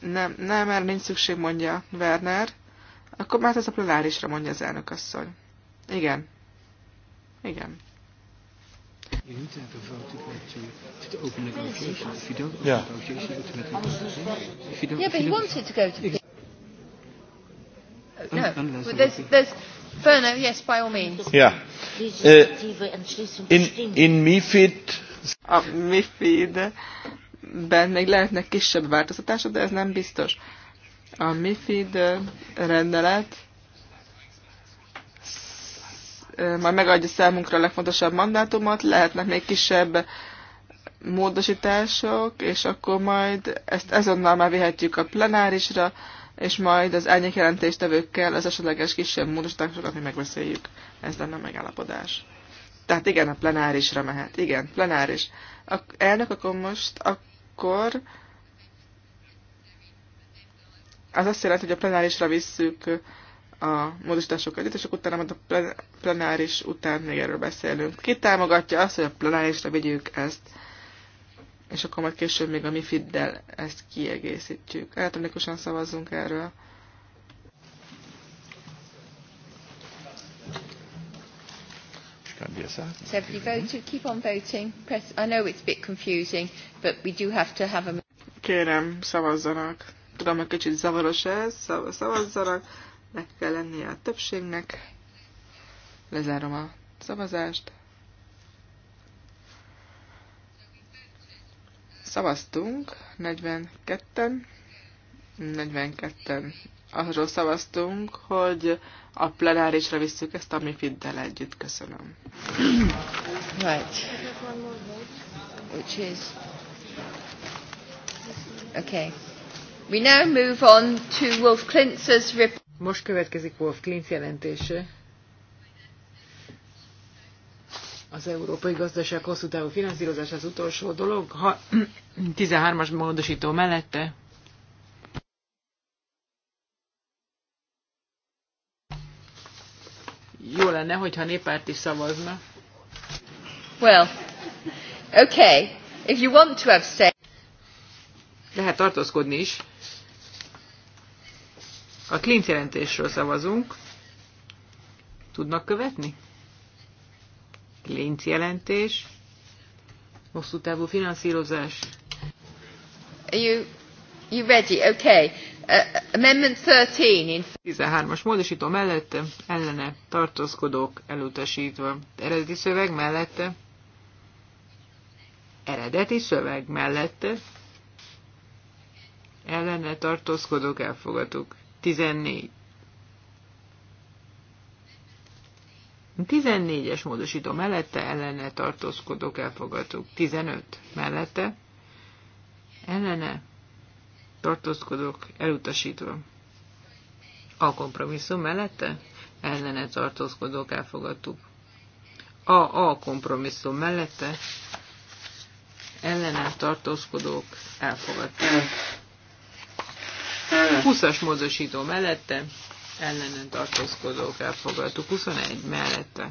nem, nem, mert nincs szükség, mondja Werner. Akkor már ez a plenárisra mondja az elnök asszony. Igen. Igen. You need to have a vote to go to, to open negotiations. If you don't open yeah. negotiations, you automatically go If you don't, yeah, but he wanted to go to. Exactly. No, but there's, there's, Berno, yes, by all means. Uh, In, in MIFID... A MIFID-ben még lehetnek kisebb változtatások, de ez nem biztos. A MIFID rendelet majd megadja számunkra a legfontosabb mandátumot, lehetnek még kisebb módosítások, és akkor majd ezt ezonnal már vihetjük a plenárisra, és majd az jelentéstevőkkel az esetleges kisebb módosításokat mi megbeszéljük. Ez lenne a megállapodás. Tehát igen, a plenárisra mehet. Igen, plenáris. A elnök akkor most, akkor az azt jelenti, hogy a plenárisra visszük a módosítások együtt, és akkor utána majd a plenáris után még erről beszélünk. Ki támogatja azt, hogy a plenárisra vigyük ezt, és akkor majd később még a MIFID-del ezt kiegészítjük. Elektronikusan szavazzunk erről. So if you keep on voting. Press, I know it's a bit confusing, but we do have to have a... Kérem, szavazzanak. Tudom, hogy kicsit zavaros ez, szavazzanak meg kell lennie a többségnek. Lezárom a szavazást. Szavaztunk 42-en. 42-en arról szavaztunk, hogy a plenárisra visszük ezt a MIFID-del együtt. Köszönöm. Right. Which is... Okay. We now move on to Wolf Klintz's report. Most következik Wolf Klintz jelentése. Az európai gazdaság hosszú távú finanszírozás az utolsó dolog. Ha 13-as módosító mellette jó lenne, hogyha néppárt is szavazna. Well, okay. If you want to say. Lehet tartózkodni is. A Klint jelentésről szavazunk. Tudnak követni? Klint jelentés. Hosszú távú finanszírozás. Are you, you ready? Okay. Uh, amendment 13. 13-as módosító mellette, ellene tartózkodók elutasítva. Eredeti szöveg mellette. Eredeti szöveg mellette. Ellene tartózkodók elfogadók. 14. 14-es módosító mellette ellene tartózkodok, elfogadtuk. 15 mellette ellene tartózkodok, elutasítva. A kompromisszum mellette ellene tartózkodok, elfogadtuk. A A kompromisszum mellette ellene tartózkodok, elfogadtuk. 20-as mozosító mellette, ellenen tartózkodók elfogadtuk, 21 mellette,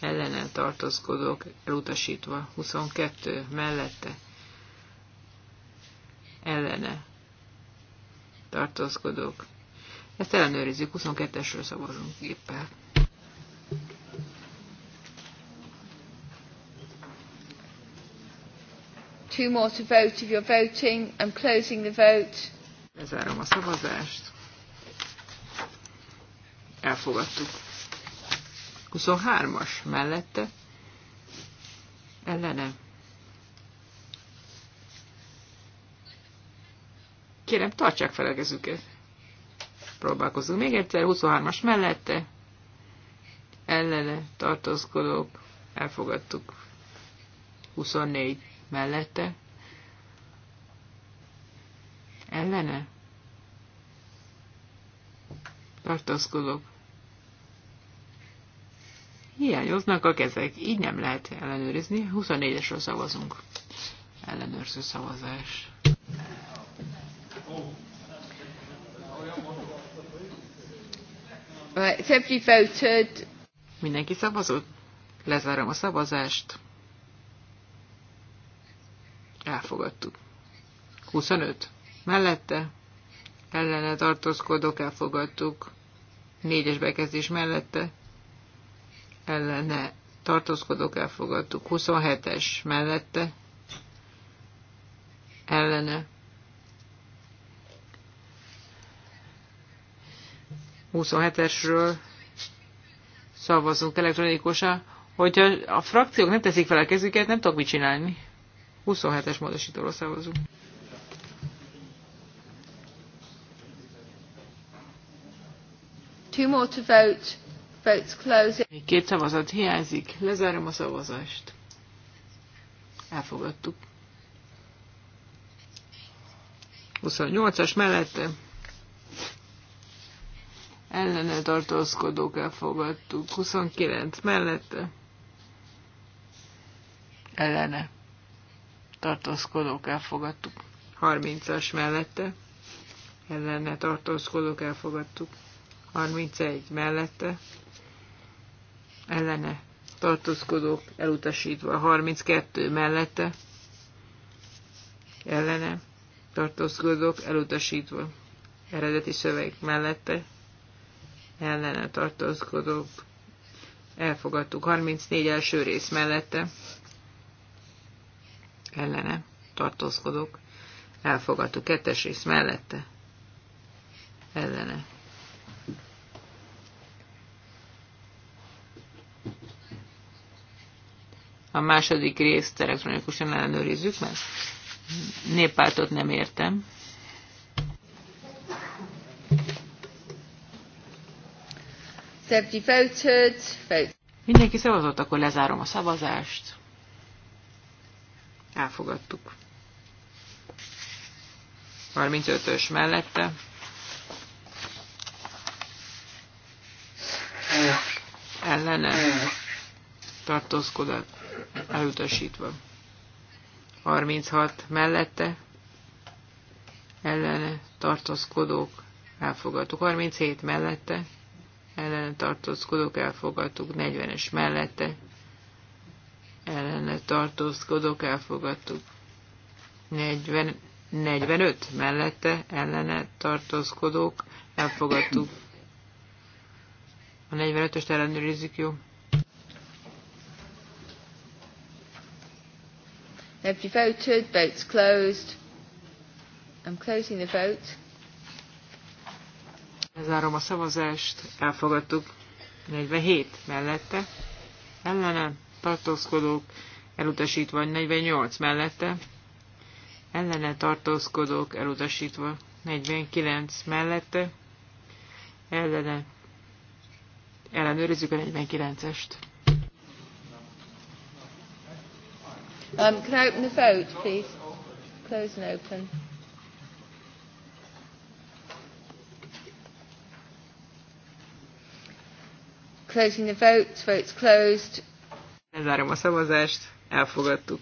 ellenen tartózkodók elutasítva, 22 mellette, ellene tartózkodók. Ezt ellenőrizzük, 22-esről szavazunk éppen. Two more to vote if you're voting. I'm closing the vote. Lezárom a szavazást. Elfogadtuk. 23-as mellette. Ellene. Kérem, tartsák fel a kezüket. Próbálkozunk még egyszer. 23-as mellette. Ellene tartózkodók. Elfogadtuk. 24 mellette ellene Tartaszkodok. Hiányoznak a kezek, így nem lehet ellenőrizni. 24-esről szavazunk. Ellenőrző szavazás. Mindenki szavazott? Lezárom a szavazást. Elfogadtuk. 25 mellette ellene tartózkodok, elfogadtuk. Négyes bekezdés mellette ellene tartózkodok, elfogadtuk. 27-es mellette ellene 27-esről szavazunk elektronikusan. Hogyha a frakciók nem teszik fel a kezüket, nem tudok mit csinálni. 27-es módosítóról szavazunk. Two more to vote. Votes closing. Még két szavazat hiányzik. Lezárom a szavazást. Elfogadtuk. 28-as mellette ellene tartózkodók elfogadtuk. 29 mellette ellene tartózkodók elfogadtuk. 30-as mellette ellene tartózkodók elfogadtuk. 31 mellette ellene tartózkodók elutasítva, 32 mellette ellene tartózkodók elutasítva, eredeti szöveg mellette ellene tartózkodók elfogadtuk, 34 első rész mellette ellene tartózkodók elfogadtuk, kettes rész mellette ellene A második részt elektronikusan ellenőrizzük, mert néppártot nem értem. Mindenki szavazott, akkor lezárom a szavazást. Elfogadtuk. 35-ös mellette. Ellene Tartózkodat elutasítva. 36 mellette ellene tartózkodók elfogadtuk. 37 mellette ellene tartózkodók elfogadtuk. 40-es mellette ellene tartózkodók elfogadtuk. 40, 45 mellette ellene tartózkodók elfogadtuk. A 45-öst ellenőrizzük, jó? Nobody voted. Votes closed. I'm closing the vote. Lezárom a szavazást. Elfogadtuk. 47 mellette. Ellene tartózkodók elutasítva. 48 mellette. Ellene tartózkodók elutasítva. 49 mellette. Ellene ellenőrizzük a 49-est. Um, can I open the vote, please? Close and open. Closing the vote. Vote's closed. Lezárom a szavazást. Elfogadtuk.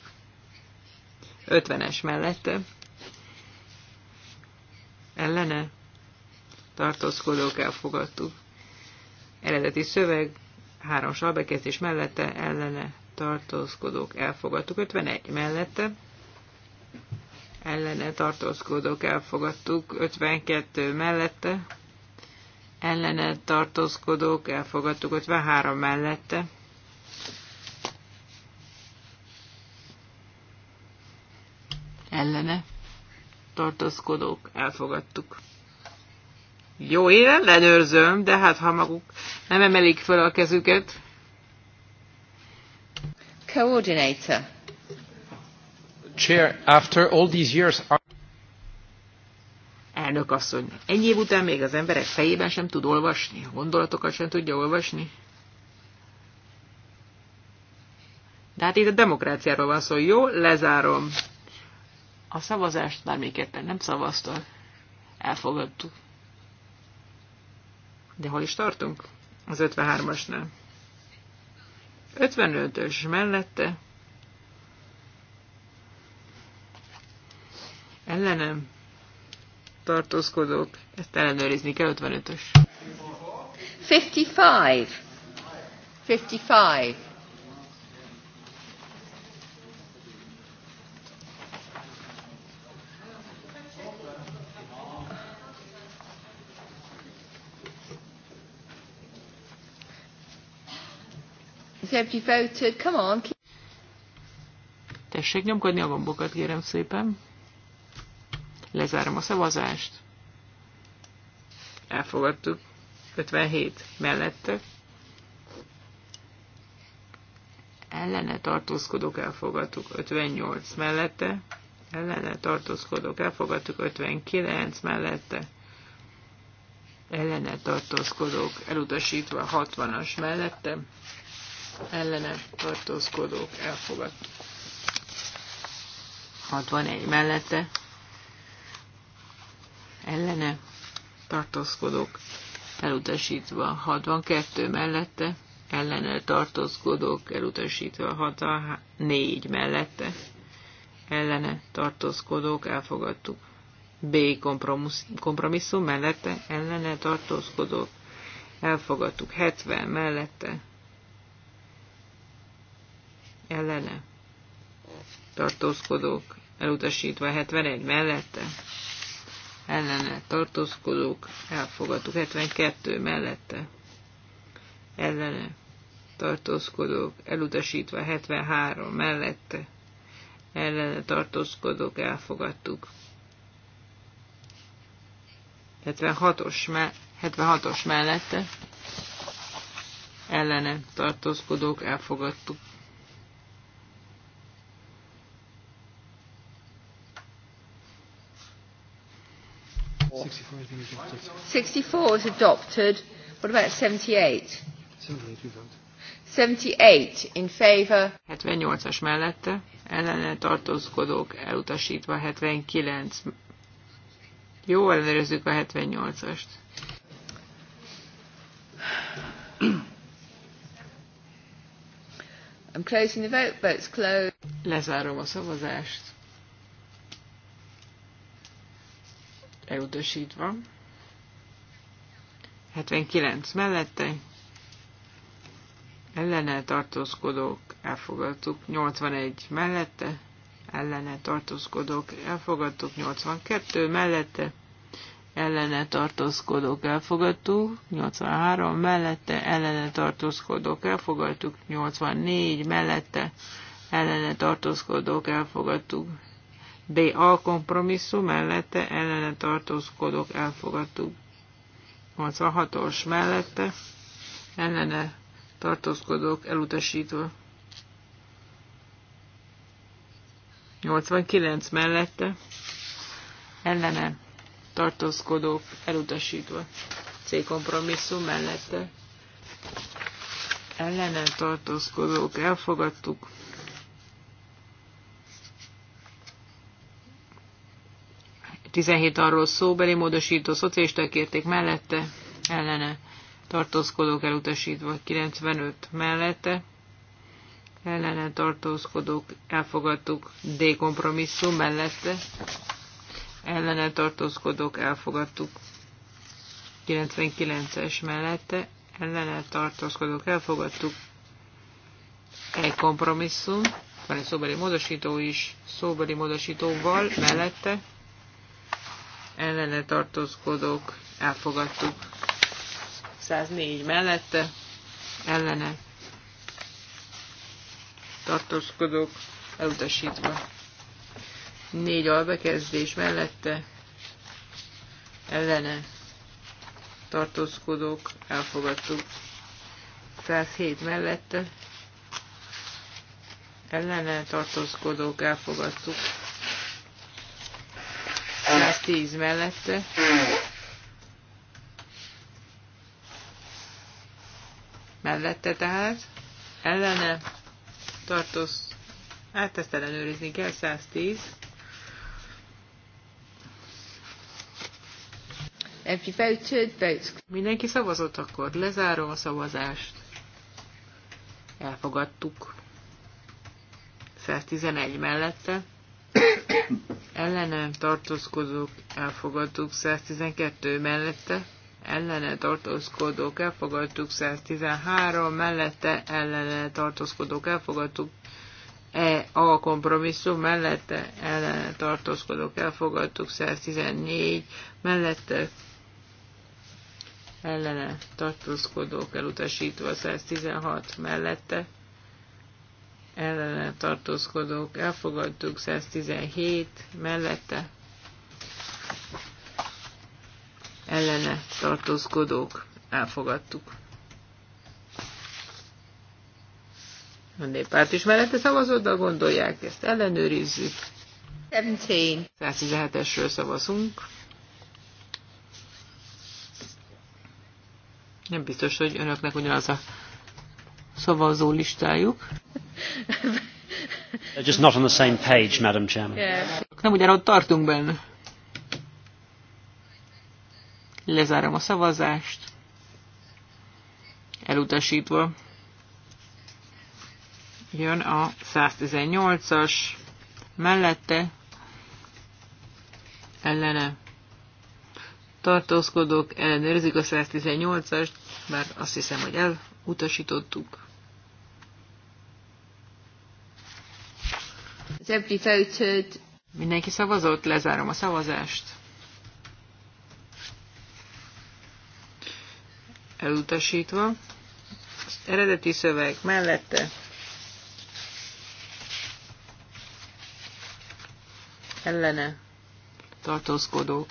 50-es mellette. Ellene. Tartózkodók elfogadtuk. Eredeti szöveg. Három salbekezdés mellette. Ellene tartózkodók elfogadtuk. 51 mellette ellene tartózkodók elfogadtuk. 52 mellette ellene tartózkodók elfogadtuk. 53 mellette ellene tartózkodók elfogadtuk. Jó, én ellenőrzöm, de hát ha maguk nem emelik föl a kezüket, coordinator. Chair, after all these years... Elnök asszony, ennyi év után még az emberek fejében sem tud olvasni, gondolatokat sem tudja olvasni. De hát itt a demokráciáról van szó, jó? Lezárom. A szavazást már még éppen nem szavaztak. Elfogadtuk. De hol is tartunk? Az 53-asnál. 55-ös mellette ellenem tartózkodók, ezt ellenőrizni kell, 55-ös. 55. 55. have you voted? Come on. Tessék nyomkodni a gombokat, kérem szépen. Lezárom a szavazást. Elfogadtuk. 57 mellette. Ellene tartózkodok, elfogadtuk. 58 mellette. Ellene tartózkodok, elfogadtuk. 59 mellette. Ellene tartózkodok, elutasítva 60-as mellette ellene tartózkodók elfogadtuk. 61 mellette ellene tartózkodók elutasítva, 62 mellette ellene tartózkodók elutasítva, 64 mellette ellene tartózkodók elfogadtuk. B. Kompromisszum mellette ellene tartózkodók elfogadtuk. 70 mellette ellene tartózkodók elutasítva 71 mellette ellene tartózkodók elfogadtuk 72 mellette ellene tartózkodók elutasítva 73 mellette ellene tartózkodók elfogadtuk 76-os me 76 mellette ellene tartózkodók elfogadtuk 64 is adopted. What about 78? 78 in favor. 78-as mellette, ellene tartózkodók elutasítva 79. Jó, ellenőrizzük a 78-ast. I'm closing the vote, vote's closed. Lezárom a szavazást. elutasítva. 79 mellette ellene tartózkodók elfogadtuk, 81 mellette ellene tartózkodók elfogadtuk, 82 mellette ellene tartózkodók elfogadtuk, 83 mellette ellene tartózkodók elfogadtuk, 84 mellette ellene tartózkodók elfogadtuk, a kompromisszum mellette ellene tartózkodok, elfogadtuk. 86-os mellette ellene tartózkodok, elutasítva. 89 mellette ellene tartózkodók elutasítva. C kompromisszum mellette ellene tartózkodók elfogadtuk. 17 arról szóbeli módosító szocialisták érték mellette, ellene tartózkodók elutasítva 95 mellette, ellene tartózkodók elfogadtuk D kompromisszum mellette, ellene tartózkodók elfogadtuk 99-es mellette, ellene tartózkodók elfogadtuk E kompromisszum, van egy szóbeli módosító is, szóbeli módosítóval mellette, ellene tartózkodók elfogadtuk. 104 mellette ellene tartózkodók elutasítva. 4 albekezdés mellette ellene tartózkodók elfogadtuk. 107 mellette ellene tartózkodók elfogadtuk. 110 mellette. Mellette tehát, ellene tartoz, hát ezt ellenőrizni kell, 110. If voted, votes. Mindenki szavazott akkor, lezárom a szavazást. Elfogadtuk. 111 mellette ellene tartózkodók elfogadtuk 112 mellette, ellene tartózkodók elfogadtuk 113 mellette, ellene tartózkodók elfogadtuk e a kompromisszum mellette, ellene tartózkodók elfogadtuk 114 mellette, ellene tartózkodók elutasítva 116 mellette, ellene tartózkodók elfogadtuk 117 mellette ellene tartózkodók elfogadtuk. A néppárt is mellette szavazott, de gondolják, ezt ellenőrizzük. 17. 117-esről szavazunk. Nem biztos, hogy önöknek ugyanaz a szavazó listájuk. They're just not on the same page, Madam Chairman. Yeah. Nem ugyanott tartunk benne. Lezárom a szavazást. Elutasítva. Jön a 118-as. Mellette. Ellene. Tartózkodok, ellenőrzik a 118-ast, mert azt hiszem, hogy elutasítottuk. Everybody voted. Mindenki szavazott, lezárom a szavazást. Elutasítva. Az eredeti szöveg mellette. Ellene. Tartózkodók.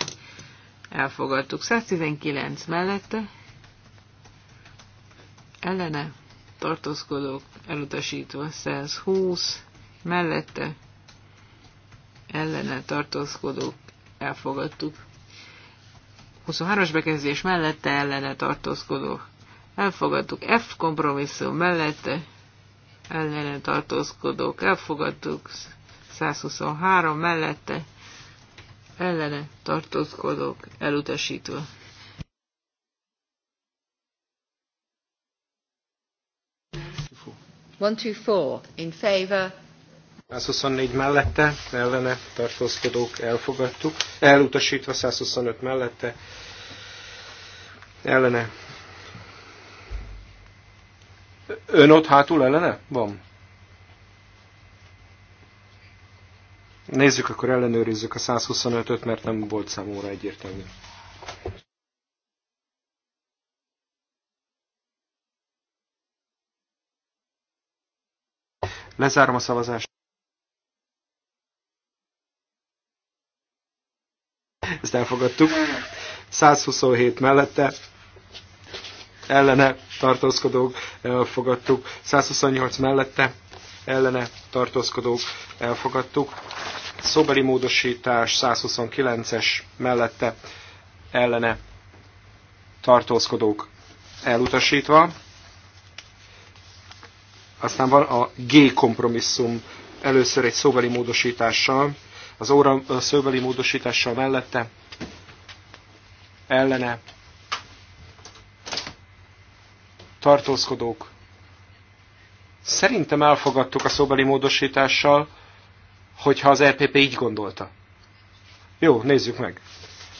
Elfogadtuk. 119 mellette. Ellene. Tartózkodók. Elutasítva. 120 mellette ellene tartózkodók elfogadtuk. 23-as bekezdés mellette ellene tartózkodók elfogadtuk. F kompromisszum mellette ellene tartózkodók elfogadtuk. 123 mellette ellene tartózkodók elutasítva. One, two, four. In favor, 124 mellette, ellene tartózkodók elfogadtuk, elutasítva 125 mellette, ellene. Ön ott hátul ellene? Van. Nézzük, akkor ellenőrizzük a 125-öt, mert nem volt számomra egyértelmű. Lezárom a szavazást. Ezt elfogadtuk. 127 mellette ellene tartózkodók elfogadtuk. 128 mellette ellene tartózkodók elfogadtuk. Szobeli módosítás 129-es mellette ellene tartózkodók elutasítva. Aztán van a G kompromisszum először egy szóbeli módosítással az óra szőbeli szöveli módosítással mellette, ellene, tartózkodók. Szerintem elfogadtuk a szóbeli módosítással, hogyha az RPP e így gondolta. Jó, nézzük meg.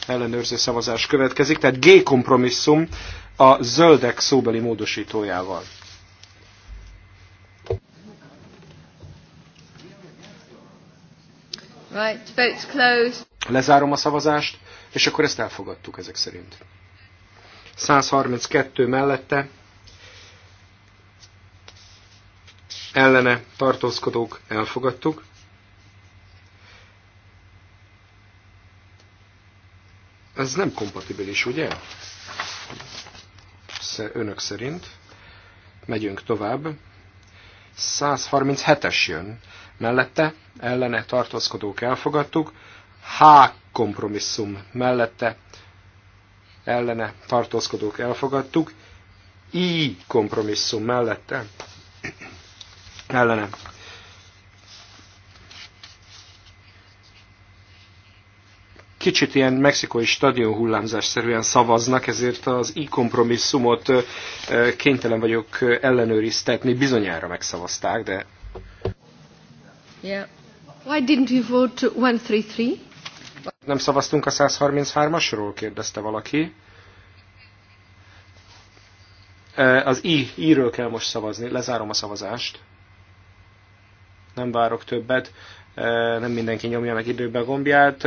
Ellenőrző szavazás következik, tehát G kompromisszum a zöldek szóbeli módosítójával. Right, vote's closed. Lezárom a szavazást, és akkor ezt elfogadtuk ezek szerint. 132 mellette ellene tartózkodók elfogadtuk. Ez nem kompatibilis, ugye? Önök szerint. Megyünk tovább. 137-es jön mellette, ellene tartózkodók elfogadtuk, H kompromisszum mellette, ellene tartózkodók elfogadtuk, I kompromisszum mellette, ellene kicsit ilyen mexikói stadion hullámzás szerűen szavaznak, ezért az i-kompromisszumot kénytelen vagyok ellenőriztetni, bizonyára megszavazták, de Yeah. Why didn't you vote 133? Nem szavaztunk a 133-asról, kérdezte valaki. E, az I, I-ről kell most szavazni, lezárom a szavazást. Nem várok többet, e, nem mindenki nyomja meg időbe a gombját.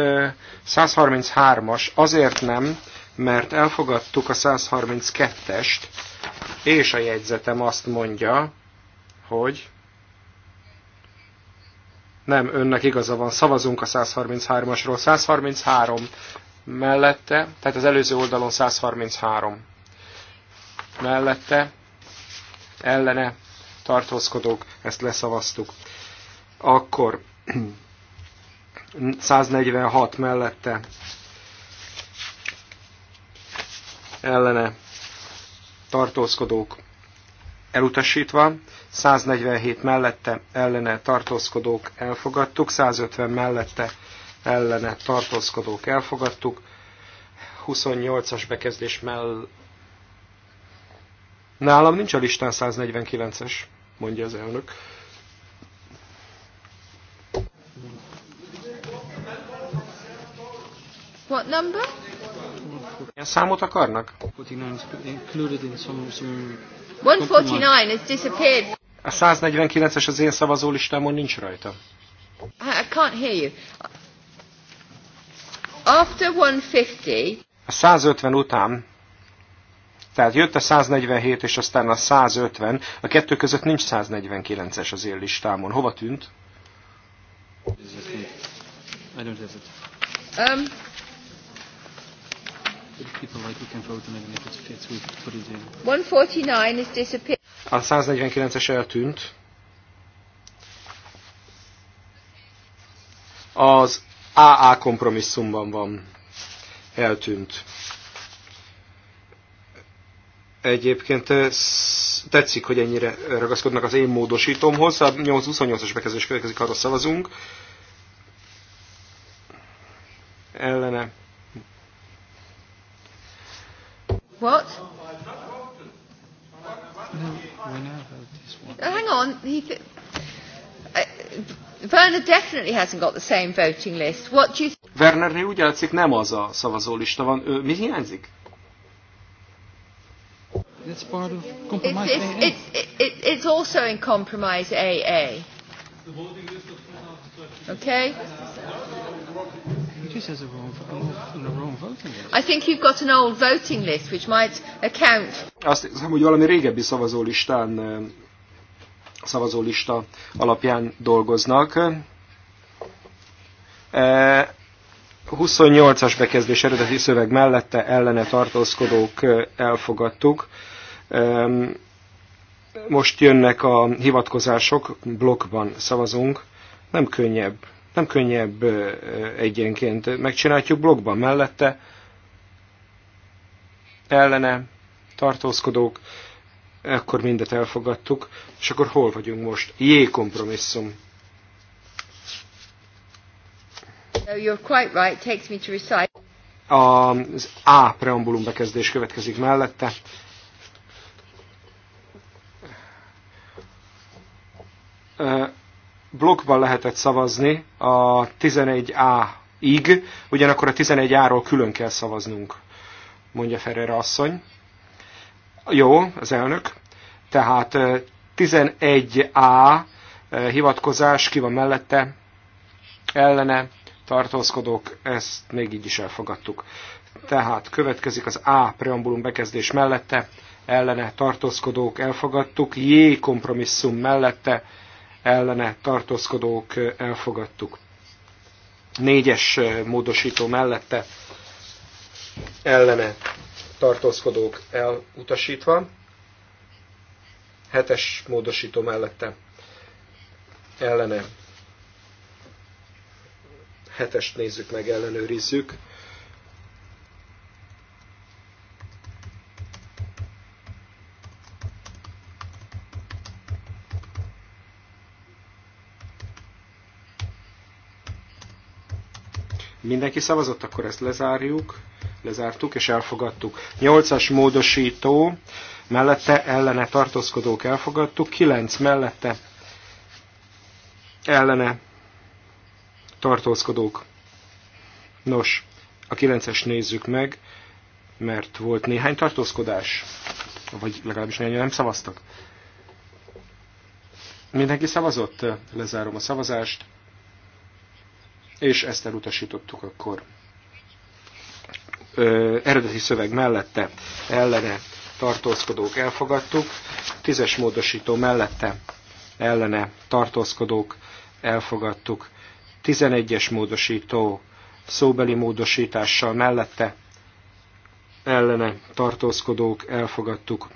133-as e, azért nem, mert elfogadtuk a 132-est, és a jegyzetem azt mondja, hogy nem, önnek igaza van, szavazunk a 133-asról. 133 mellette, tehát az előző oldalon 133 mellette, ellene tartózkodók, ezt leszavaztuk. Akkor 146 mellette ellene tartózkodók elutasítva, 147 mellette ellene tartózkodók elfogadtuk, 150 mellette ellene tartózkodók elfogadtuk, 28-as bekezdés mell... Nálam nincs a listán 149-es, mondja az elnök. What number? Milyen számot akarnak? 149 is has disappeared. A 149-es az én szavazólistámon nincs rajta. I can't hear you. After 150... A 150 után, tehát jött a 147 és aztán a 150, a kettő között nincs 149-es az én listámon. Hova tűnt? I don't have it. Um, 149 is disappeared. A 149-es eltűnt. Az AA kompromisszumban van. Eltűnt. Egyébként tetszik, hogy ennyire ragaszkodnak az én módosítomhoz. A 828-as bekezdés következik, arra szavazunk. Ellene. What? Uh, hang on. He uh, Werner definitely hasn't got the same voting list. What do you th- Wernernél úgy látszik nem az a szavazólista van. Ő, mi hiányzik? It's part of compromise it's, it's, AA. It's, it's, it's also in compromise AA. Okay? Just has a wrong, a wrong voting list. I think you've got an old voting list, which might account. Azt hiszem, hogy valami régebbi szavazólistán um, szavazólista alapján dolgoznak. 28-as e, bekezdés eredeti szöveg mellette ellene tartózkodók e, elfogadtuk. E, most jönnek a hivatkozások, blokkban szavazunk. Nem könnyebb, nem könnyebb egyenként. Megcsináljuk blokkban mellette, ellene tartózkodók akkor mindet elfogadtuk, és akkor hol vagyunk most? J kompromisszum. Az A preambulum bekezdés következik mellette. Blokkban lehetett szavazni a 11A-ig, ugyanakkor a 11A-ról külön kell szavaznunk, mondja Ferrer asszony. Jó, az elnök. Tehát 11A hivatkozás, ki van mellette, ellene, tartózkodók, ezt még így is elfogadtuk. Tehát következik az A preambulum bekezdés mellette, ellene tartózkodók elfogadtuk, J kompromisszum mellette ellene tartózkodók elfogadtuk. Négyes módosító mellette ellene tartózkodók elutasítva, hetes módosító mellette ellene, hetest nézzük meg, ellenőrizzük, Mindenki szavazott, akkor ezt lezárjuk lezártuk és elfogadtuk. 8-as módosító mellette ellene tartózkodók elfogadtuk, 9 mellette ellene tartózkodók. Nos, a 9-es nézzük meg, mert volt néhány tartózkodás, vagy legalábbis néhány nem szavaztak. Mindenki szavazott, lezárom a szavazást, és ezt elutasítottuk akkor ö, eredeti szöveg mellette ellene tartózkodók elfogadtuk, tízes módosító mellette ellene tartózkodók elfogadtuk, tizenegyes módosító szóbeli módosítással mellette ellene tartózkodók elfogadtuk,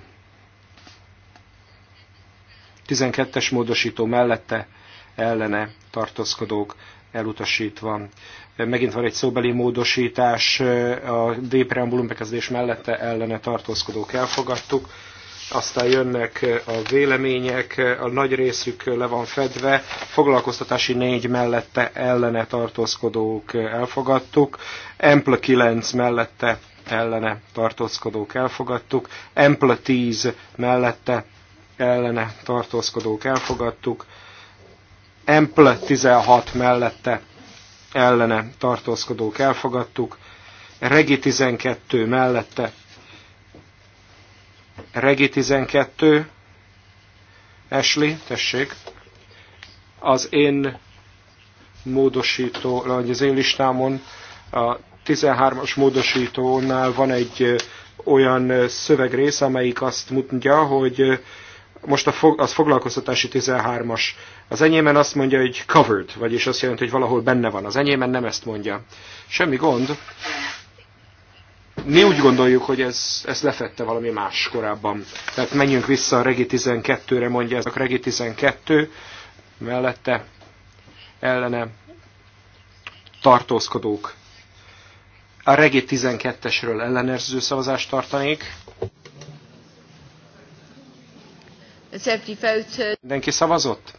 12-es módosító mellette ellene tartózkodók elutasítva. Megint van egy szóbeli módosítás, a D preambulum bekezdés mellette ellene tartózkodók elfogadtuk aztán jönnek a vélemények, a nagy részük le van fedve, foglalkoztatási négy mellette ellene tartózkodók elfogadtuk, Empl 9 mellette ellene tartózkodók elfogadtuk, Empl 10 mellette ellene tartózkodók elfogadtuk, Emple 16 mellette ellene tartózkodók elfogadtuk, Regi 12 mellette, Regi 12, Ashley, tessék, az én módosító, vagy az én listámon a 13-as módosítónál van egy olyan szövegrész, amelyik azt mutatja, hogy most a fo- az foglalkoztatási 13-as. Az enyémen azt mondja, hogy covered, vagyis azt jelenti, hogy valahol benne van. Az enyémen nem ezt mondja. Semmi gond. Mi úgy gondoljuk, hogy ez, ez lefette valami más korábban. Tehát menjünk vissza a Regi 12-re, mondja ez a Regi 12 mellette ellene tartózkodók. A Regi 12-esről ellenőrző szavazást tartanék. Mindenki szavazott?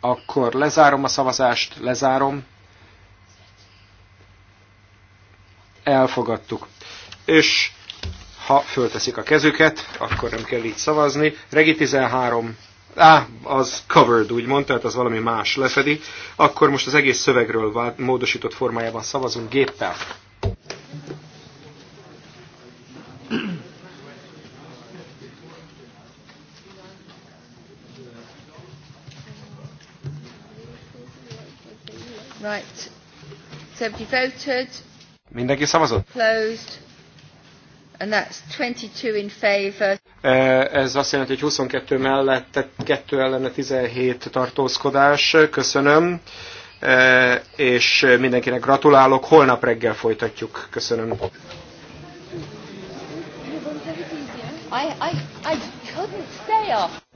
Akkor lezárom a szavazást, lezárom. Elfogadtuk. És ha fölteszik a kezüket, akkor nem kell így szavazni. Regi 13, á, az covered, úgymond, tehát az valami más lefedi. Akkor most az egész szövegről módosított formájában szavazunk géppel. everybody voted? Mindenki szavazott? Closed. And that's 22 in favor. E, ez azt jelenti, hogy 22 mellett, 2 ellene 17 tartózkodás. Köszönöm. E, és mindenkinek gratulálok. Holnap reggel folytatjuk. Köszönöm. I, I, I couldn't stay off.